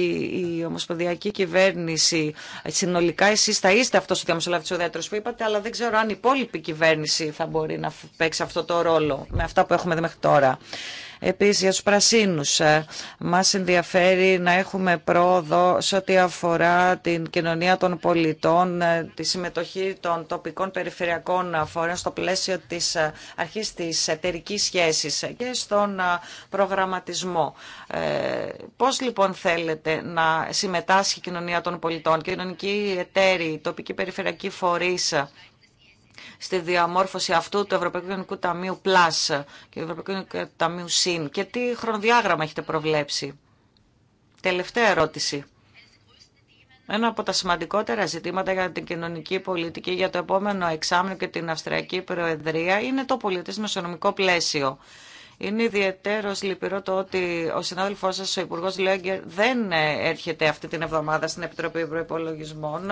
η Ομοσπονδιακή Κυβέρνηση, συνολικά εσείς θα είστε αυτός ο διαμεσολαβητής ουδέτερος που είπατε, αλλά δεν ξέρω αν η υπόλοιπη κυβέρνηση θα μπορεί να παίξει αυτό το ρόλο με αυτά που έχουμε δει μέχρι τώρα. Επίσης για τους πρασίνους ε, μας ενδιαφέρει να έχουμε πρόοδο σε ό,τι αφορά την κοινωνία των πολιτών, ε, τη συμμετοχή των τοπικών περιφερειακών φορέων στο πλαίσιο της ε, αρχής της εταιρική σχέσης και στον προγραμματισμό. Πώς λοιπόν θέλετε να συμμετάσχει η κοινωνία των πολιτών, κοινωνική εταίρη, τοπική περιφερειακή φορείς, στη διαμόρφωση αυτού του Ευρωπαϊκού Κοινωνικού Ταμείου Plus και του Ευρωπαϊκού Κοινωνικού Ταμείου ΣΥΝ και τι χρονοδιάγραμμα έχετε προβλέψει. Τελευταία ερώτηση. Ένα από τα σημαντικότερα ζητήματα για την κοινωνική πολιτική για το επόμενο εξάμεινο και την Αυστριακή Προεδρία είναι το πολιτής πλαίσιο. Είναι ιδιαίτερο λυπηρό το ότι ο συνάδελφό σα, ο Υπουργό Λέγκερ, δεν έρχεται αυτή την εβδομάδα στην Επιτροπή Προπολογισμών.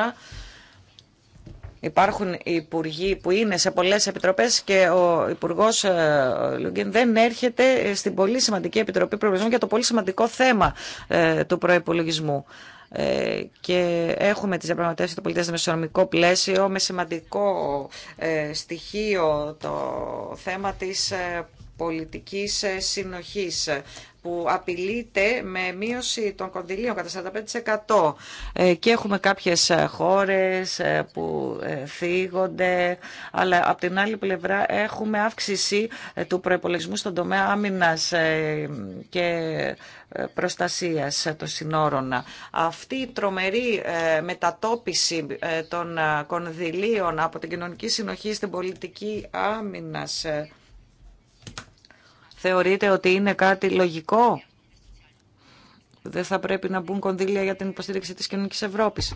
Υπάρχουν υπουργοί που είναι σε πολλές επιτροπές και ο Υπουργός ε, Λουγκίν δεν έρχεται στην πολύ σημαντική Επιτροπή Προπολογισμού για το πολύ σημαντικό θέμα ε, του προϋπολογισμού ε, και έχουμε τις διαπραγματεύσεις του πολιτές μεσονομικό πλαίσιο με σημαντικό στοιχείο το θέμα της πολιτικής συνοχής που απειλείται με μείωση των κονδυλίων κατά 45% ε, και έχουμε κάποιες ε, χώρες ε, που θίγονται, αλλά από την άλλη πλευρά έχουμε αύξηση του προϋπολογισμού στον τομέα άμυνας και προστασίας των συνόρων. Αυτή η τρομερή μετατόπιση των κονδυλίων από την κοινωνική συνοχή στην πολιτική άμυνας Θεωρείτε ότι είναι κάτι λογικό. Δεν θα πρέπει να μπουν κονδύλια για την υποστήριξη της κοινωνικής Ευρώπης.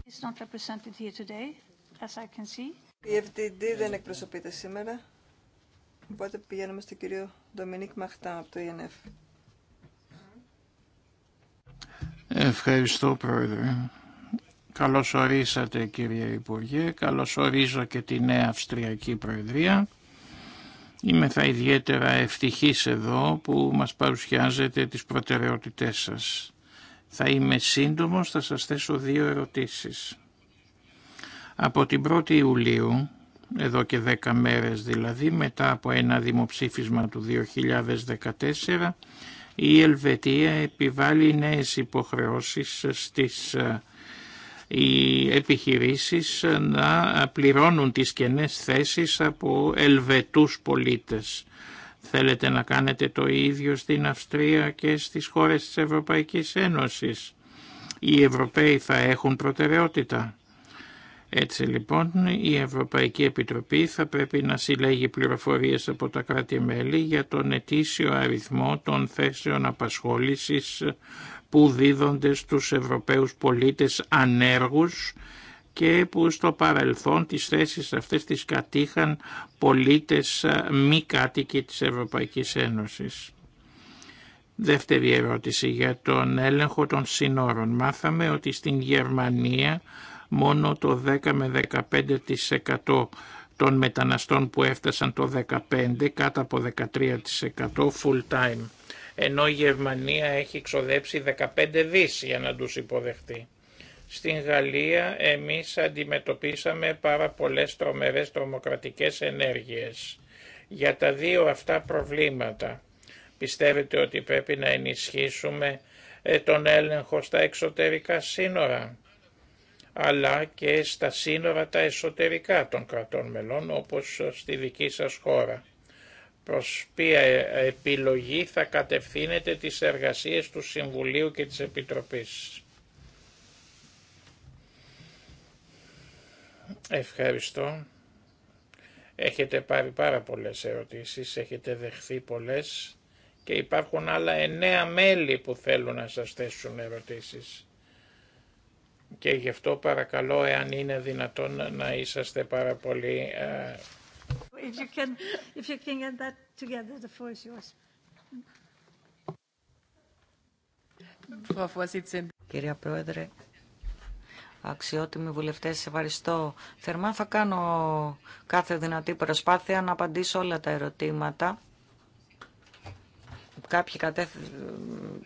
Η FDD δεν εκπροσωπείται σήμερα. Οπότε πηγαίνουμε στον κύριο Ντομινίκ Μαχτά από το ΕΝΕΦ. E Ευχαριστώ Πρόεδρε. Καλώς ορίσατε κύριε Υπουργέ. Καλώς ορίζω και τη νέα Αυστριακή Προεδρία. Είμαι θα ιδιαίτερα ευτυχής εδώ που μας παρουσιάζετε τις προτεραιότητές σας. Θα είμαι σύντομος, θα σας θέσω δύο ερωτήσεις. Από την 1η Ιουλίου, εδώ και δέκα μέρες δηλαδή, μετά από ένα δημοψήφισμα του 2014, η Ελβετία επιβάλλει νέες υποχρεώσεις στις ε, οι επιχειρήσεις να πληρώνουν τις κενές θέσεις από Ελβετούς πολίτες. Θέλετε να κάνετε το ίδιο στην Αυστρία και στις χώρες της Ευρωπαϊκής Ένωσης. Οι Ευρωπαίοι θα έχουν προτεραιότητα. Έτσι λοιπόν η Ευρωπαϊκή Επιτροπή θα πρέπει να συλλέγει πληροφορίες από τα κράτη-μέλη για τον ετήσιο αριθμό των θέσεων απασχόλησης που δίδονται στους Ευρωπαίους πολίτες ανέργους και που στο παρελθόν τις θέσεις αυτές τις κατήχαν πολίτες ε, μη κάτοικοι της Ευρωπαϊκής Ένωσης. Δεύτερη ερώτηση για τον έλεγχο των συνόρων. Μάθαμε ότι στην Γερμανία μόνο το 10 με 15% των μεταναστών που έφτασαν το 15 κάτω από 13% full time ενώ η Γερμανία έχει ξοδέψει 15 δις για να τους υποδεχτεί. Στην Γαλλία εμείς αντιμετωπίσαμε πάρα πολλές τρομερές τρομοκρατικές ενέργειες. Για τα δύο αυτά προβλήματα πιστεύετε ότι πρέπει να ενισχύσουμε ε, τον έλεγχο στα εξωτερικά σύνορα αλλά και στα σύνορα τα εσωτερικά των κρατών μελών όπως στη δική σας χώρα προς ποια επιλογή θα κατευθύνεται τις εργασίες του Συμβουλίου και της Επιτροπής. Ευχαριστώ. Έχετε πάρει πάρα πολλές ερωτήσεις, έχετε δεχθεί πολλές και υπάρχουν άλλα εννέα μέλη που θέλουν να σας θέσουν ερωτήσεις. Και γι' αυτό παρακαλώ εάν είναι δυνατόν να είσαστε πάρα πολύ ε, Κυρία Πρόεδρε, αξιότιμοι βουλευτές, ευχαριστώ. Θερμά θα κάνω κάθε δυνατή προσπάθεια να απαντήσω όλα τα ερωτήματα. Κάποιοι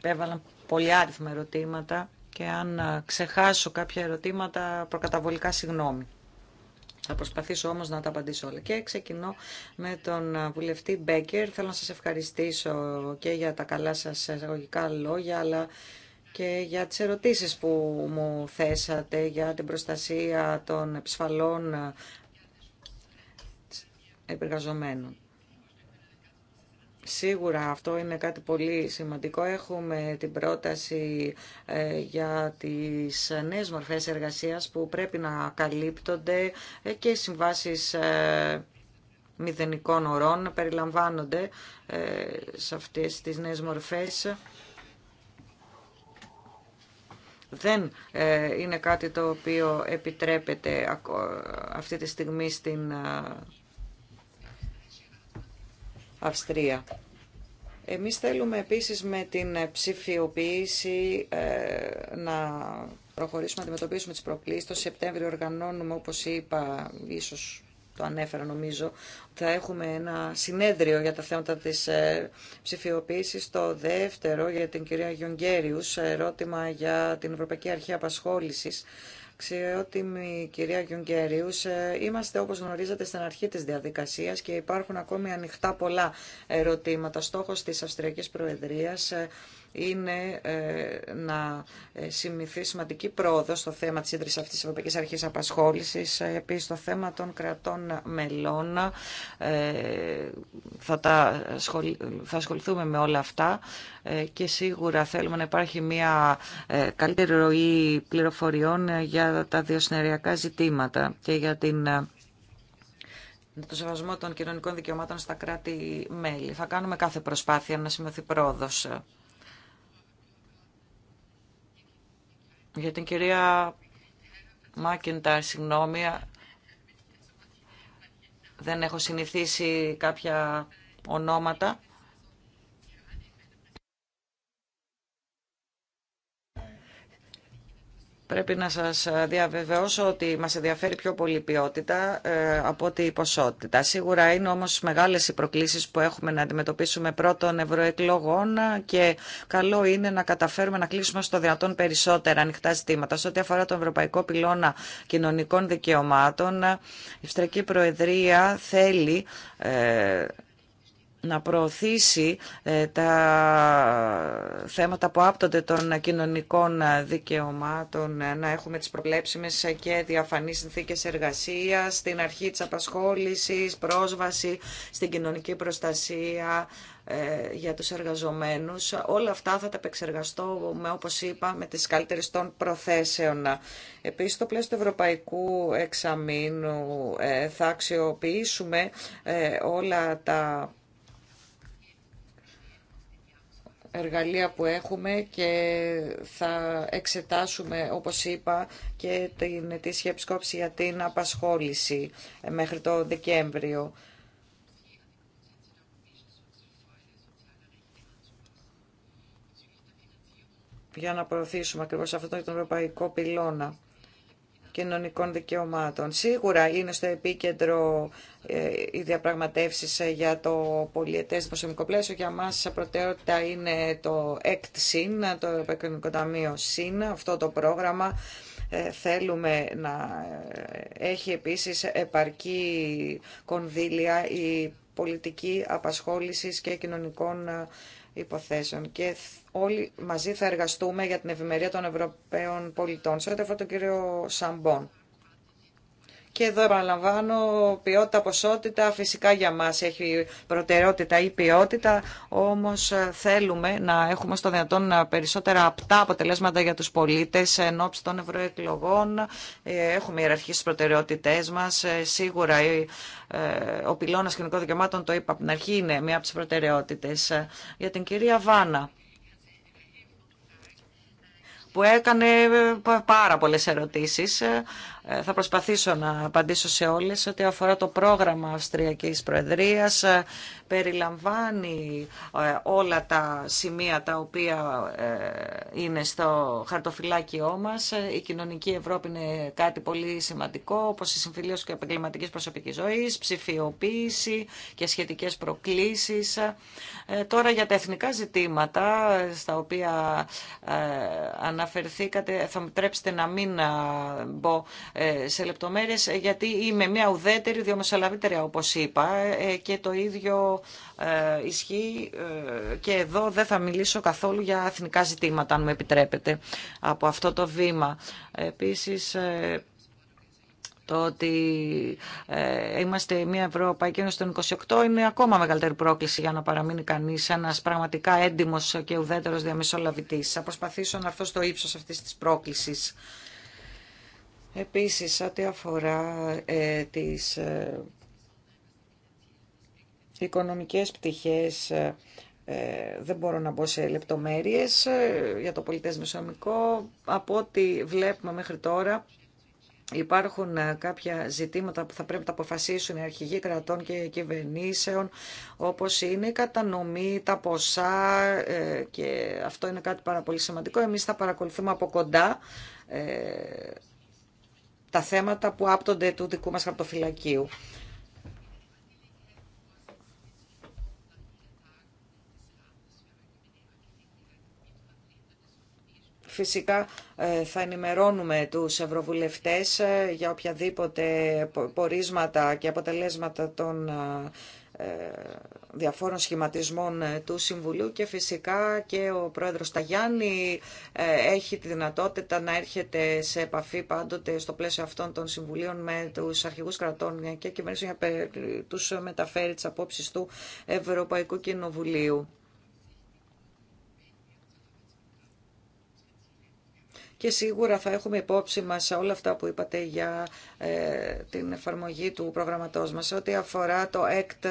έβαλαν πολύ άριθμα ερωτήματα και αν ξεχάσω κάποια ερωτήματα προκαταβολικά συγγνώμη. Θα προσπαθήσω όμως να τα απαντήσω όλα. Και ξεκινώ με τον βουλευτή Μπέκερ. Θέλω να σας ευχαριστήσω και για τα καλά σας εισαγωγικά λόγια, αλλά και για τις ερωτήσεις που μου θέσατε για την προστασία των επισφαλών ε, εργαζομένων. Σίγουρα αυτό είναι κάτι πολύ σημαντικό. Έχουμε την πρόταση ε, για τις νέες μορφές εργασίας που πρέπει να καλύπτονται ε, και οι συμβάσεις ε, μηδενικών ορών περιλαμβάνονται σε αυτές τις νέες μορφές. Δεν είναι κάτι το οποίο επιτρέπεται αυτή τη στιγμή στην Αυστρία. Εμείς θέλουμε επίσης με την ψηφιοποίηση ε, να προχωρήσουμε να αντιμετωπίσουμε τις προκλήσεις. Το Σεπτέμβριο οργανώνουμε, όπως είπα, ίσως το ανέφερα νομίζω, θα έχουμε ένα συνέδριο για τα θέματα της ε, ψηφιοποίησης. Το δεύτερο για την κυρία Γιονγκέριους, ερώτημα για την Ευρωπαϊκή Αρχή Απασχόλησης. Αξιότιμη κυρία Γιουγκέριους, ε, είμαστε όπως γνωρίζετε στην αρχή της διαδικασίας και υπάρχουν ακόμη ανοιχτά πολλά ερωτήματα. Στόχος της Αυστριακής Προεδρίας ε, είναι ε, να ε, σημειωθεί σημαντική πρόοδο στο θέμα της ίδρυσης αυτής της Ευρωπαϊκής Αρχής Απασχόλησης. Ε, επίσης, το θέμα των κρατών μελών θα, τα, ασχοληθούμε με όλα αυτά και σίγουρα θέλουμε να υπάρχει μια καλύτερη ροή πληροφοριών για τα διοσυνεριακά ζητήματα και για την το σεβασμό των κοινωνικών δικαιωμάτων στα κράτη-μέλη. Θα κάνουμε κάθε προσπάθεια να σημειωθεί πρόοδος. Για την κυρία Μάκιντάρ, συγγνώμη, δεν έχω συνηθίσει κάποια ονόματα. Πρέπει να σας διαβεβαιώσω ότι μας ενδιαφέρει πιο πολύ ποιότητα ε, από ότι η ποσότητα. Σίγουρα είναι όμως μεγάλες οι προκλήσεις που έχουμε να αντιμετωπίσουμε πρώτων ευρωεκλογών και καλό είναι να καταφέρουμε να κλείσουμε στο δυνατόν περισσότερα ανοιχτά ζητήματα. Σε ό,τι αφορά τον Ευρωπαϊκό Πυλώνα Κοινωνικών Δικαιωμάτων, η Ευστρική Προεδρία θέλει ε, να προωθήσει ε, τα θέματα που άπτονται των κοινωνικών δικαιωμάτων, ε, να έχουμε τις προβλέψιμες και διαφανείς συνθήκες εργασίας, την αρχή της απασχόλησης, πρόσβαση στην κοινωνική προστασία ε, για τους εργαζομένους. Όλα αυτά θα τα επεξεργαστώ, με, όπως είπα, με τις καλύτερες των προθέσεων. Επίσης, στο πλαίσιο του Ευρωπαϊκού Εξαμήνου θα αξιοποιήσουμε όλα τα εργαλεία που έχουμε και θα εξετάσουμε, όπως είπα, και την ετήσια επισκόψη για την απασχόληση μέχρι το Δεκέμβριο. για να προωθήσουμε ακριβώς αυτό τον ευρωπαϊκό πυλώνα κοινωνικών δικαιωμάτων. Σίγουρα είναι στο επίκεντρο ε, οι διαπραγματεύσει ε, για το πολιετέ δημοσιονομικό πλαίσιο. Για μας ε, προτεραιότητα είναι το ΕΚΤ-ΣΥΝ, το Ευρωπαϊκό Ταμείο ΣΥΝ, αυτό το πρόγραμμα. Θέλουμε να έχει επίσης επαρκή κονδύλια η πολιτική απασχόλησης και κοινωνικών υποθέσεων και όλοι μαζί θα εργαστούμε για την ευημερία των Ευρωπαίων πολιτών. Σε ό,τι αφορά τον κύριο Σαμπόν. Και εδώ επαναλαμβάνω ποιότητα, ποσότητα, φυσικά για μας έχει προτεραιότητα ή ποιότητα, όμως ε, θέλουμε να έχουμε στο δυνατόν ε, περισσότερα απτά αποτελέσματα για τους πολίτες εν ώψη των ευρωεκλογών. Ε, έχουμε ιεραρχήσει τις προτεραιότητές μας, σίγουρα ο πυλώνας κοινωνικών δικαιωμάτων, το είπα από την αρχή, είναι μία από τις προτεραιότητες. Για την κυρία Βάνα που έκανε πάρα πολλές ερωτήσεις. Ε, θα προσπαθήσω να απαντήσω σε όλες ό,τι αφορά το πρόγραμμα Αυστριακής Προεδρίας. Ε, περιλαμβάνει ε, όλα τα σημεία τα οποία ε, είναι στο χαρτοφυλάκιό μας. Η κοινωνική Ευρώπη είναι κάτι πολύ σημαντικό, όπως η συμφιλίωση και επαγγελματική προσωπικής ζωής, ψηφιοποίηση και σχετικές προκλήσεις. Ε, τώρα για τα εθνικά ζητήματα, στα οποία αναφερθήκατε, θα μου τρέψετε να μην μπω σε λεπτομέρειες, γιατί είμαι μια ουδέτερη διαμεσολαβήτρια, όπως είπα, και το ίδιο ε, ισχύει ε, και εδώ δεν θα μιλήσω καθόλου για εθνικά ζητήματα, αν μου επιτρέπετε, από αυτό το βήμα. Επίσης, ε, το ότι ε, είμαστε μια Ευρωπαϊκή Ένωση των 28 είναι ακόμα μεγαλύτερη πρόκληση για να παραμείνει κανεί ένα πραγματικά έντιμο και ουδέτερο διαμεσολαβητή. Θα προσπαθήσω να έρθω στο ύψο αυτή τη πρόκληση. Επίση, ό,τι αφορά ε, οικονομικές πτυχές ε, ε, δεν μπορώ να μπω σε λεπτομέρειες ε, για το πολιτές μεσομικό. Από ό,τι βλέπουμε μέχρι τώρα υπάρχουν ε, κάποια ζητήματα που θα πρέπει να αποφασίσουν οι αρχηγοί κρατών και κυβερνήσεων όπως είναι η κατανομή, τα ποσά και αυτό είναι κάτι πάρα πολύ σημαντικό. Εμείς θα παρακολουθούμε από κοντά τα θέματα που άπτονται του δικού μας χαρτοφυλακίου. Φυσικά ε, θα ενημερώνουμε τους ευρωβουλευτές ε, για οποιαδήποτε πορίσματα και αποτελέσματα των ε, διαφόρων σχηματισμών του Συμβουλίου και φυσικά και ο Πρόεδρος Ταγιάννη έχει τη δυνατότητα να έρχεται σε επαφή πάντοτε στο πλαίσιο αυτών των Συμβουλίων με τους αρχηγούς κρατών και κυβέρνηση για τους μεταφέρει τις απόψεις του Ευρωπαϊκού Κοινοβουλίου. και σίγουρα θα έχουμε υπόψη σε όλα αυτά που είπατε για ε, την εφαρμογή του προγραμματός μας. Ό,τι αφορά το εκτ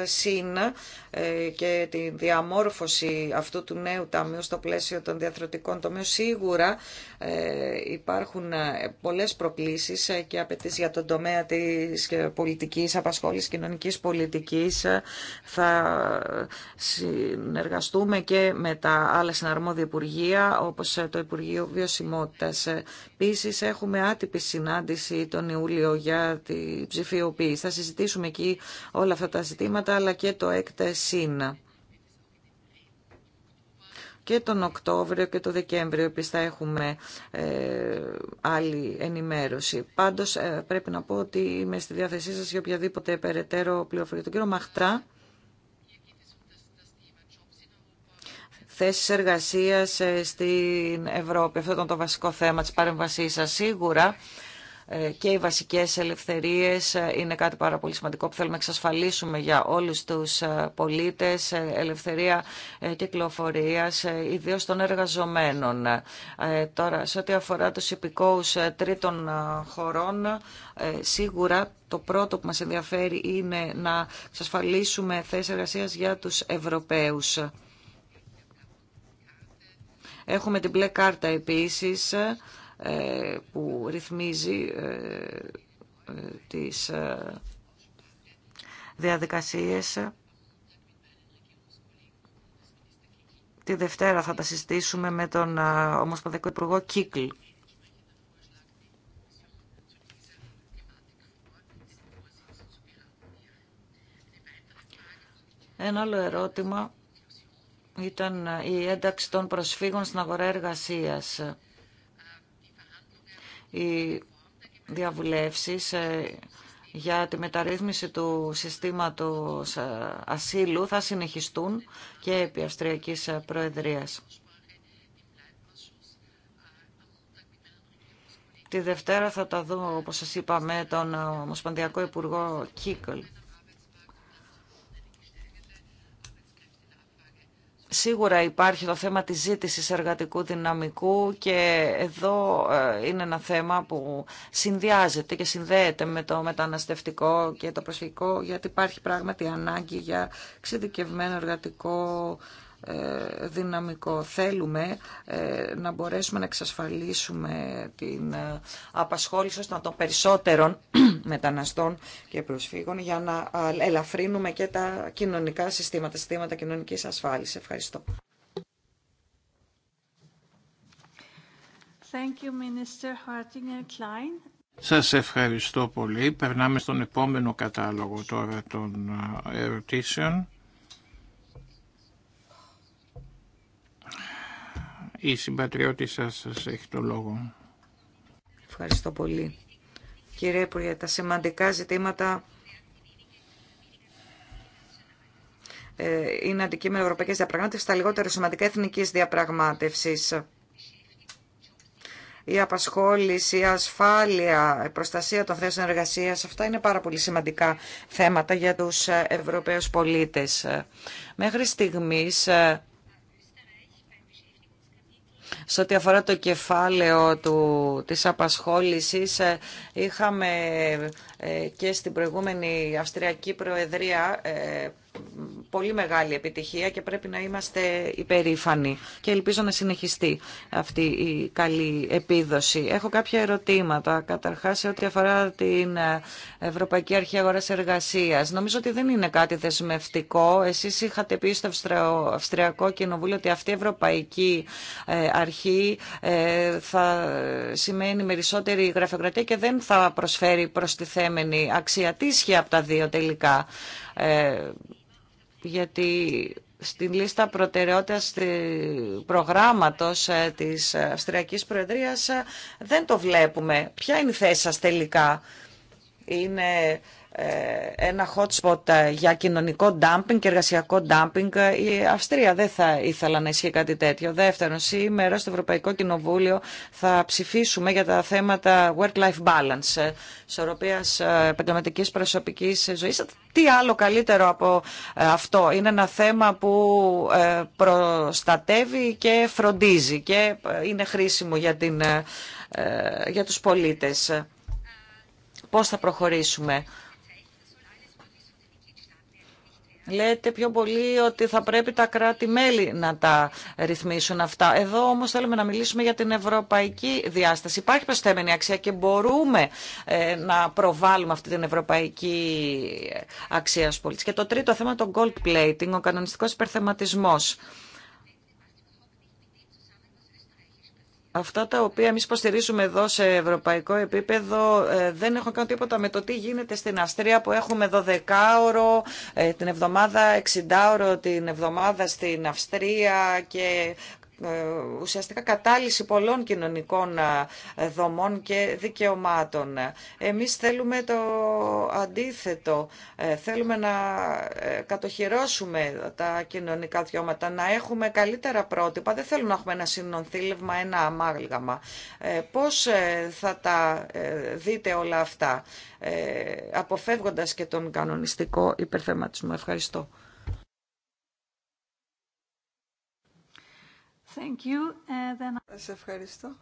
ε, και τη διαμόρφωση αυτού του νέου ταμείου στο πλαίσιο των διαθροτικών τομείων, σίγουρα ε, υπάρχουν πολλές προκλήσεις και απαιτήσει για τον τομέα της πολιτικής απασχόλησης, κοινωνικής πολιτικής. Θα συνεργαστούμε και με τα άλλα συναρμόδια Υπουργεία, όπως το Υπουργείο Βιωσιμότητας. Επίση, έχουμε άτυπη συνάντηση τον Ιούλιο για τη ψηφιοποίηση. Θα συζητήσουμε εκεί όλα αυτά τα ζητήματα, αλλά και το έκτε ΣΥΝΑ. Και τον Οκτώβριο και τον Δεκέμβριο επίσης θα έχουμε ε, άλλη ενημέρωση. Πάντως ε, πρέπει να πω ότι είμαι στη διάθεσή σας για οποιαδήποτε περαιτέρω πληροφορία. Τον κύριο Μαχτρά θέσεις εργασίας ε, στην Ευρώπη. Αυτό ήταν το βασικό θέμα της παρέμβασής σας. Σίγουρα ε, και οι βασικές ελευθερίες ε, είναι κάτι πάρα πολύ σημαντικό που θέλουμε να εξασφαλίσουμε για όλους τους πολίτες, ελευθερία κυκλοφορίας, ιδίως των εργαζομένων. Τώρα, σε ό,τι αφορά τους υπηκόους τρίτων χωρών, σίγουρα το πρώτο που μας ενδιαφέρει είναι να εξασφαλίσουμε θέσεις εργασίας για τους Ευρωπαίους Έχουμε την μπλε κάρτα επίσης ε, που ρυθμίζει ε, ε, τις διαδικασίες. Τη Δευτέρα θα τα συστήσουμε με τον Ομοσπονδιακό Υπουργό Κίκλ. Ένα άλλο ερώτημα ήταν η ένταξη των προσφύγων στην αγορά εργασίας. Οι διαβουλεύσεις ε, για τη μεταρρύθμιση του συστήματος ε, ασύλου θα συνεχιστούν και επί Αυστριακής Προεδρίας. Τη Δευτέρα θα τα δω, όπως σας είπαμε, τον Ομοσπονδιακό Υπουργό Κίκλ. Σίγουρα υπάρχει το θέμα της ζήτησης εργατικού δυναμικού και εδώ ε, είναι ένα θέμα που συνδυάζεται και συνδέεται με το μεταναστευτικό και το προσφυγικό γιατί υπάρχει πράγματι ανάγκη για εξειδικευμένο εργατικό ε, δυναμικό. Θέλουμε ε, να μπορέσουμε να εξασφαλίσουμε την ε, απασχόληση των περισσότερων μεταναστών και προσφύγων για να ελαφρύνουμε και τα κοινωνικά συστήματα, συστήματα κοινωνικής ασφάλισης. Ευχαριστώ. Thank you, Klein. Σας ευχαριστώ πολύ. Περνάμε στον επόμενο κατάλογο τώρα των ερωτήσεων. Η συμπατριώτη σας, έχει το λόγο. Ευχαριστώ πολύ. Κύριε Υπουργέ, τα σημαντικά ζητήματα ε, είναι αντικείμενο ευρωπαϊκή διαπραγμάτευση, τα λιγότερο σημαντικά εθνική διαπραγμάτευση. Η απασχόληση, η ασφάλεια, η προστασία των θέσεων εργασία, αυτά είναι πάρα πολύ σημαντικά θέματα για του ε, Ευρωπαίου πολίτε. Μέχρι στιγμή ε, σε ό,τι αφορά το κεφάλαιο του, της απασχόλησης, ε, είχαμε ε, και στην προηγούμενη Αυστριακή Προεδρία ε, πολύ μεγάλη επιτυχία και πρέπει να είμαστε υπερήφανοι και ελπίζω να συνεχιστεί αυτή η καλή επίδοση. Έχω κάποια ερωτήματα, καταρχάς σε ό,τι αφορά την ε, Ευρωπαϊκή Αρχή Αγοράς Εργασίας. Νομίζω ότι δεν είναι κάτι δεσμευτικό. Εσείς είχατε πει στο Αυστριακό Κοινοβούλιο ότι αυτή η Ευρωπαϊκή ε, Αρχή ε, θα σημαίνει μερισσότερη γραφειοκρατία και δεν θα προσφέρει προστιθέμενη αξία. Τι από τα δύο τελικά γιατί στην λίστα προτεραιότητας του προγράμματος ε, της Αυστριακής Προεδρίας ε, δεν το βλέπουμε. Ποια είναι η θέση σας τελικά. Είναι ε, ένα hot spot ε, για κοινωνικό dumping και εργασιακό dumping. Ε, η Αυστρία δεν θα ήθελα να ισχύει κάτι τέτοιο. Δεύτερον, σήμερα στο Ευρωπαϊκό Κοινοβούλιο θα ψηφίσουμε για τα θέματα work-life balance, ισορροπία επαγγελματική προσωπική ζωή. Τι άλλο καλύτερο από αυτό. Είναι ένα θέμα που προστατεύει και φροντίζει και είναι χρήσιμο για, την, για τους πολίτες. Πώς θα προχωρήσουμε. Λέτε πιο πολύ ότι θα πρέπει τα κράτη-μέλη να τα ρυθμίσουν αυτά. Εδώ όμως θέλουμε να μιλήσουμε για την ευρωπαϊκή διάσταση. Υπάρχει προσθέμενη αξία και μπορούμε ε, να προβάλλουμε αυτή την ευρωπαϊκή αξία στους Και το τρίτο θέμα, το gold plating, ο κανονιστικός υπερθεματισμός. αυτά τα οποία εμεί υποστηρίζουμε εδώ σε ευρωπαϊκό επίπεδο ε, δεν έχουν κάνει τίποτα με το τι γίνεται στην Αυστρία που έχουμε 12 ώρο ε, την εβδομάδα, 60 ώρο την εβδομάδα στην Αυστρία και ε, ουσιαστικά κατάλυση πολλών κοινωνικών ε, δομών και δικαιωμάτων. Εμείς θέλουμε το αντίθετο. Ε, θέλουμε να κατοχυρώσουμε τα κοινωνικά δικαιώματα, να έχουμε καλύτερα πρότυπα. Δεν θέλουμε να έχουμε ένα συνονθήλευμα, ένα αμάγλγαμα. Πώς θα τα δείτε όλα αυτά, αποφεύγοντας και τον κανονιστικό υπερθεματισμό. Ευχαριστώ. Thank ευχαριστώ.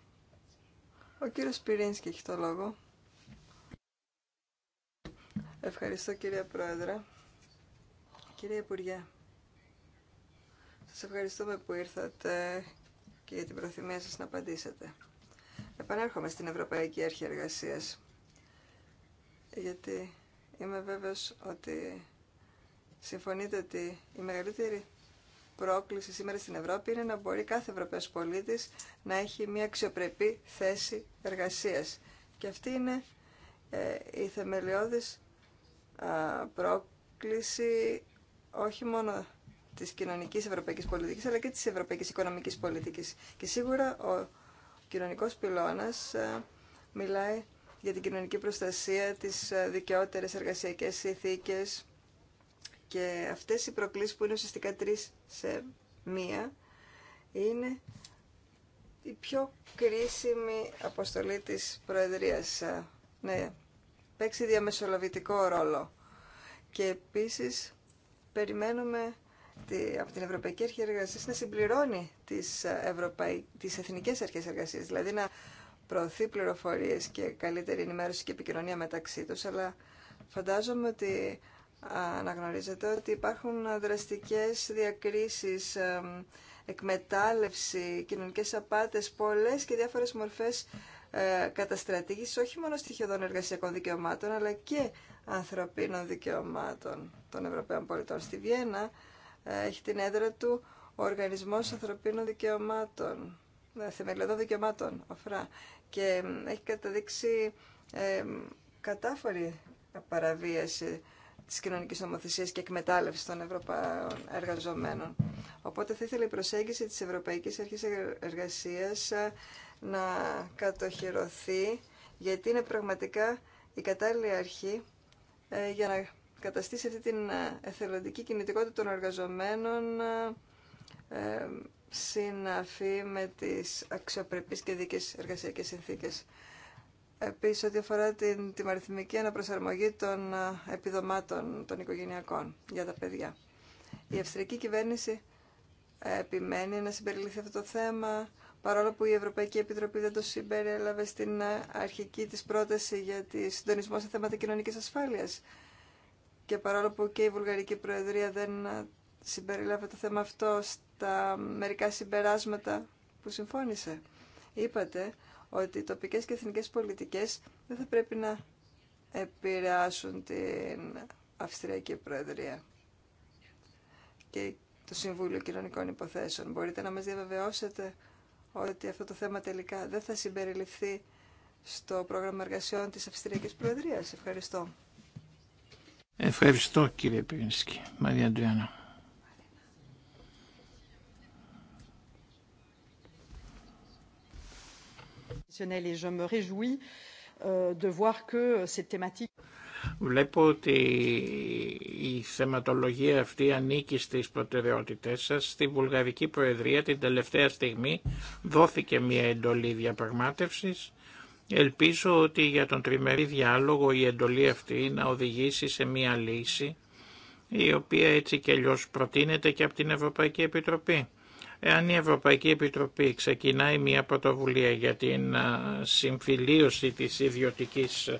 Ο κύριος Πυρίνσκι έχει το λόγο. Ευχαριστώ κύριε Πρόεδρε. Κύριε Υπουργέ, σας ευχαριστούμε που ήρθατε και για την προθυμία σας να απαντήσετε. Επανέρχομαι στην Ευρωπαϊκή Αρχή Εργασίας, γιατί είμαι βέβαιος ότι συμφωνείτε ότι η μεγαλύτερη πρόκληση σήμερα στην Ευρώπη είναι να μπορεί κάθε Ευρωπαίος πολίτης να έχει μια αξιοπρεπή θέση εργασίας. Και αυτή είναι ε, η θεμελιώδης πρόκληση όχι μόνο της κοινωνικής ευρωπαϊκής πολιτικής αλλά και της ευρωπαϊκής οικονομικής πολιτικής. Και σίγουρα ο κοινωνικός πυλώνας ε, μιλάει για την κοινωνική προστασία, τις ε, δικαιότερες εργασιακές συνθήκες, και αυτές οι προκλήσεις που είναι ουσιαστικά τρεις σε μία είναι η πιο κρίσιμη αποστολή της Προεδρίας. Ναι, παίξει διαμεσολαβητικό ρόλο. Και επίσης περιμένουμε από την Ευρωπαϊκή Αρχή Εργασίας να συμπληρώνει τις, Ευρωπαϊ... τις Εθνικές Αρχές Εργασίας, δηλαδή να προωθεί πληροφορίες και καλύτερη ενημέρωση και επικοινωνία μεταξύ τους, αλλά φαντάζομαι ότι αναγνωρίζετε ότι υπάρχουν δραστικές διακρίσεις, εκμετάλλευση, κοινωνικές απάτες, πολλές και διάφορες μορφές ε, καταστρατήγησης όχι μόνο στοιχειωδών εργασιακών δικαιωμάτων αλλά και ανθρωπίνων δικαιωμάτων των Ευρωπαίων πολιτών. Στη Βιέννα ε, έχει την έδρα του ο Οργανισμός Ανθρωπίνων Δικαιωμάτων, ε, Θεμελιωδών Δικαιωμάτων, φρά και έχει καταδείξει κατάφορη παραβίαση της κοινωνικής νομοθεσίας και εκμετάλλευση των Ευρωπαίων εργαζομένων. Οπότε θα ήθελα η προσέγγιση της Ευρωπαϊκής Αρχής Εργασίας ε, να κατοχυρωθεί, γιατί είναι πραγματικά η κατάλληλη αρχή ε, για να καταστήσει αυτή την ε, εθελοντική κινητικότητα των εργαζομένων συναφή με τις αξιοπρεπείς και δίκες εργασιακές συνθήκες. Επίσης, ό,τι αφορά την τιμαριθμική αναπροσαρμογή των ε, επιδομάτων των οικογενειακών για τα παιδιά. Η αυστρική κυβέρνηση ε, επιμένει να συμπεριληφθεί αυτό το θέμα, παρόλο που η Ευρωπαϊκή Επιτροπή δεν το συμπεριέλαβε στην ε, αρχική της πρόταση για τη συντονισμό σε θέματα κοινωνικής ασφάλειας. Και παρόλο που και η Βουλγαρική Προεδρία δεν συμπεριλάβε το θέμα αυτό στα μερικά συμπεράσματα που συμφώνησε. Είπατε ότι οι τοπικές και εθνικές πολιτικές δεν θα πρέπει να επηρεάσουν την Αυστριακή Προεδρία και το Συμβούλιο Κοινωνικών Υποθέσεων. Μπορείτε να μας διαβεβαιώσετε ότι αυτό το θέμα τελικά δεν θα συμπεριληφθεί στο πρόγραμμα εργασιών της Αυστριακής Προεδρίας. Ευχαριστώ. Ευχαριστώ κύριε Πυρίνσκι. Μαρία Ντουιάννα. me réjouis euh, Βλέπω ότι η θεματολογία αυτή ανήκει στις προτεραιότητές σας. Στη Βουλγαρική Προεδρία την τελευταία στιγμή δόθηκε μια εντολή διαπραγμάτευσης. Ελπίζω ότι για τον τριμερή διάλογο η εντολή αυτή να οδηγήσει σε μια λύση η οποία έτσι και αλλιώς προτείνεται και από την Ευρωπαϊκή Επιτροπή. Εάν η Ευρωπαϊκή Επιτροπή ξεκινάει μια πρωτοβουλία για την συμφιλίωση της ιδιωτικής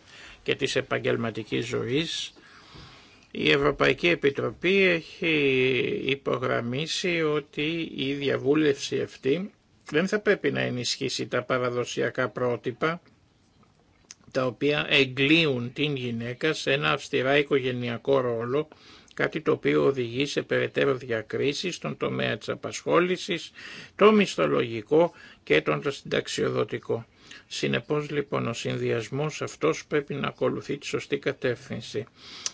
και της επαγγελματικής ζωής, η Ευρωπαϊκή Επιτροπή έχει υπογραμμίσει ότι η διαβούλευση αυτή δεν θα πρέπει να ενισχύσει τα παραδοσιακά πρότυπα τα οποία εγκλείουν την γυναίκα σε ένα αυστηρά οικογενειακό ρόλο κάτι το οποίο οδηγεί σε περαιτέρω διακρίσει στον τομέα της απασχόλησης, το μισθολογικό και τον συνταξιοδοτικό. Συνεπώς λοιπόν ο συνδυασμός αυτός πρέπει να ακολουθεί τη σωστή κατεύθυνση.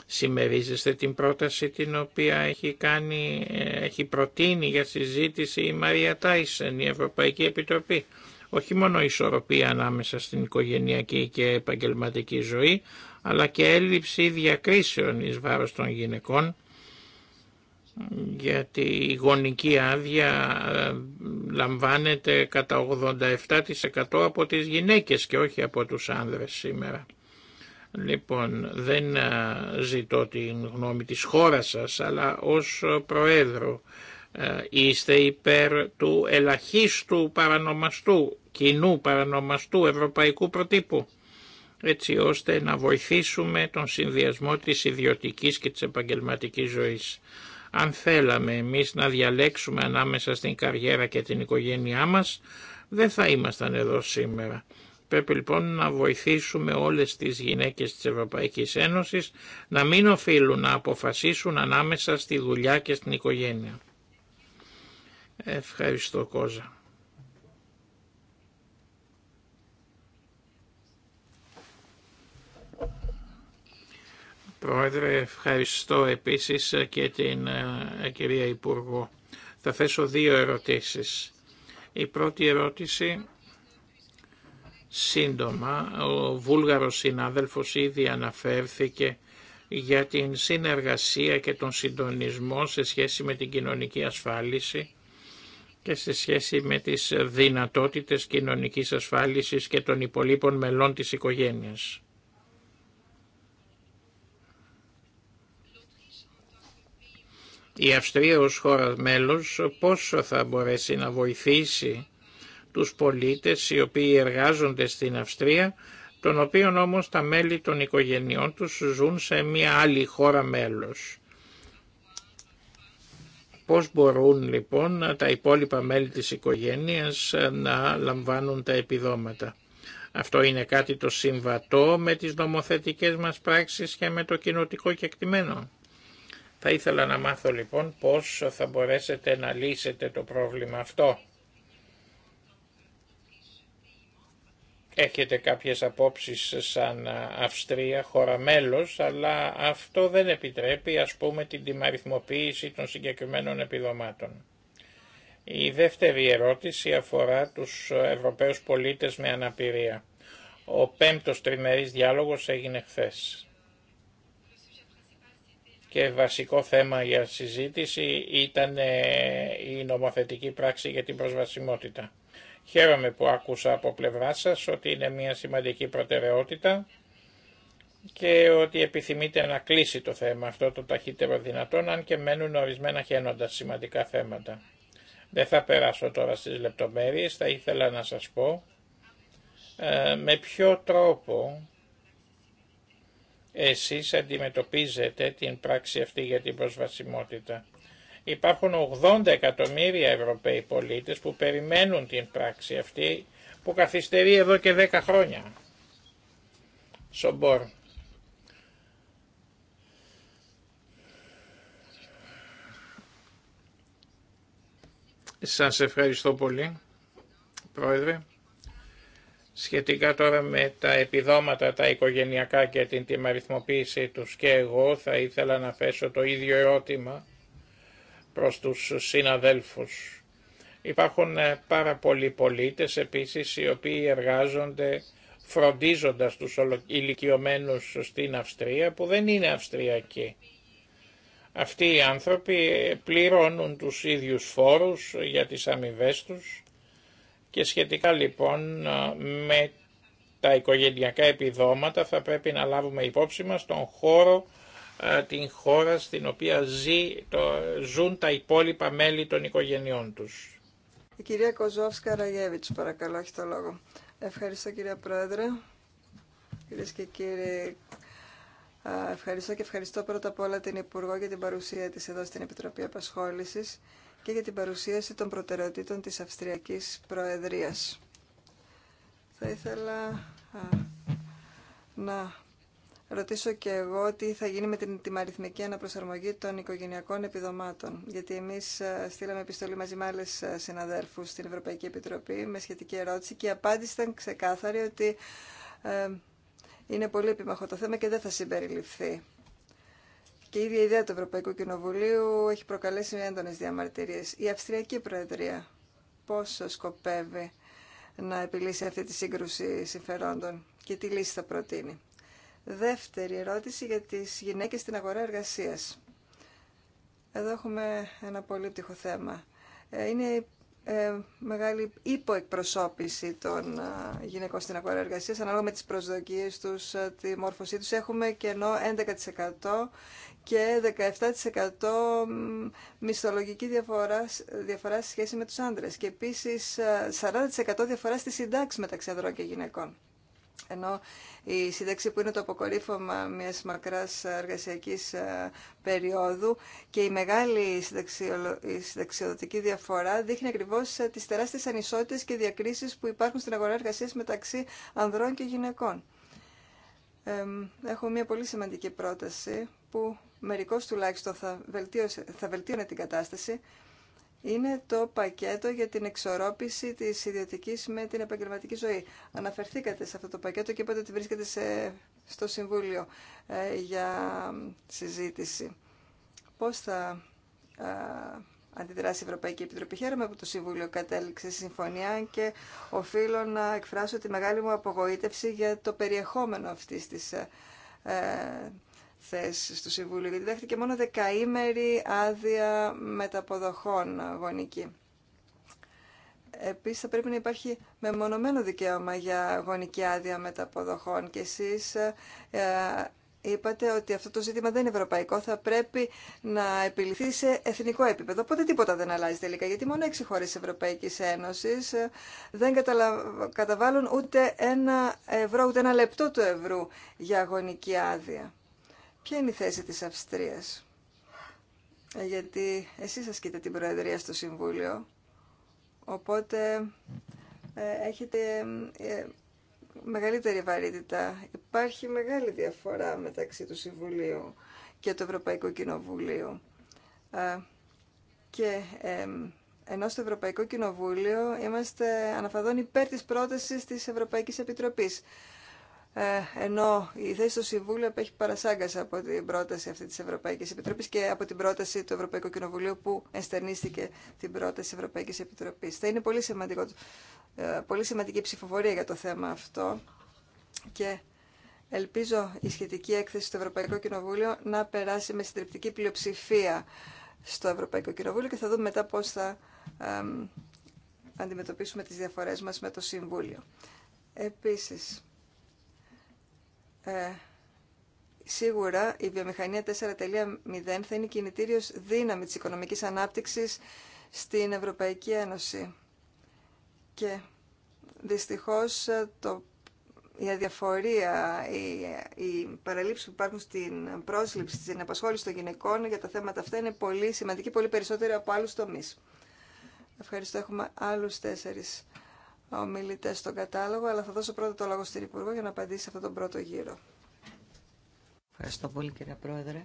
Σημερίζεστε την πρόταση την οποία έχει, κάνει, έχει προτείνει για συζήτηση η Μαρία Τάισεν, η Ευρωπαϊκή Επιτροπή. Όχι μόνο ισορροπία ανάμεσα στην οικογενειακή και επαγγελματική ζωή, αλλά και έλλειψη διακρίσεων εις βάρος των γυναικών γιατί η γονική άδεια ε, λαμβάνεται κατά 87% από τις γυναίκες και όχι από τους άνδρες σήμερα. Λοιπόν, δεν ε, ζητώ την γνώμη της χώρας σας, αλλά ως Προέδρου ε, είστε υπέρ του ελαχίστου παρανομαστού, κοινού παρανομαστού ευρωπαϊκού προτύπου έτσι ώστε να βοηθήσουμε τον συνδυασμό της ιδιωτικής και της επαγγελματικής ζωής. Αν θέλαμε εμείς να διαλέξουμε ανάμεσα στην καριέρα και την οικογένειά μας, δεν θα ήμασταν εδώ σήμερα. Πρέπει λοιπόν να βοηθήσουμε όλες τις γυναίκες της Ευρωπαϊκής Ένωσης να μην οφείλουν να αποφασίσουν ανάμεσα στη δουλειά και στην οικογένεια. Ευχαριστώ Κόζα. Πρόεδρε, ευχαριστώ επίσης και την ε, κυρία Υπουργό. Θα θέσω δύο ερωτήσεις. Η πρώτη ερώτηση, σύντομα, ο βούλγαρος συνάδελφος ήδη αναφέρθηκε για την συνεργασία και τον συντονισμό σε σχέση με την κοινωνική ασφάλιση και σε σχέση με τις δυνατότητες κοινωνικής ασφάλισης και των υπολείπων μελών της οικογένειας. η Αυστρία ως χώρα μέλος πόσο θα μπορέσει να βοηθήσει τους πολίτες οι οποίοι εργάζονται στην Αυστρία, τον οποίων όμως τα μέλη των οικογενειών τους ζουν σε μια άλλη χώρα μέλος. Πώς μπορούν λοιπόν τα υπόλοιπα μέλη της οικογένειας να λαμβάνουν τα επιδόματα. Αυτό είναι κάτι το συμβατό με τις νομοθετικές μας πράξεις και με το κοινοτικό κεκτημένο. Θα ήθελα να μάθω λοιπόν πώς θα μπορέσετε να λύσετε το πρόβλημα αυτό. Έχετε κάποιες απόψεις σαν Αυστρία, χώρα μέλος, αλλά αυτό δεν επιτρέπει ας πούμε την τιμαριθμοποίηση των συγκεκριμένων επιδομάτων. Η δεύτερη ερώτηση αφορά τους Ευρωπαίους πολίτες με αναπηρία. Ο πέμπτος τριμερής διάλογος έγινε χθες και βασικό θέμα για συζήτηση ήταν ε, η νομοθετική πράξη για την προσβασιμότητα. Χαίρομαι που άκουσα από πλευρά σας ότι είναι μια σημαντική προτεραιότητα και ότι επιθυμείτε να κλείσει το θέμα αυτό το ταχύτερο δυνατόν, αν και μένουν ορισμένα χαίνοντα σημαντικά θέματα. Δεν θα περάσω τώρα στις λεπτομέρειες, θα ήθελα να σας πω ε, με ποιο τρόπο εσείς αντιμετωπίζετε την πράξη αυτή για την προσβασιμότητα. Υπάρχουν 80 εκατομμύρια Ευρωπαίοι πολίτες που περιμένουν την πράξη αυτή που καθυστερεί εδώ και 10 χρόνια. Σομπόρ. Σας ευχαριστώ πολύ, Πρόεδρε. Σχετικά τώρα με τα επιδόματα, τα οικογενειακά και την τιμαριθμοποίησή τους και εγώ θα ήθελα να θέσω το ίδιο ερώτημα προς τους συναδέλφους. Υπάρχουν ε, πάρα πολλοί πολίτες επίσης οι οποίοι εργάζονται φροντίζοντας τους ηλικιωμένους στην Αυστρία που δεν είναι Αυστριακοί. Αυτοί οι άνθρωποι πληρώνουν τους ίδιους φόρους για τις αμοιβέ τους και σχετικά λοιπόν με τα οικογενειακά επιδόματα θα πρέπει να λάβουμε υπόψη μας τον χώρο, την χώρα στην οποία ζει, το, ζουν τα υπόλοιπα μέλη των οικογενειών τους. Η κυρία Κοζόφσκα Ραγεύητς παρακαλώ έχει το λόγο. Ευχαριστώ κυρία Πρόεδρε. Κυρίε και κύριοι, ευχαριστώ και ευχαριστώ πρώτα απ' όλα την Υπουργό για την παρουσία της εδώ στην Επιτροπή Απασχόλησης και για την παρουσίαση των προτεραιοτήτων της Αυστριακής Προεδρίας. Θα ήθελα να ρωτήσω και εγώ τι θα γίνει με την τιμαριθμική αναπροσαρμογή των οικογενειακών επιδομάτων. Γιατί εμεί στείλαμε επιστολή μαζί με άλλε συναδέλφου στην Ευρωπαϊκή Επιτροπή με σχετική ερώτηση και η απάντηση ήταν ξεκάθαρη ότι ε, είναι πολύ επιμαχό το θέμα και δεν θα συμπεριληφθεί και η ίδια ιδέα του Ευρωπαϊκού Κοινοβουλίου έχει προκαλέσει έντονε διαμαρτυρίε. Η Αυστριακή Προεδρία πόσο σκοπεύει να επιλύσει αυτή τη σύγκρουση συμφερόντων και τι λύση θα προτείνει. Δεύτερη ερώτηση για τις γυναίκες στην αγορά εργασίας. Εδώ έχουμε ένα τυχό θέμα. Ε, είναι ε, μεγάλη υποεκπροσώπηση των ε, γυναικών στην αγορά εργασία ανάλογα με τις προσδοκίες τους, ε, τη μόρφωσή του, Έχουμε κενό 11% και 17% μισθολογική διαφορά, διαφορά σε σχέση με τους άντρε. και επίσης 40% διαφορά στη συντάξη μεταξύ ανδρών και γυναικών. Ενώ η σύνταξη που είναι το αποκορύφωμα μιας μακράς εργασιακής ε, περίοδου και η μεγάλη συνταξιοδοτική διαφορά δείχνει ακριβώς ε, τις τεράστιες ανισότητες και διακρίσεις που υπάρχουν στην αγορά εργασίας μεταξύ ανδρών και γυναικών. έχω μια πολύ σημαντική πρόταση που μερικώς τουλάχιστον θα, βελτίωσε, θα βελτίωνε την κατάσταση είναι το πακέτο για την εξορρόπηση της ιδιωτική με την επαγγελματική ζωή. Αναφερθήκατε σε αυτό το πακέτο και είπατε ότι βρίσκεται σε, στο Συμβούλιο ε, για συζήτηση. Πώς θα ε, αντιδράσει η Ευρωπαϊκή Επιτροπή. Χαίρομαι που το Συμβούλιο κατέληξε συμφωνία και οφείλω να εκφράσω τη μεγάλη μου απογοήτευση για το περιεχόμενο αυτή τη. ε, ε θέση του Συμβουλίου, γιατί δέχτηκε μόνο δεκαήμερη άδεια μεταποδοχών γονική. Επίσης θα πρέπει να υπάρχει μεμονωμένο δικαίωμα για γονική άδεια μεταποδοχών και εσείς ε, είπατε ότι αυτό το ζήτημα δεν είναι ευρωπαϊκό, θα πρέπει να επιληθεί σε εθνικό επίπεδο. Οπότε τίποτα δεν αλλάζει τελικά, γιατί μόνο έξι χώρε τη Ευρωπαϊκή Ένωση ε, δεν καταβάλουν ούτε ένα ευρώ, ούτε ένα λεπτό του ευρώ για γονική άδεια. Ποια είναι η θέση της Αυστρίας, ε, γιατί εσείς ασκείτε την Προεδρία στο Συμβούλιο, οπότε ε, έχετε ε, μεγαλύτερη βαρύτητα. Υπάρχει μεγάλη διαφορά μεταξύ του Συμβουλίου και του Ευρωπαϊκού Κοινοβουλίου. Και ενώ στο Ευρωπαϊκό Κοινοβούλιο είμαστε αναφαδόν υπέρ της πρότασης της Ευρωπαϊκής Επιτροπής. Ε, ενώ η θέση του Συμβούλιο απέχει παρασάγκαση από την πρόταση αυτή της Ευρωπαϊκής Επιτροπής και από την πρόταση του Ευρωπαϊκού Κοινοβουλίου που ενστερνίστηκε την πρόταση Ευρωπαϊκής Επιτροπής. Θα είναι πολύ, σημαντικό, ε, πολύ σημαντική ψηφοφορία για το θέμα αυτό και ελπίζω η σχετική έκθεση στο Ευρωπαϊκό Κοινοβούλιο να περάσει με συντριπτική πλειοψηφία στο Ευρωπαϊκό Κοινοβούλιο και θα δούμε μετά πώς θα αντιμετωπίσουμε τις διαφορές μας με το Συμβούλιο. Επίσης, ε, σίγουρα η βιομηχανία 4.0 θα είναι κινητήριος δύναμη της οικονομικής ανάπτυξης στην Ευρωπαϊκή Ένωση. Και δυστυχώς ε, η αδιαφορία, οι, οι παραλήψεις που υπάρχουν στην πρόσληψη, στην απασχόληση των γυναικών για τα θέματα αυτά είναι πολύ σημαντική, πολύ περισσότερη από άλλους τομείς. Ευχαριστώ. Έχουμε άλλους τέσσερις ομιλητές στον κατάλογο, αλλά θα δώσω πρώτα το λόγο στην Υπουργό για να απαντήσει σε αυτόν τον πρώτο γύρο. Ευχαριστώ πολύ κύριε Πρόεδρε.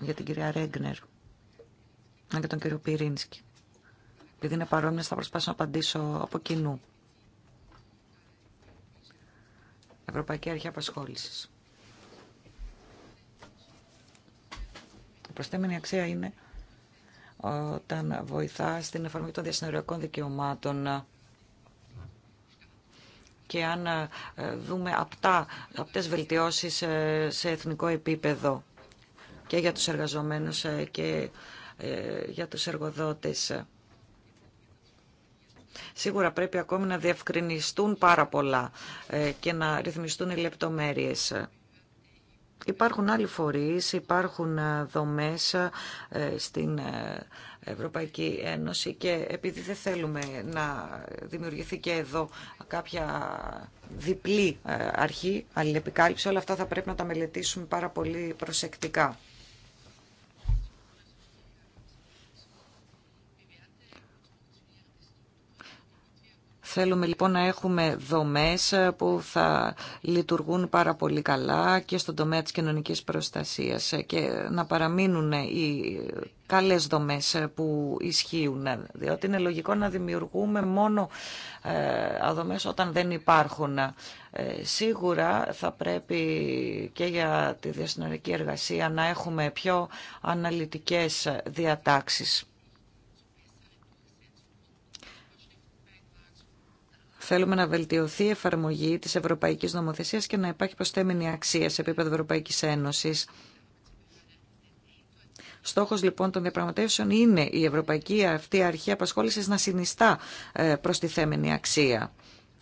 Για την κυρία Ρέγκνερ. και τον κύριο Πυρίνσκι. Επειδή είναι παρόμοιες θα προσπάσω να απαντήσω από κοινού. Ευρωπαϊκή Αρχή Απασχόλησης. Η προσθέμενη αξία είναι όταν βοηθά στην εφαρμογή των διασυνοριακών δικαιωμάτων. Και αν ε, δούμε απτά, απτές βελτιώσεις ε, σε εθνικό επίπεδο και για τους εργαζομένους ε, και για τους εργοδότες. Σίγουρα πρέπει ακόμη να διευκρινιστούν πάρα πολλά και να ρυθμιστούν οι λεπτομέρειες. Υπάρχουν άλλοι φορείς, υπάρχουν ε, δομές ε, στην ε, Ευρωπαϊκή Ένωση και επειδή δεν θέλουμε να δημιουργηθεί και εδώ κάποια διπλή αρχή, αλληλεπικάλυψη, όλα αυτά θα πρέπει να τα μελετήσουμε πάρα πολύ προσεκτικά. Θέλουμε λοιπόν να έχουμε δομές ε, που θα λειτουργούν πάρα πολύ καλά και στον τομέα της κοινωνικής προστασίας ε, και να παραμείνουν ε, οι καλές δομές που ισχύουν, διότι είναι λογικό να δημιουργούμε μόνο δομές όταν δεν υπάρχουν. Σίγουρα θα πρέπει και για τη διασυνορική εργασία να έχουμε πιο αναλυτικές διατάξεις. Θέλουμε να βελτιωθεί η εφαρμογή της ευρωπαϊκής νομοθεσίας και να υπάρχει προστέμενη αξία σε επίπεδο Ευρωπαϊκής Ένωσης. Στόχο λοιπόν των διαπραγματεύσεων είναι η ευρωπαϊκή αυτή αρχή απασχόληση να συνιστά ε, προστιθέμενη αξία.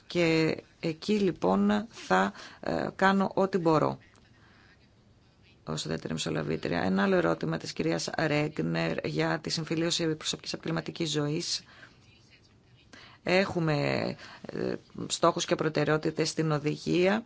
Και εκεί λοιπόν θα ε, κάνω ό,τι μπορώ. Ω δεύτερη Ένα άλλο ερώτημα τη κυρία Ρέγνερ για τη συμφιλίωση προσωπική από ζωή. Έχουμε ε, στόχους και προτεραιότητες στην οδηγία.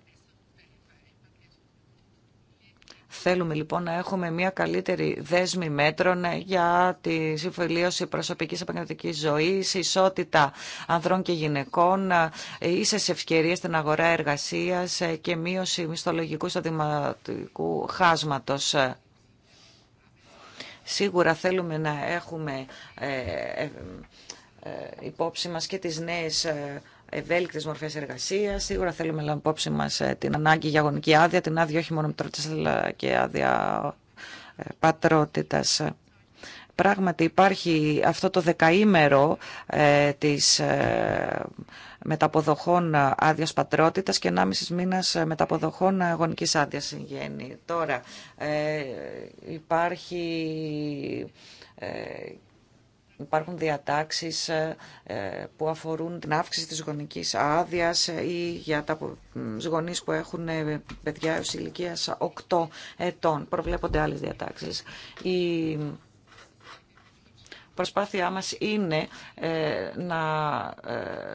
Θέλουμε λοιπόν να έχουμε μια καλύτερη δέσμη μέτρων ε, για τη συμφιλίωση προσωπικής επαγγελματικής ζωής, ισότητα ανδρών και γυναικών, ε, ίσες ευκαιρίες στην αγορά εργασίας και μείωση μισθολογικού σταδηματικού χάσματος. Σίγουρα θέλουμε να έχουμε ε, υπόψη μας και τις νέες ε, ευέλικτες μορφές εργασίας. Σίγουρα θέλουμε να υπόψη μας ε, την ανάγκη για αγωνική άδεια, την άδεια όχι μόνο μητρότητας αλλά και άδεια πατρότητας. Πράγματι υπάρχει αυτό το δεκαήμερο της μεταποδοχών άδεια πατρότητας και 1,5 μήνας μεταποδοχών αγωνικής άδειας συγγένει. Τώρα ε, υπάρχει υπάρχουν διατάξεις ε, ε, που αφορούν την αύξηση της γονικής άδειας ε, ή για τα γονείς που έχουν παιδιά ως ηλικία 8 ετών. Προβλέπονται άλλες διατάξεις. Η προσπάθειά μας είναι να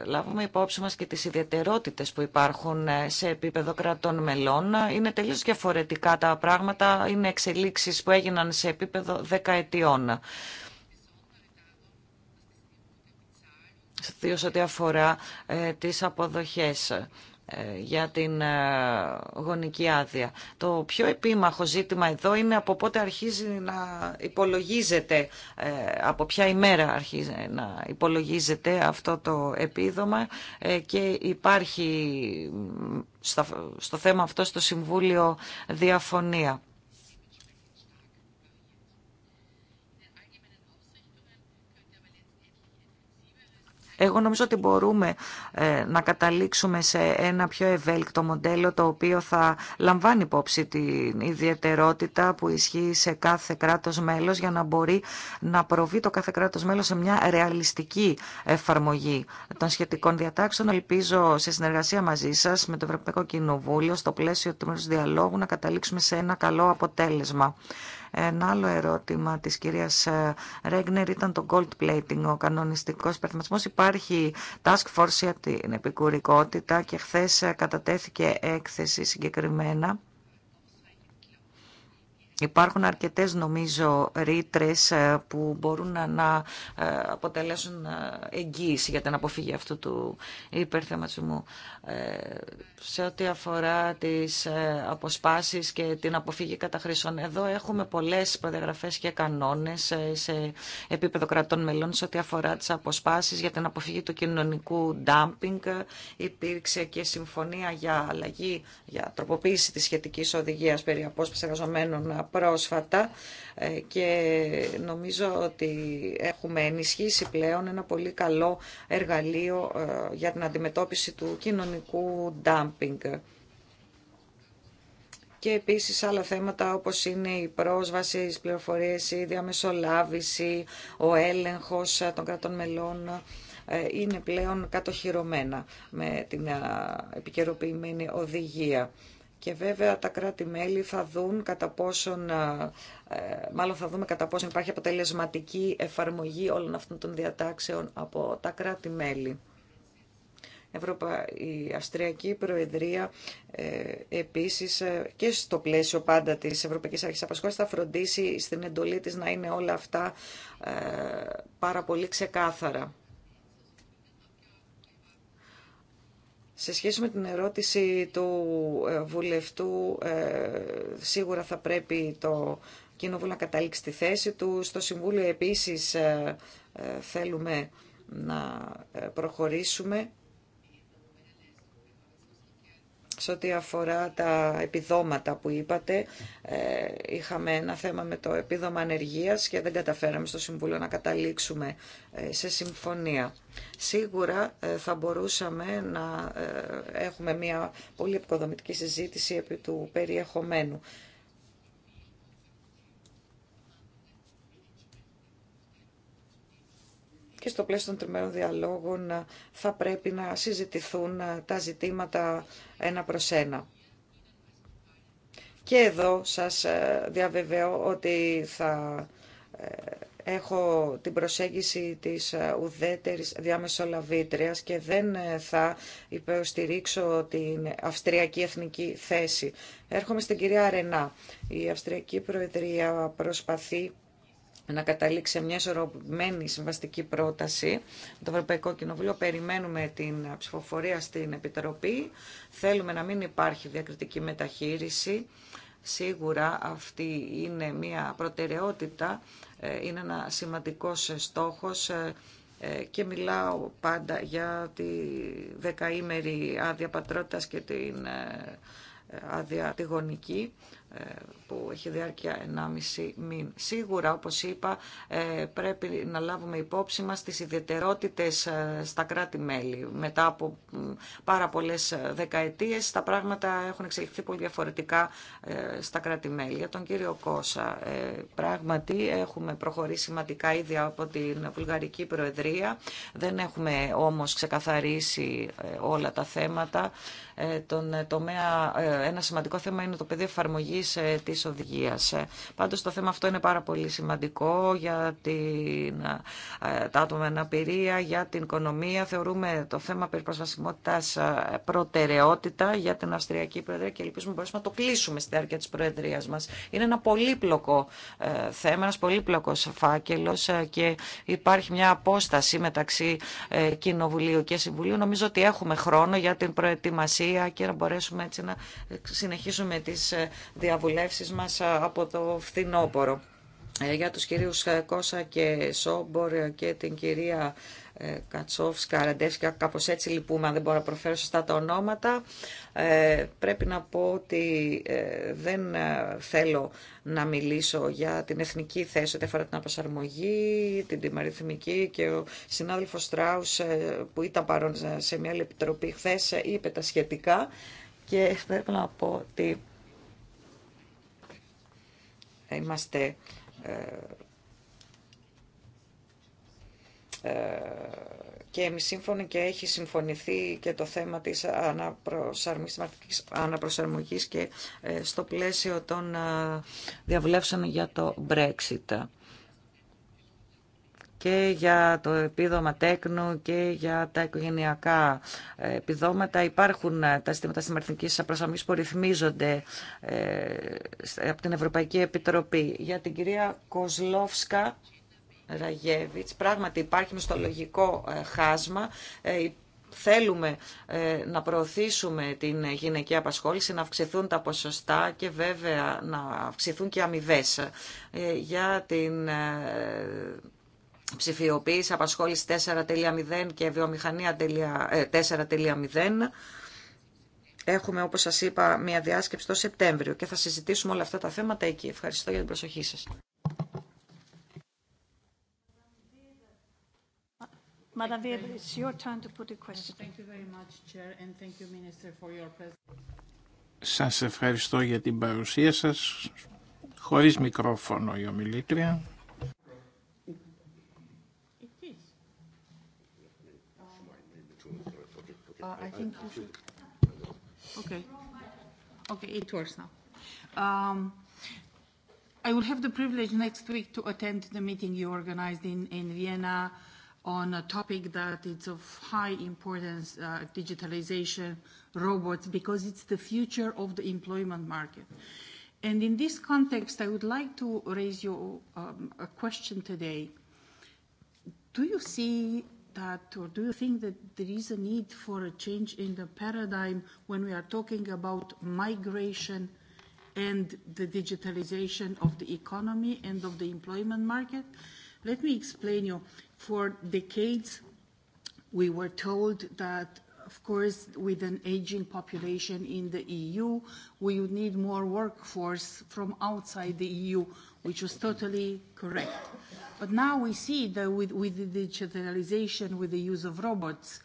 λάβουμε υπόψη μας και τις ιδιαιτερότητες που υπάρχουν σε επίπεδο κρατών μελών. Είναι τελείως διαφορετικά τα πράγματα, είναι εξελίξεις που έγιναν σε επίπεδο δεκαετιών. διότι ό,τι αφορά ε, τις αποδοχές ε, για την ε, γονική άδεια. Το πιο επίμαχο ζήτημα εδώ είναι από πότε αρχίζει να υπολογίζεται, από ποια ημέρα αρχίζει να υπολογίζεται αυτό το επίδομα και υπάρχει στο θέμα αυτό στο Συμβούλιο διαφωνία. Εγώ νομίζω ότι μπορούμε ε, να καταλήξουμε σε ένα πιο ευέλικτο μοντέλο το οποίο θα λαμβάνει υπόψη την ιδιαιτερότητα που ισχύει σε κάθε κράτος μέλος για να μπορεί να προβεί το κάθε κράτος μέλος σε μια ρεαλιστική εφαρμογή των σχετικών διατάξεων. Ελπίζω σε συνεργασία μαζί σας με το Ευρωπαϊκό Κοινοβούλιο στο πλαίσιο του μέρους διαλόγου να καταλήξουμε σε ένα καλό αποτέλεσμα. Ένα άλλο ερώτημα της κυρίας ε, Ρέγνερ ήταν το gold plating, ο κανονιστικός περιθωρισμό. Υπάρχει task force για την επικουρικότητα και χθε ε, κατατέθηκε έκθεση συγκεκριμένα Υπάρχουν αρκετές νομίζω ρήτρε ε, που μπορούν να, ε, αποτελέσουν ε, εγγύηση για την αποφύγη αυτού του υπερθεματισμού. Σε ό,τι αφορά τις αποσπάσεις και την αποφύγη καταχρήσεων, εδώ έχουμε πολλές προδιαγραφές και κανόνες σε επίπεδο κρατών μελών σε ό,τι αφορά τις αποσπάσεις για την αποφύγη του κοινωνικού dumping. Υπήρξε και συμφωνία για αλλαγή, για τροποποίηση της σχετικής οδηγίας περί απόσπασης εργαζομένων πρόσφατα ε, και νομίζω ότι έχουμε ενισχύσει πλέον ένα πολύ καλό εργαλείο ε, για την αντιμετώπιση του κοινωνικού ντάμπινγκ και επίσης άλλα θέματα όπως είναι η πρόσβαση, οι πληροφορίες, η διαμεσολάβηση, ο έλεγχος ε, των κρατών μελών είναι πλέον κατοχυρωμένα με την επικαιροποιημένη οδηγία. Και βέβαια τα κράτη-μέλη θα δουν κατά πόσον, ε, ε, μάλλον θα δούμε κατά πόσον υπάρχει αποτελεσματική εφαρμογή όλων αυτών των διατάξεων από τα κράτη-μέλη. Η Αυστριακή Προεδρία ε, επίσης και στο πλαίσιο πάντα της Ευρωπαϊκής Αρχής Απασχόλησης θα φροντίσει στην εντολή της να είναι όλα αυτά πάρα πολύ ξεκάθαρα. Σε σχέση με την ερώτηση του ε, βουλευτού, ε, σίγουρα θα πρέπει το Κοινοβούλιο να καταλήξει τη θέση του. Στο Συμβούλιο επίσης ε, θέλουμε να προχωρήσουμε σε ό,τι αφορά τα επιδόματα που είπατε, ε, είχαμε ένα θέμα με το επίδομα ανεργίας και δεν καταφέραμε στο Συμβούλιο να καταλήξουμε ε, σε συμφωνία. Σίγουρα ε, θα μπορούσαμε να έχουμε μια πολύ επικοδομητική συζήτηση επί του περιεχομένου και στο πλαίσιο των τριμερών διαλόγων ε, θα πρέπει να συζητηθούν ε, τα ζητήματα ένα προς ένα. Και εδώ σας ε, διαβεβαιώ ότι θα έχω την προσέγγιση της ουδέτερης διαμεσολαβήτριας και δεν θα υποστηρίξω την αυστριακή εθνική θέση. Έρχομαι στην κυρία Αρενά. Η Αυστριακή Προεδρία προσπαθεί να καταλήξει σε μια ισορροπημένη συμβαστική πρόταση. Το Ευρωπαϊκό Κοινοβούλιο περιμένουμε την ψηφοφορία στην Επιτροπή. Θέλουμε να μην υπάρχει διακριτική μεταχείριση. Σίγουρα αυτή είναι μια προτεραιότητα, ε, είναι ένα σημαντικός στόχος ε, ε, και μιλάω πάντα για τη δεκαήμερη άδεια πατρότητας και την άδεια τη γονική. Ε, που έχει διάρκεια 1,5 μήν. Σίγουρα, όπως είπα, ε, πρέπει να λάβουμε υπόψη μας τις ιδιαιτερότητες ε, στα κράτη-μέλη. Μετά από πάρα πολλές δεκαετίες, τα πράγματα έχουν εξελιχθεί πολύ διαφορετικά στα κράτη-μέλη. Για τον κύριο Κώσα, πράγματι έχουμε προχωρήσει σημαντικά ήδη από την Βουλγαρική Προεδρία. Δεν έχουμε όμως ξεκαθαρίσει όλα τα θέματα. Ε, τον ε, τομέα, ε, ένα σημαντικό θέμα είναι το πεδίο εφαρμογή τη οδηγία. Πάντω το θέμα αυτό είναι πάρα πολύ σημαντικό για την, τα άτομα με αναπηρία, για την οικονομία. Θεωρούμε το θέμα περί προσβασιμότητα προτεραιότητα για την Αυστριακή Προεδρία και ελπίζουμε μπορέσουμε να το κλείσουμε στη διάρκεια τη Προεδρία μα. Είναι ένα πολύπλοκο θέμα, ένα πολύπλοκο φάκελο και υπάρχει μια απόσταση μεταξύ Κοινοβουλίου και Συμβουλίου. Νομίζω ότι έχουμε χρόνο για την προετοιμασία και να μπορέσουμε έτσι να συνεχίσουμε τις ε, διαβουλεύσεις μας ε, από το φθινόπωρο. Ε, για τους κυρίους Κώσα και Σόμπορ και την κυρία ε, Κατσόφσκα, Ραντεύσκα, κάπως έτσι λυπούμε αν δεν μπορώ να προφέρω σωστά τα ονόματα. Ε, πρέπει να πω ότι ε, δεν θέλω να μιλήσω για την εθνική θέση ό,τι αφορά την αποσαρμογή, την τιμαριθμική και ο συνάδελφος Στράους που ήταν παρόν σε μια άλλη επιτροπή χθε είπε τα σχετικά και πρέπει να πω ότι είμαστε ε, και εμείς σύμφωνοι και έχει συμφωνηθεί και το θέμα της αναπροσαρμογής, αναπροσαρμογής και ε, στο πλαίσιο των ε, διαβουλεύσεων για το Brexit και για το επίδομα τέκνου και για τα οικογενειακά επιδόματα. Υπάρχουν τα συστήματα συμμετρικής προσαρμογής που ρυθμίζονται από την Ευρωπαϊκή Επιτροπή. Για την κυρία Κοσλόφσκα, Ραγεύιτς. Πράγματι υπάρχει μισθολογικό ε, χάσμα. Ε, θέλουμε ε, να προωθήσουμε την γυναική απασχόληση, να αυξηθούν τα ποσοστά και βέβαια να αυξηθούν και αμοιβέ για την ψηφιοποίηση απασχόληση 4.0 και βιομηχανία 4.0. Έχουμε, όπως σας είπα, μια διάσκεψη το Σεπτέμβριο και θα συζητήσουμε όλα αυτά τα θέματα εκεί. Ευχαριστώ για την προσοχή σας. Madam Weber, it's your turn to put a question. Thank you very much, Chair, and thank you, Minister, for your presence. Σας ευχαριστώ για την παρουσία σας. Χωρίς μικρόφωνο η ομιλήτρια. I think Okay. Okay, it works now. Um, I will have the privilege next week to attend the meeting you organized in, in Vienna on a topic that is of high importance, digitalization, robots, because it's the future of the employment market. And in this context, I would like to raise you a question today. Do you see that, or do you think that there is a need for a change in the paradigm when we are talking about migration and the digitalization of the economy and of the employment market? Let me explain you. For decades, we were told that of course, with an aging population in the EU, we would need more workforce from outside the EU, which was totally correct. But now we see that with, with the digitalization, with the use of robots,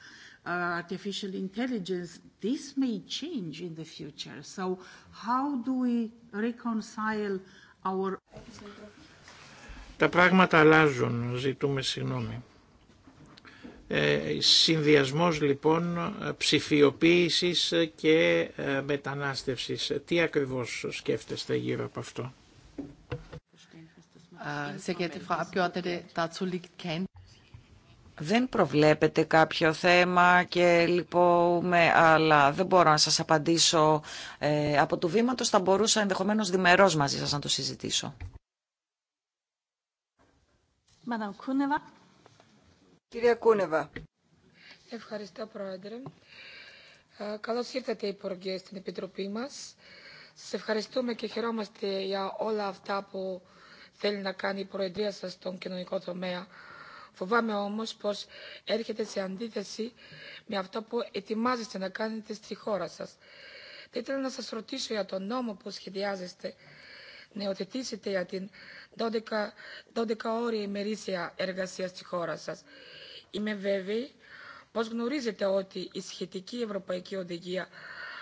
artificial intelligence, this may change in the future. So how do we reconcile our τα πράγματα αλλάζουν, ζητούμε συγγνώμη. Ε, συνδυασμός λοιπόν ψηφιοποίησης και ε, μετανάστευσης. Τι ακριβώς σκέφτεστε γύρω από αυτό. Ε, δεν προβλέπετε κάποιο θέμα και λοιπόν, αλλά δεν μπορώ να σας απαντήσω. Ε, από του βήματος θα μπορούσα ενδεχομένως διμερός μαζί σας να το συζητήσω. Κυρία Κούνεβα. Ευχαριστώ, Πρόεδρε. Ε, καλώς ήρθατε, Υπουργέ, στην Επιτροπή μας. Σας ευχαριστούμε και χαιρόμαστε για όλα αυτά που θέλει να κάνει η Προεδρία σας στον κοινωνικό τομέα. Φοβάμαι όμως πως έρχεται σε αντίθεση με αυτό που ετοιμάζεστε να κάνετε στη χώρα σας. Θα ήθελα να σας ρωτήσω για τον νόμο που σχεδιάζεστε νεοθετήσετε για την 12ωρη ημερήσια εργασία στη χώρα σα. Είμαι βέβαιη πως γνωρίζετε ότι η σχετική ευρωπαϊκή οδηγία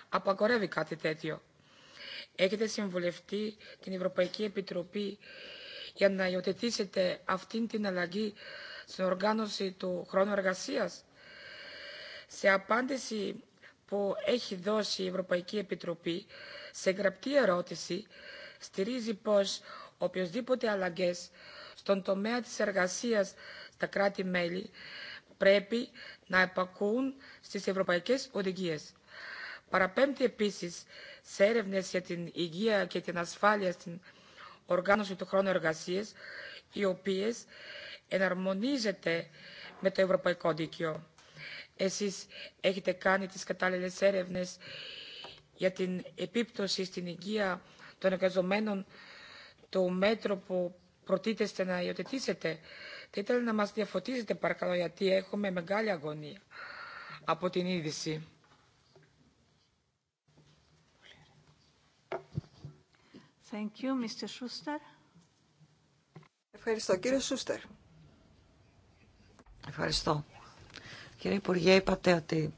απαγορεύει κάτι τέτοιο. Έχετε συμβουλευτεί την Ευρωπαϊκή Επιτροπή για να υιοθετήσετε αυτήν την αλλαγή στην οργάνωση του χρόνου εργασίας. Σε απάντηση που έχει δώσει η Ευρωπαϊκή Επιτροπή σε γραπτή ερώτηση στηρίζει πως οποιοδήποτε αλλαγές στον τομέα της εργασίας στα κράτη-μέλη πρέπει να επακούν στις ευρωπαϊκές οδηγίες. Παραπέμπτει επίσης σε έρευνες για την υγεία και την ασφάλεια στην οργάνωση του χρόνου εργασίας, οι οποίες εναρμονίζεται με το ευρωπαϊκό δίκαιο. Εσείς έχετε κάνει τις κατάλληλες έρευνες για την επίπτωση στην υγεία των εργαζομένων το μέτρο που προτίθεστε να υιοθετήσετε. Θα ήθελα να μας διαφωτίσετε παρακαλώ γιατί έχουμε μεγάλη αγωνία από την είδηση. Thank you, Mr. Schuster. Ευχαριστώ, κύριε Σούστερ. Ευχαριστώ. Κύριε Υπουργέ, είπατε ότι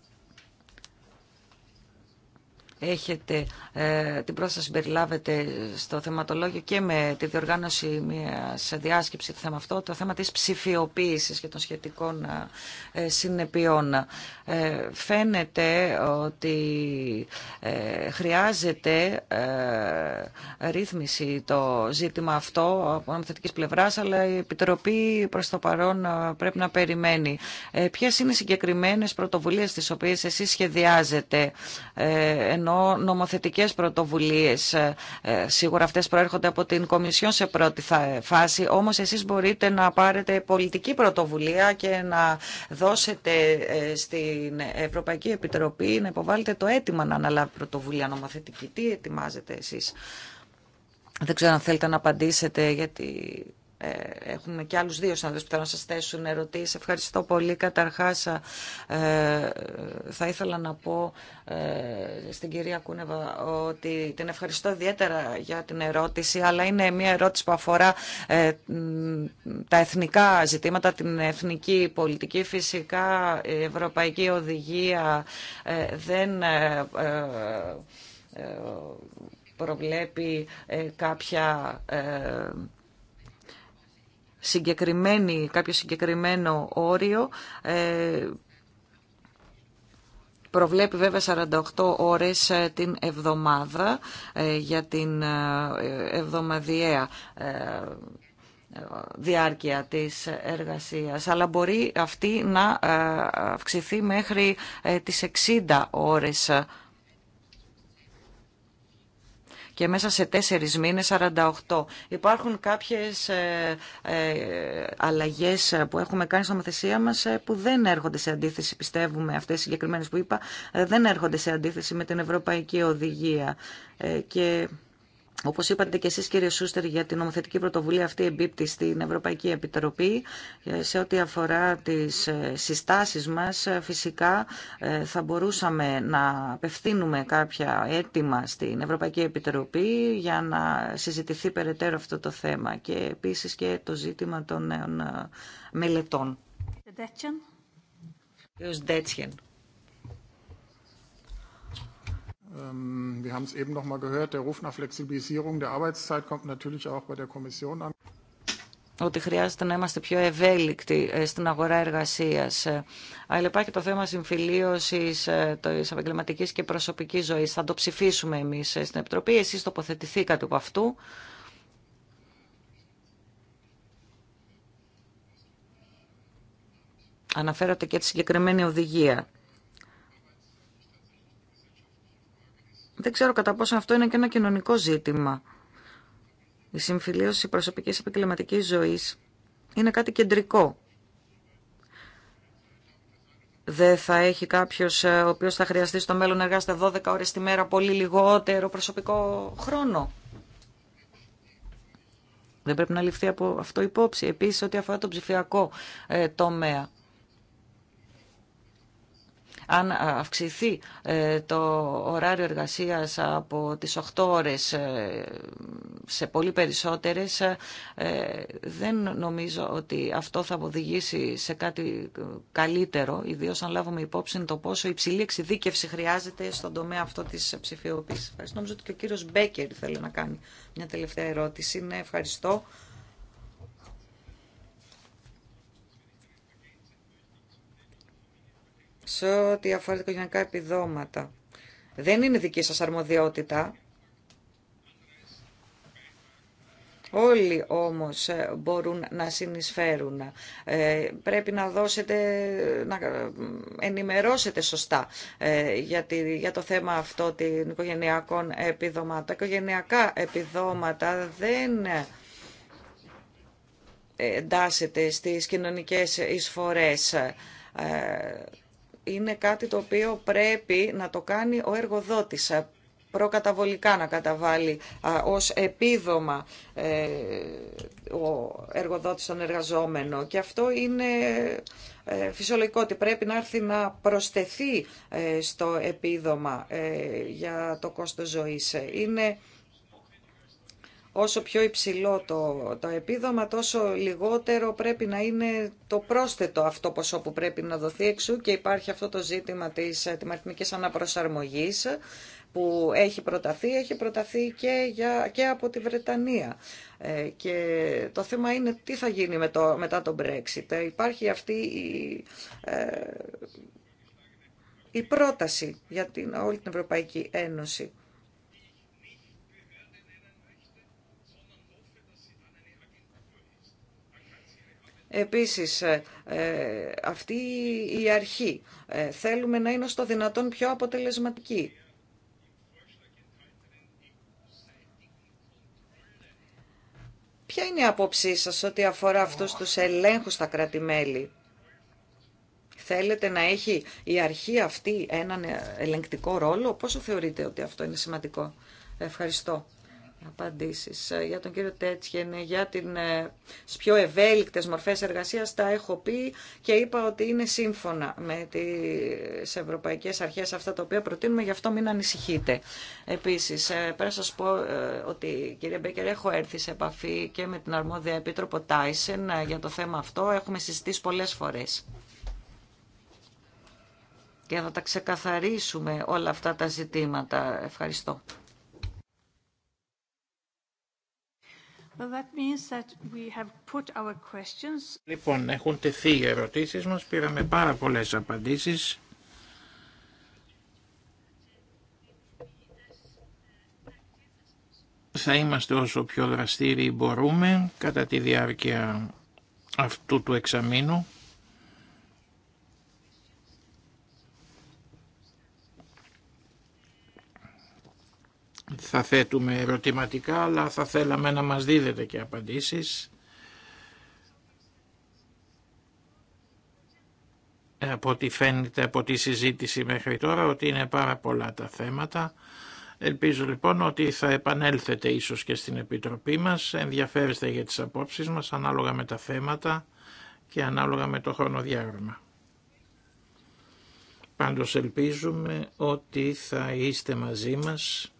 έχετε ε, την πρόσταση περιλάβετε στο θεματολόγιο και με τη διοργάνωση μια διάσκεψη του θέμα αυτό, το θέμα της ψηφιοποίησης και των σχετικών ε, συνεπειών. Ε, φαίνεται ότι ε, χρειάζεται ε, ρύθμιση το ζήτημα αυτό από θετική πλευράς, αλλά η Επιτροπή προς το παρόν πρέπει να περιμένει. Ποιες είναι οι συγκεκριμένες πρωτοβουλίες τις οποίες εσείς σχεδιάζετε ενώ Νομοθετικέ νομοθετικές πρωτοβουλίες. Ε, ε, σίγουρα αυτές προέρχονται από την Κομισιόν σε πρώτη φάση, όμως εσείς μπορείτε να πάρετε πολιτική πρωτοβουλία και να δώσετε ε, στην Ευρωπαϊκή Επιτροπή να υποβάλλετε το αίτημα να αναλάβει πρωτοβουλία νομοθετική. Τι ετοιμάζετε εσείς. Δεν ξέρω αν θέλετε να απαντήσετε γιατί ε, έχουν και άλλους δύο συνάδελφους που θέλουν να σας θέσουν ερωτήσεις. Ευχαριστώ πολύ. Καταρχάς ε, θα ήθελα να πω ε, στην κυρία Κούνεβα ότι την ευχαριστώ ιδιαίτερα για την ερώτηση, αλλά είναι μια ερώτηση που αφορά τα εθνικά ζητήματα, την εθνική πολιτική. Φυσικά η Ευρωπαϊκή Οδηγία δεν προβλέπει κάποια συγκεκριμένη, κάποιο συγκεκριμένο όριο. Ε, προβλέπει βέβαια 48 ώρες ε, την εβδομάδα ε, για την ε, εβδομαδιαία ε, διάρκεια της εργασίας, αλλά μπορεί αυτή να αυξηθεί μέχρι τις 60 ώρες και μέσα σε τέσσερις μήνες 48. Υπάρχουν κάποιες ε, ε, αλλαγές που έχουμε κάνει στην νομοθεσία μας ε, που δεν έρχονται σε αντίθεση, πιστεύουμε αυτές οι συγκεκριμένες που είπα, δεν έρχονται σε αντίθεση με την Ευρωπαϊκή Οδηγία. Και όπως είπατε και εσείς κύριε Σούστερ για την νομοθετική πρωτοβουλία αυτή εμπίπτει στην Ευρωπαϊκή Επιτροπή ε, σε ό,τι αφορά τις ε, συστάσεις μας ε, φυσικά θα μπορούσαμε να απευθύνουμε κάποια αίτημα στην Ευρωπαϊκή Επιτροπή για να συζητηθεί περαιτέρω αυτό το θέμα και επίσης και το ζήτημα των νέων μελετών. Ότι χρειάζεται να είμαστε πιο ευέλικτοι ε, στην αγορά εργασία. Ε, αλλά υπάρχει το θέμα συμφιλίωση ε, τη επαγγελματική και προσωπική ζωή. Θα το ψηφίσουμε εμεί στην Επιτροπή. Εσεί τοποθετηθήκατε από αυτού. Αναφέρατε και τη συγκεκριμένη οδηγία. Δεν ξέρω κατά πόσο αυτό είναι και ένα κοινωνικό ζήτημα. Η συμφιλίωση προσωπικής επαγγελματικής ζωής είναι κάτι κεντρικό. Δεν θα έχει κάποιος ε, ο οποίος θα χρειαστεί στο μέλλον να εργάζεται 12 ώρες τη μέρα πολύ λιγότερο προσωπικό χρόνο. Δεν πρέπει να ληφθεί από αυτό υπόψη. Επίσης, ό,τι αφορά το ψηφιακό ε, τομέα αν αυξηθεί ε, το ωράριο εργασίας από τις 8 ώρες ε, σε πολύ περισσότερες, ε, δεν νομίζω ότι αυτό θα οδηγήσει σε κάτι καλύτερο, ιδίως αν λάβουμε υπόψη το πόσο υψηλή εξειδίκευση χρειάζεται στον τομέα αυτό της ψηφιοποίησης. Νομίζω ότι και ο κύριος Μπέκερ θέλει να κάνει μια τελευταία ερώτηση. Ναι, ευχαριστώ. σε ό,τι αφορά τα οικογενειακά επιδόματα. Δεν είναι δική σας αρμοδιότητα. Όλοι όμως ε, μπορούν να συνεισφέρουν. Ε, πρέπει να δώσετε, να ε, ενημερώσετε σωστά ε, για, το θέμα αυτό των οικογενειακών επιδομάτων. Τα οικογενειακά επιδόματα δεν ε, εντάσσεται στις κοινωνικές εισφορές. Ε, είναι κάτι το οποίο πρέπει να το κάνει ο εργοδότης ε, προκαταβολικά να καταβάλει α, ε, ως επίδομα ε, ο εργοδότης τον εργαζόμενο. Και αυτό είναι ε, φυσιολογικό ότι πρέπει να έρθει να προσθεθεί στο επίδομα για το κόστος ζωής. Είναι όσο πιο υψηλό το, το επίδομα, τόσο λιγότερο πρέπει να είναι το πρόσθετο αυτό ποσό που πρέπει να δοθεί εξού και υπάρχει αυτό το ζήτημα της τιμαρτινικής αναπροσαρμογής που έχει προταθεί, έχει προταθεί και, για, και από τη Βρετανία. Ε, και το θέμα είναι τι θα γίνει με το, μετά τον Brexit. Ε, υπάρχει αυτή ε, η, πρόταση για την, όλη την Ευρωπαϊκή Ένωση. Επίσης, ε, ε, αυτή η αρχή ε, θέλουμε να είναι στο δυνατόν πιο αποτελεσματική. Ποια είναι η άποψή σας ότι αφορά αυτούς τους ελέγχους στα κρατη Θέλετε να έχει η αρχή αυτή έναν ελεγκτικό ρόλο. Πόσο θεωρείτε ότι αυτό είναι σημαντικό. Ευχαριστώ απαντήσεις. Ε, για τον κύριο Τέτσιεν, για την ε, πιο ευέλικτες μορφές εργασίας, τα έχω πει και είπα ότι είναι σύμφωνα με τις ευρωπαϊκές αρχές αυτά τα οποία προτείνουμε, γι' αυτό μην ανησυχείτε. Επίσης, ε, πρέπει να σας πω ότι, κύριε Μπέκερ, έχω έρθει σε επαφή και με την αρμόδια επίτροπο Τάισεν για το θέμα αυτό. Έχουμε συζητήσει πολλές φορές και θα τα ξεκαθαρίσουμε όλα αυτά τα ζητήματα. Ευχαριστώ. Λοιπόν, έχουν τεθεί οι ερωτήσεις μας, πήραμε πάρα πολλές απαντήσεις. Θα είμαστε όσο πιο δραστήριοι μπορούμε κατά τη διάρκεια αυτού του εξαμήνου. θα θέτουμε ερωτηματικά, αλλά θα θέλαμε να μας δίδετε και απαντήσεις. Από ό,τι φαίνεται από τη συζήτηση μέχρι τώρα ότι είναι πάρα πολλά τα θέματα. Ελπίζω λοιπόν ότι θα επανέλθετε ίσως και στην Επιτροπή μας, ενδιαφέρεστε για τις απόψεις μας ανάλογα με τα θέματα και ανάλογα με το χρονοδιάγραμμα. Πάντως ελπίζουμε ότι θα είστε μαζί μας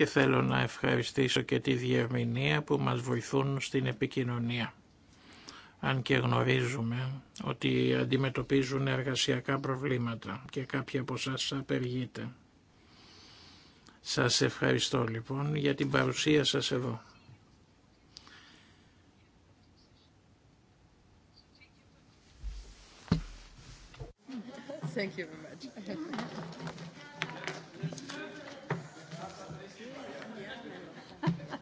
και θέλω να ευχαριστήσω και τη διερμηνία που μας βοηθούν στην επικοινωνία. Αν και γνωρίζουμε ότι αντιμετωπίζουν εργασιακά προβλήματα και κάποια από σας απεργείται. Σας ευχαριστώ λοιπόν για την παρουσία σας εδώ. Thank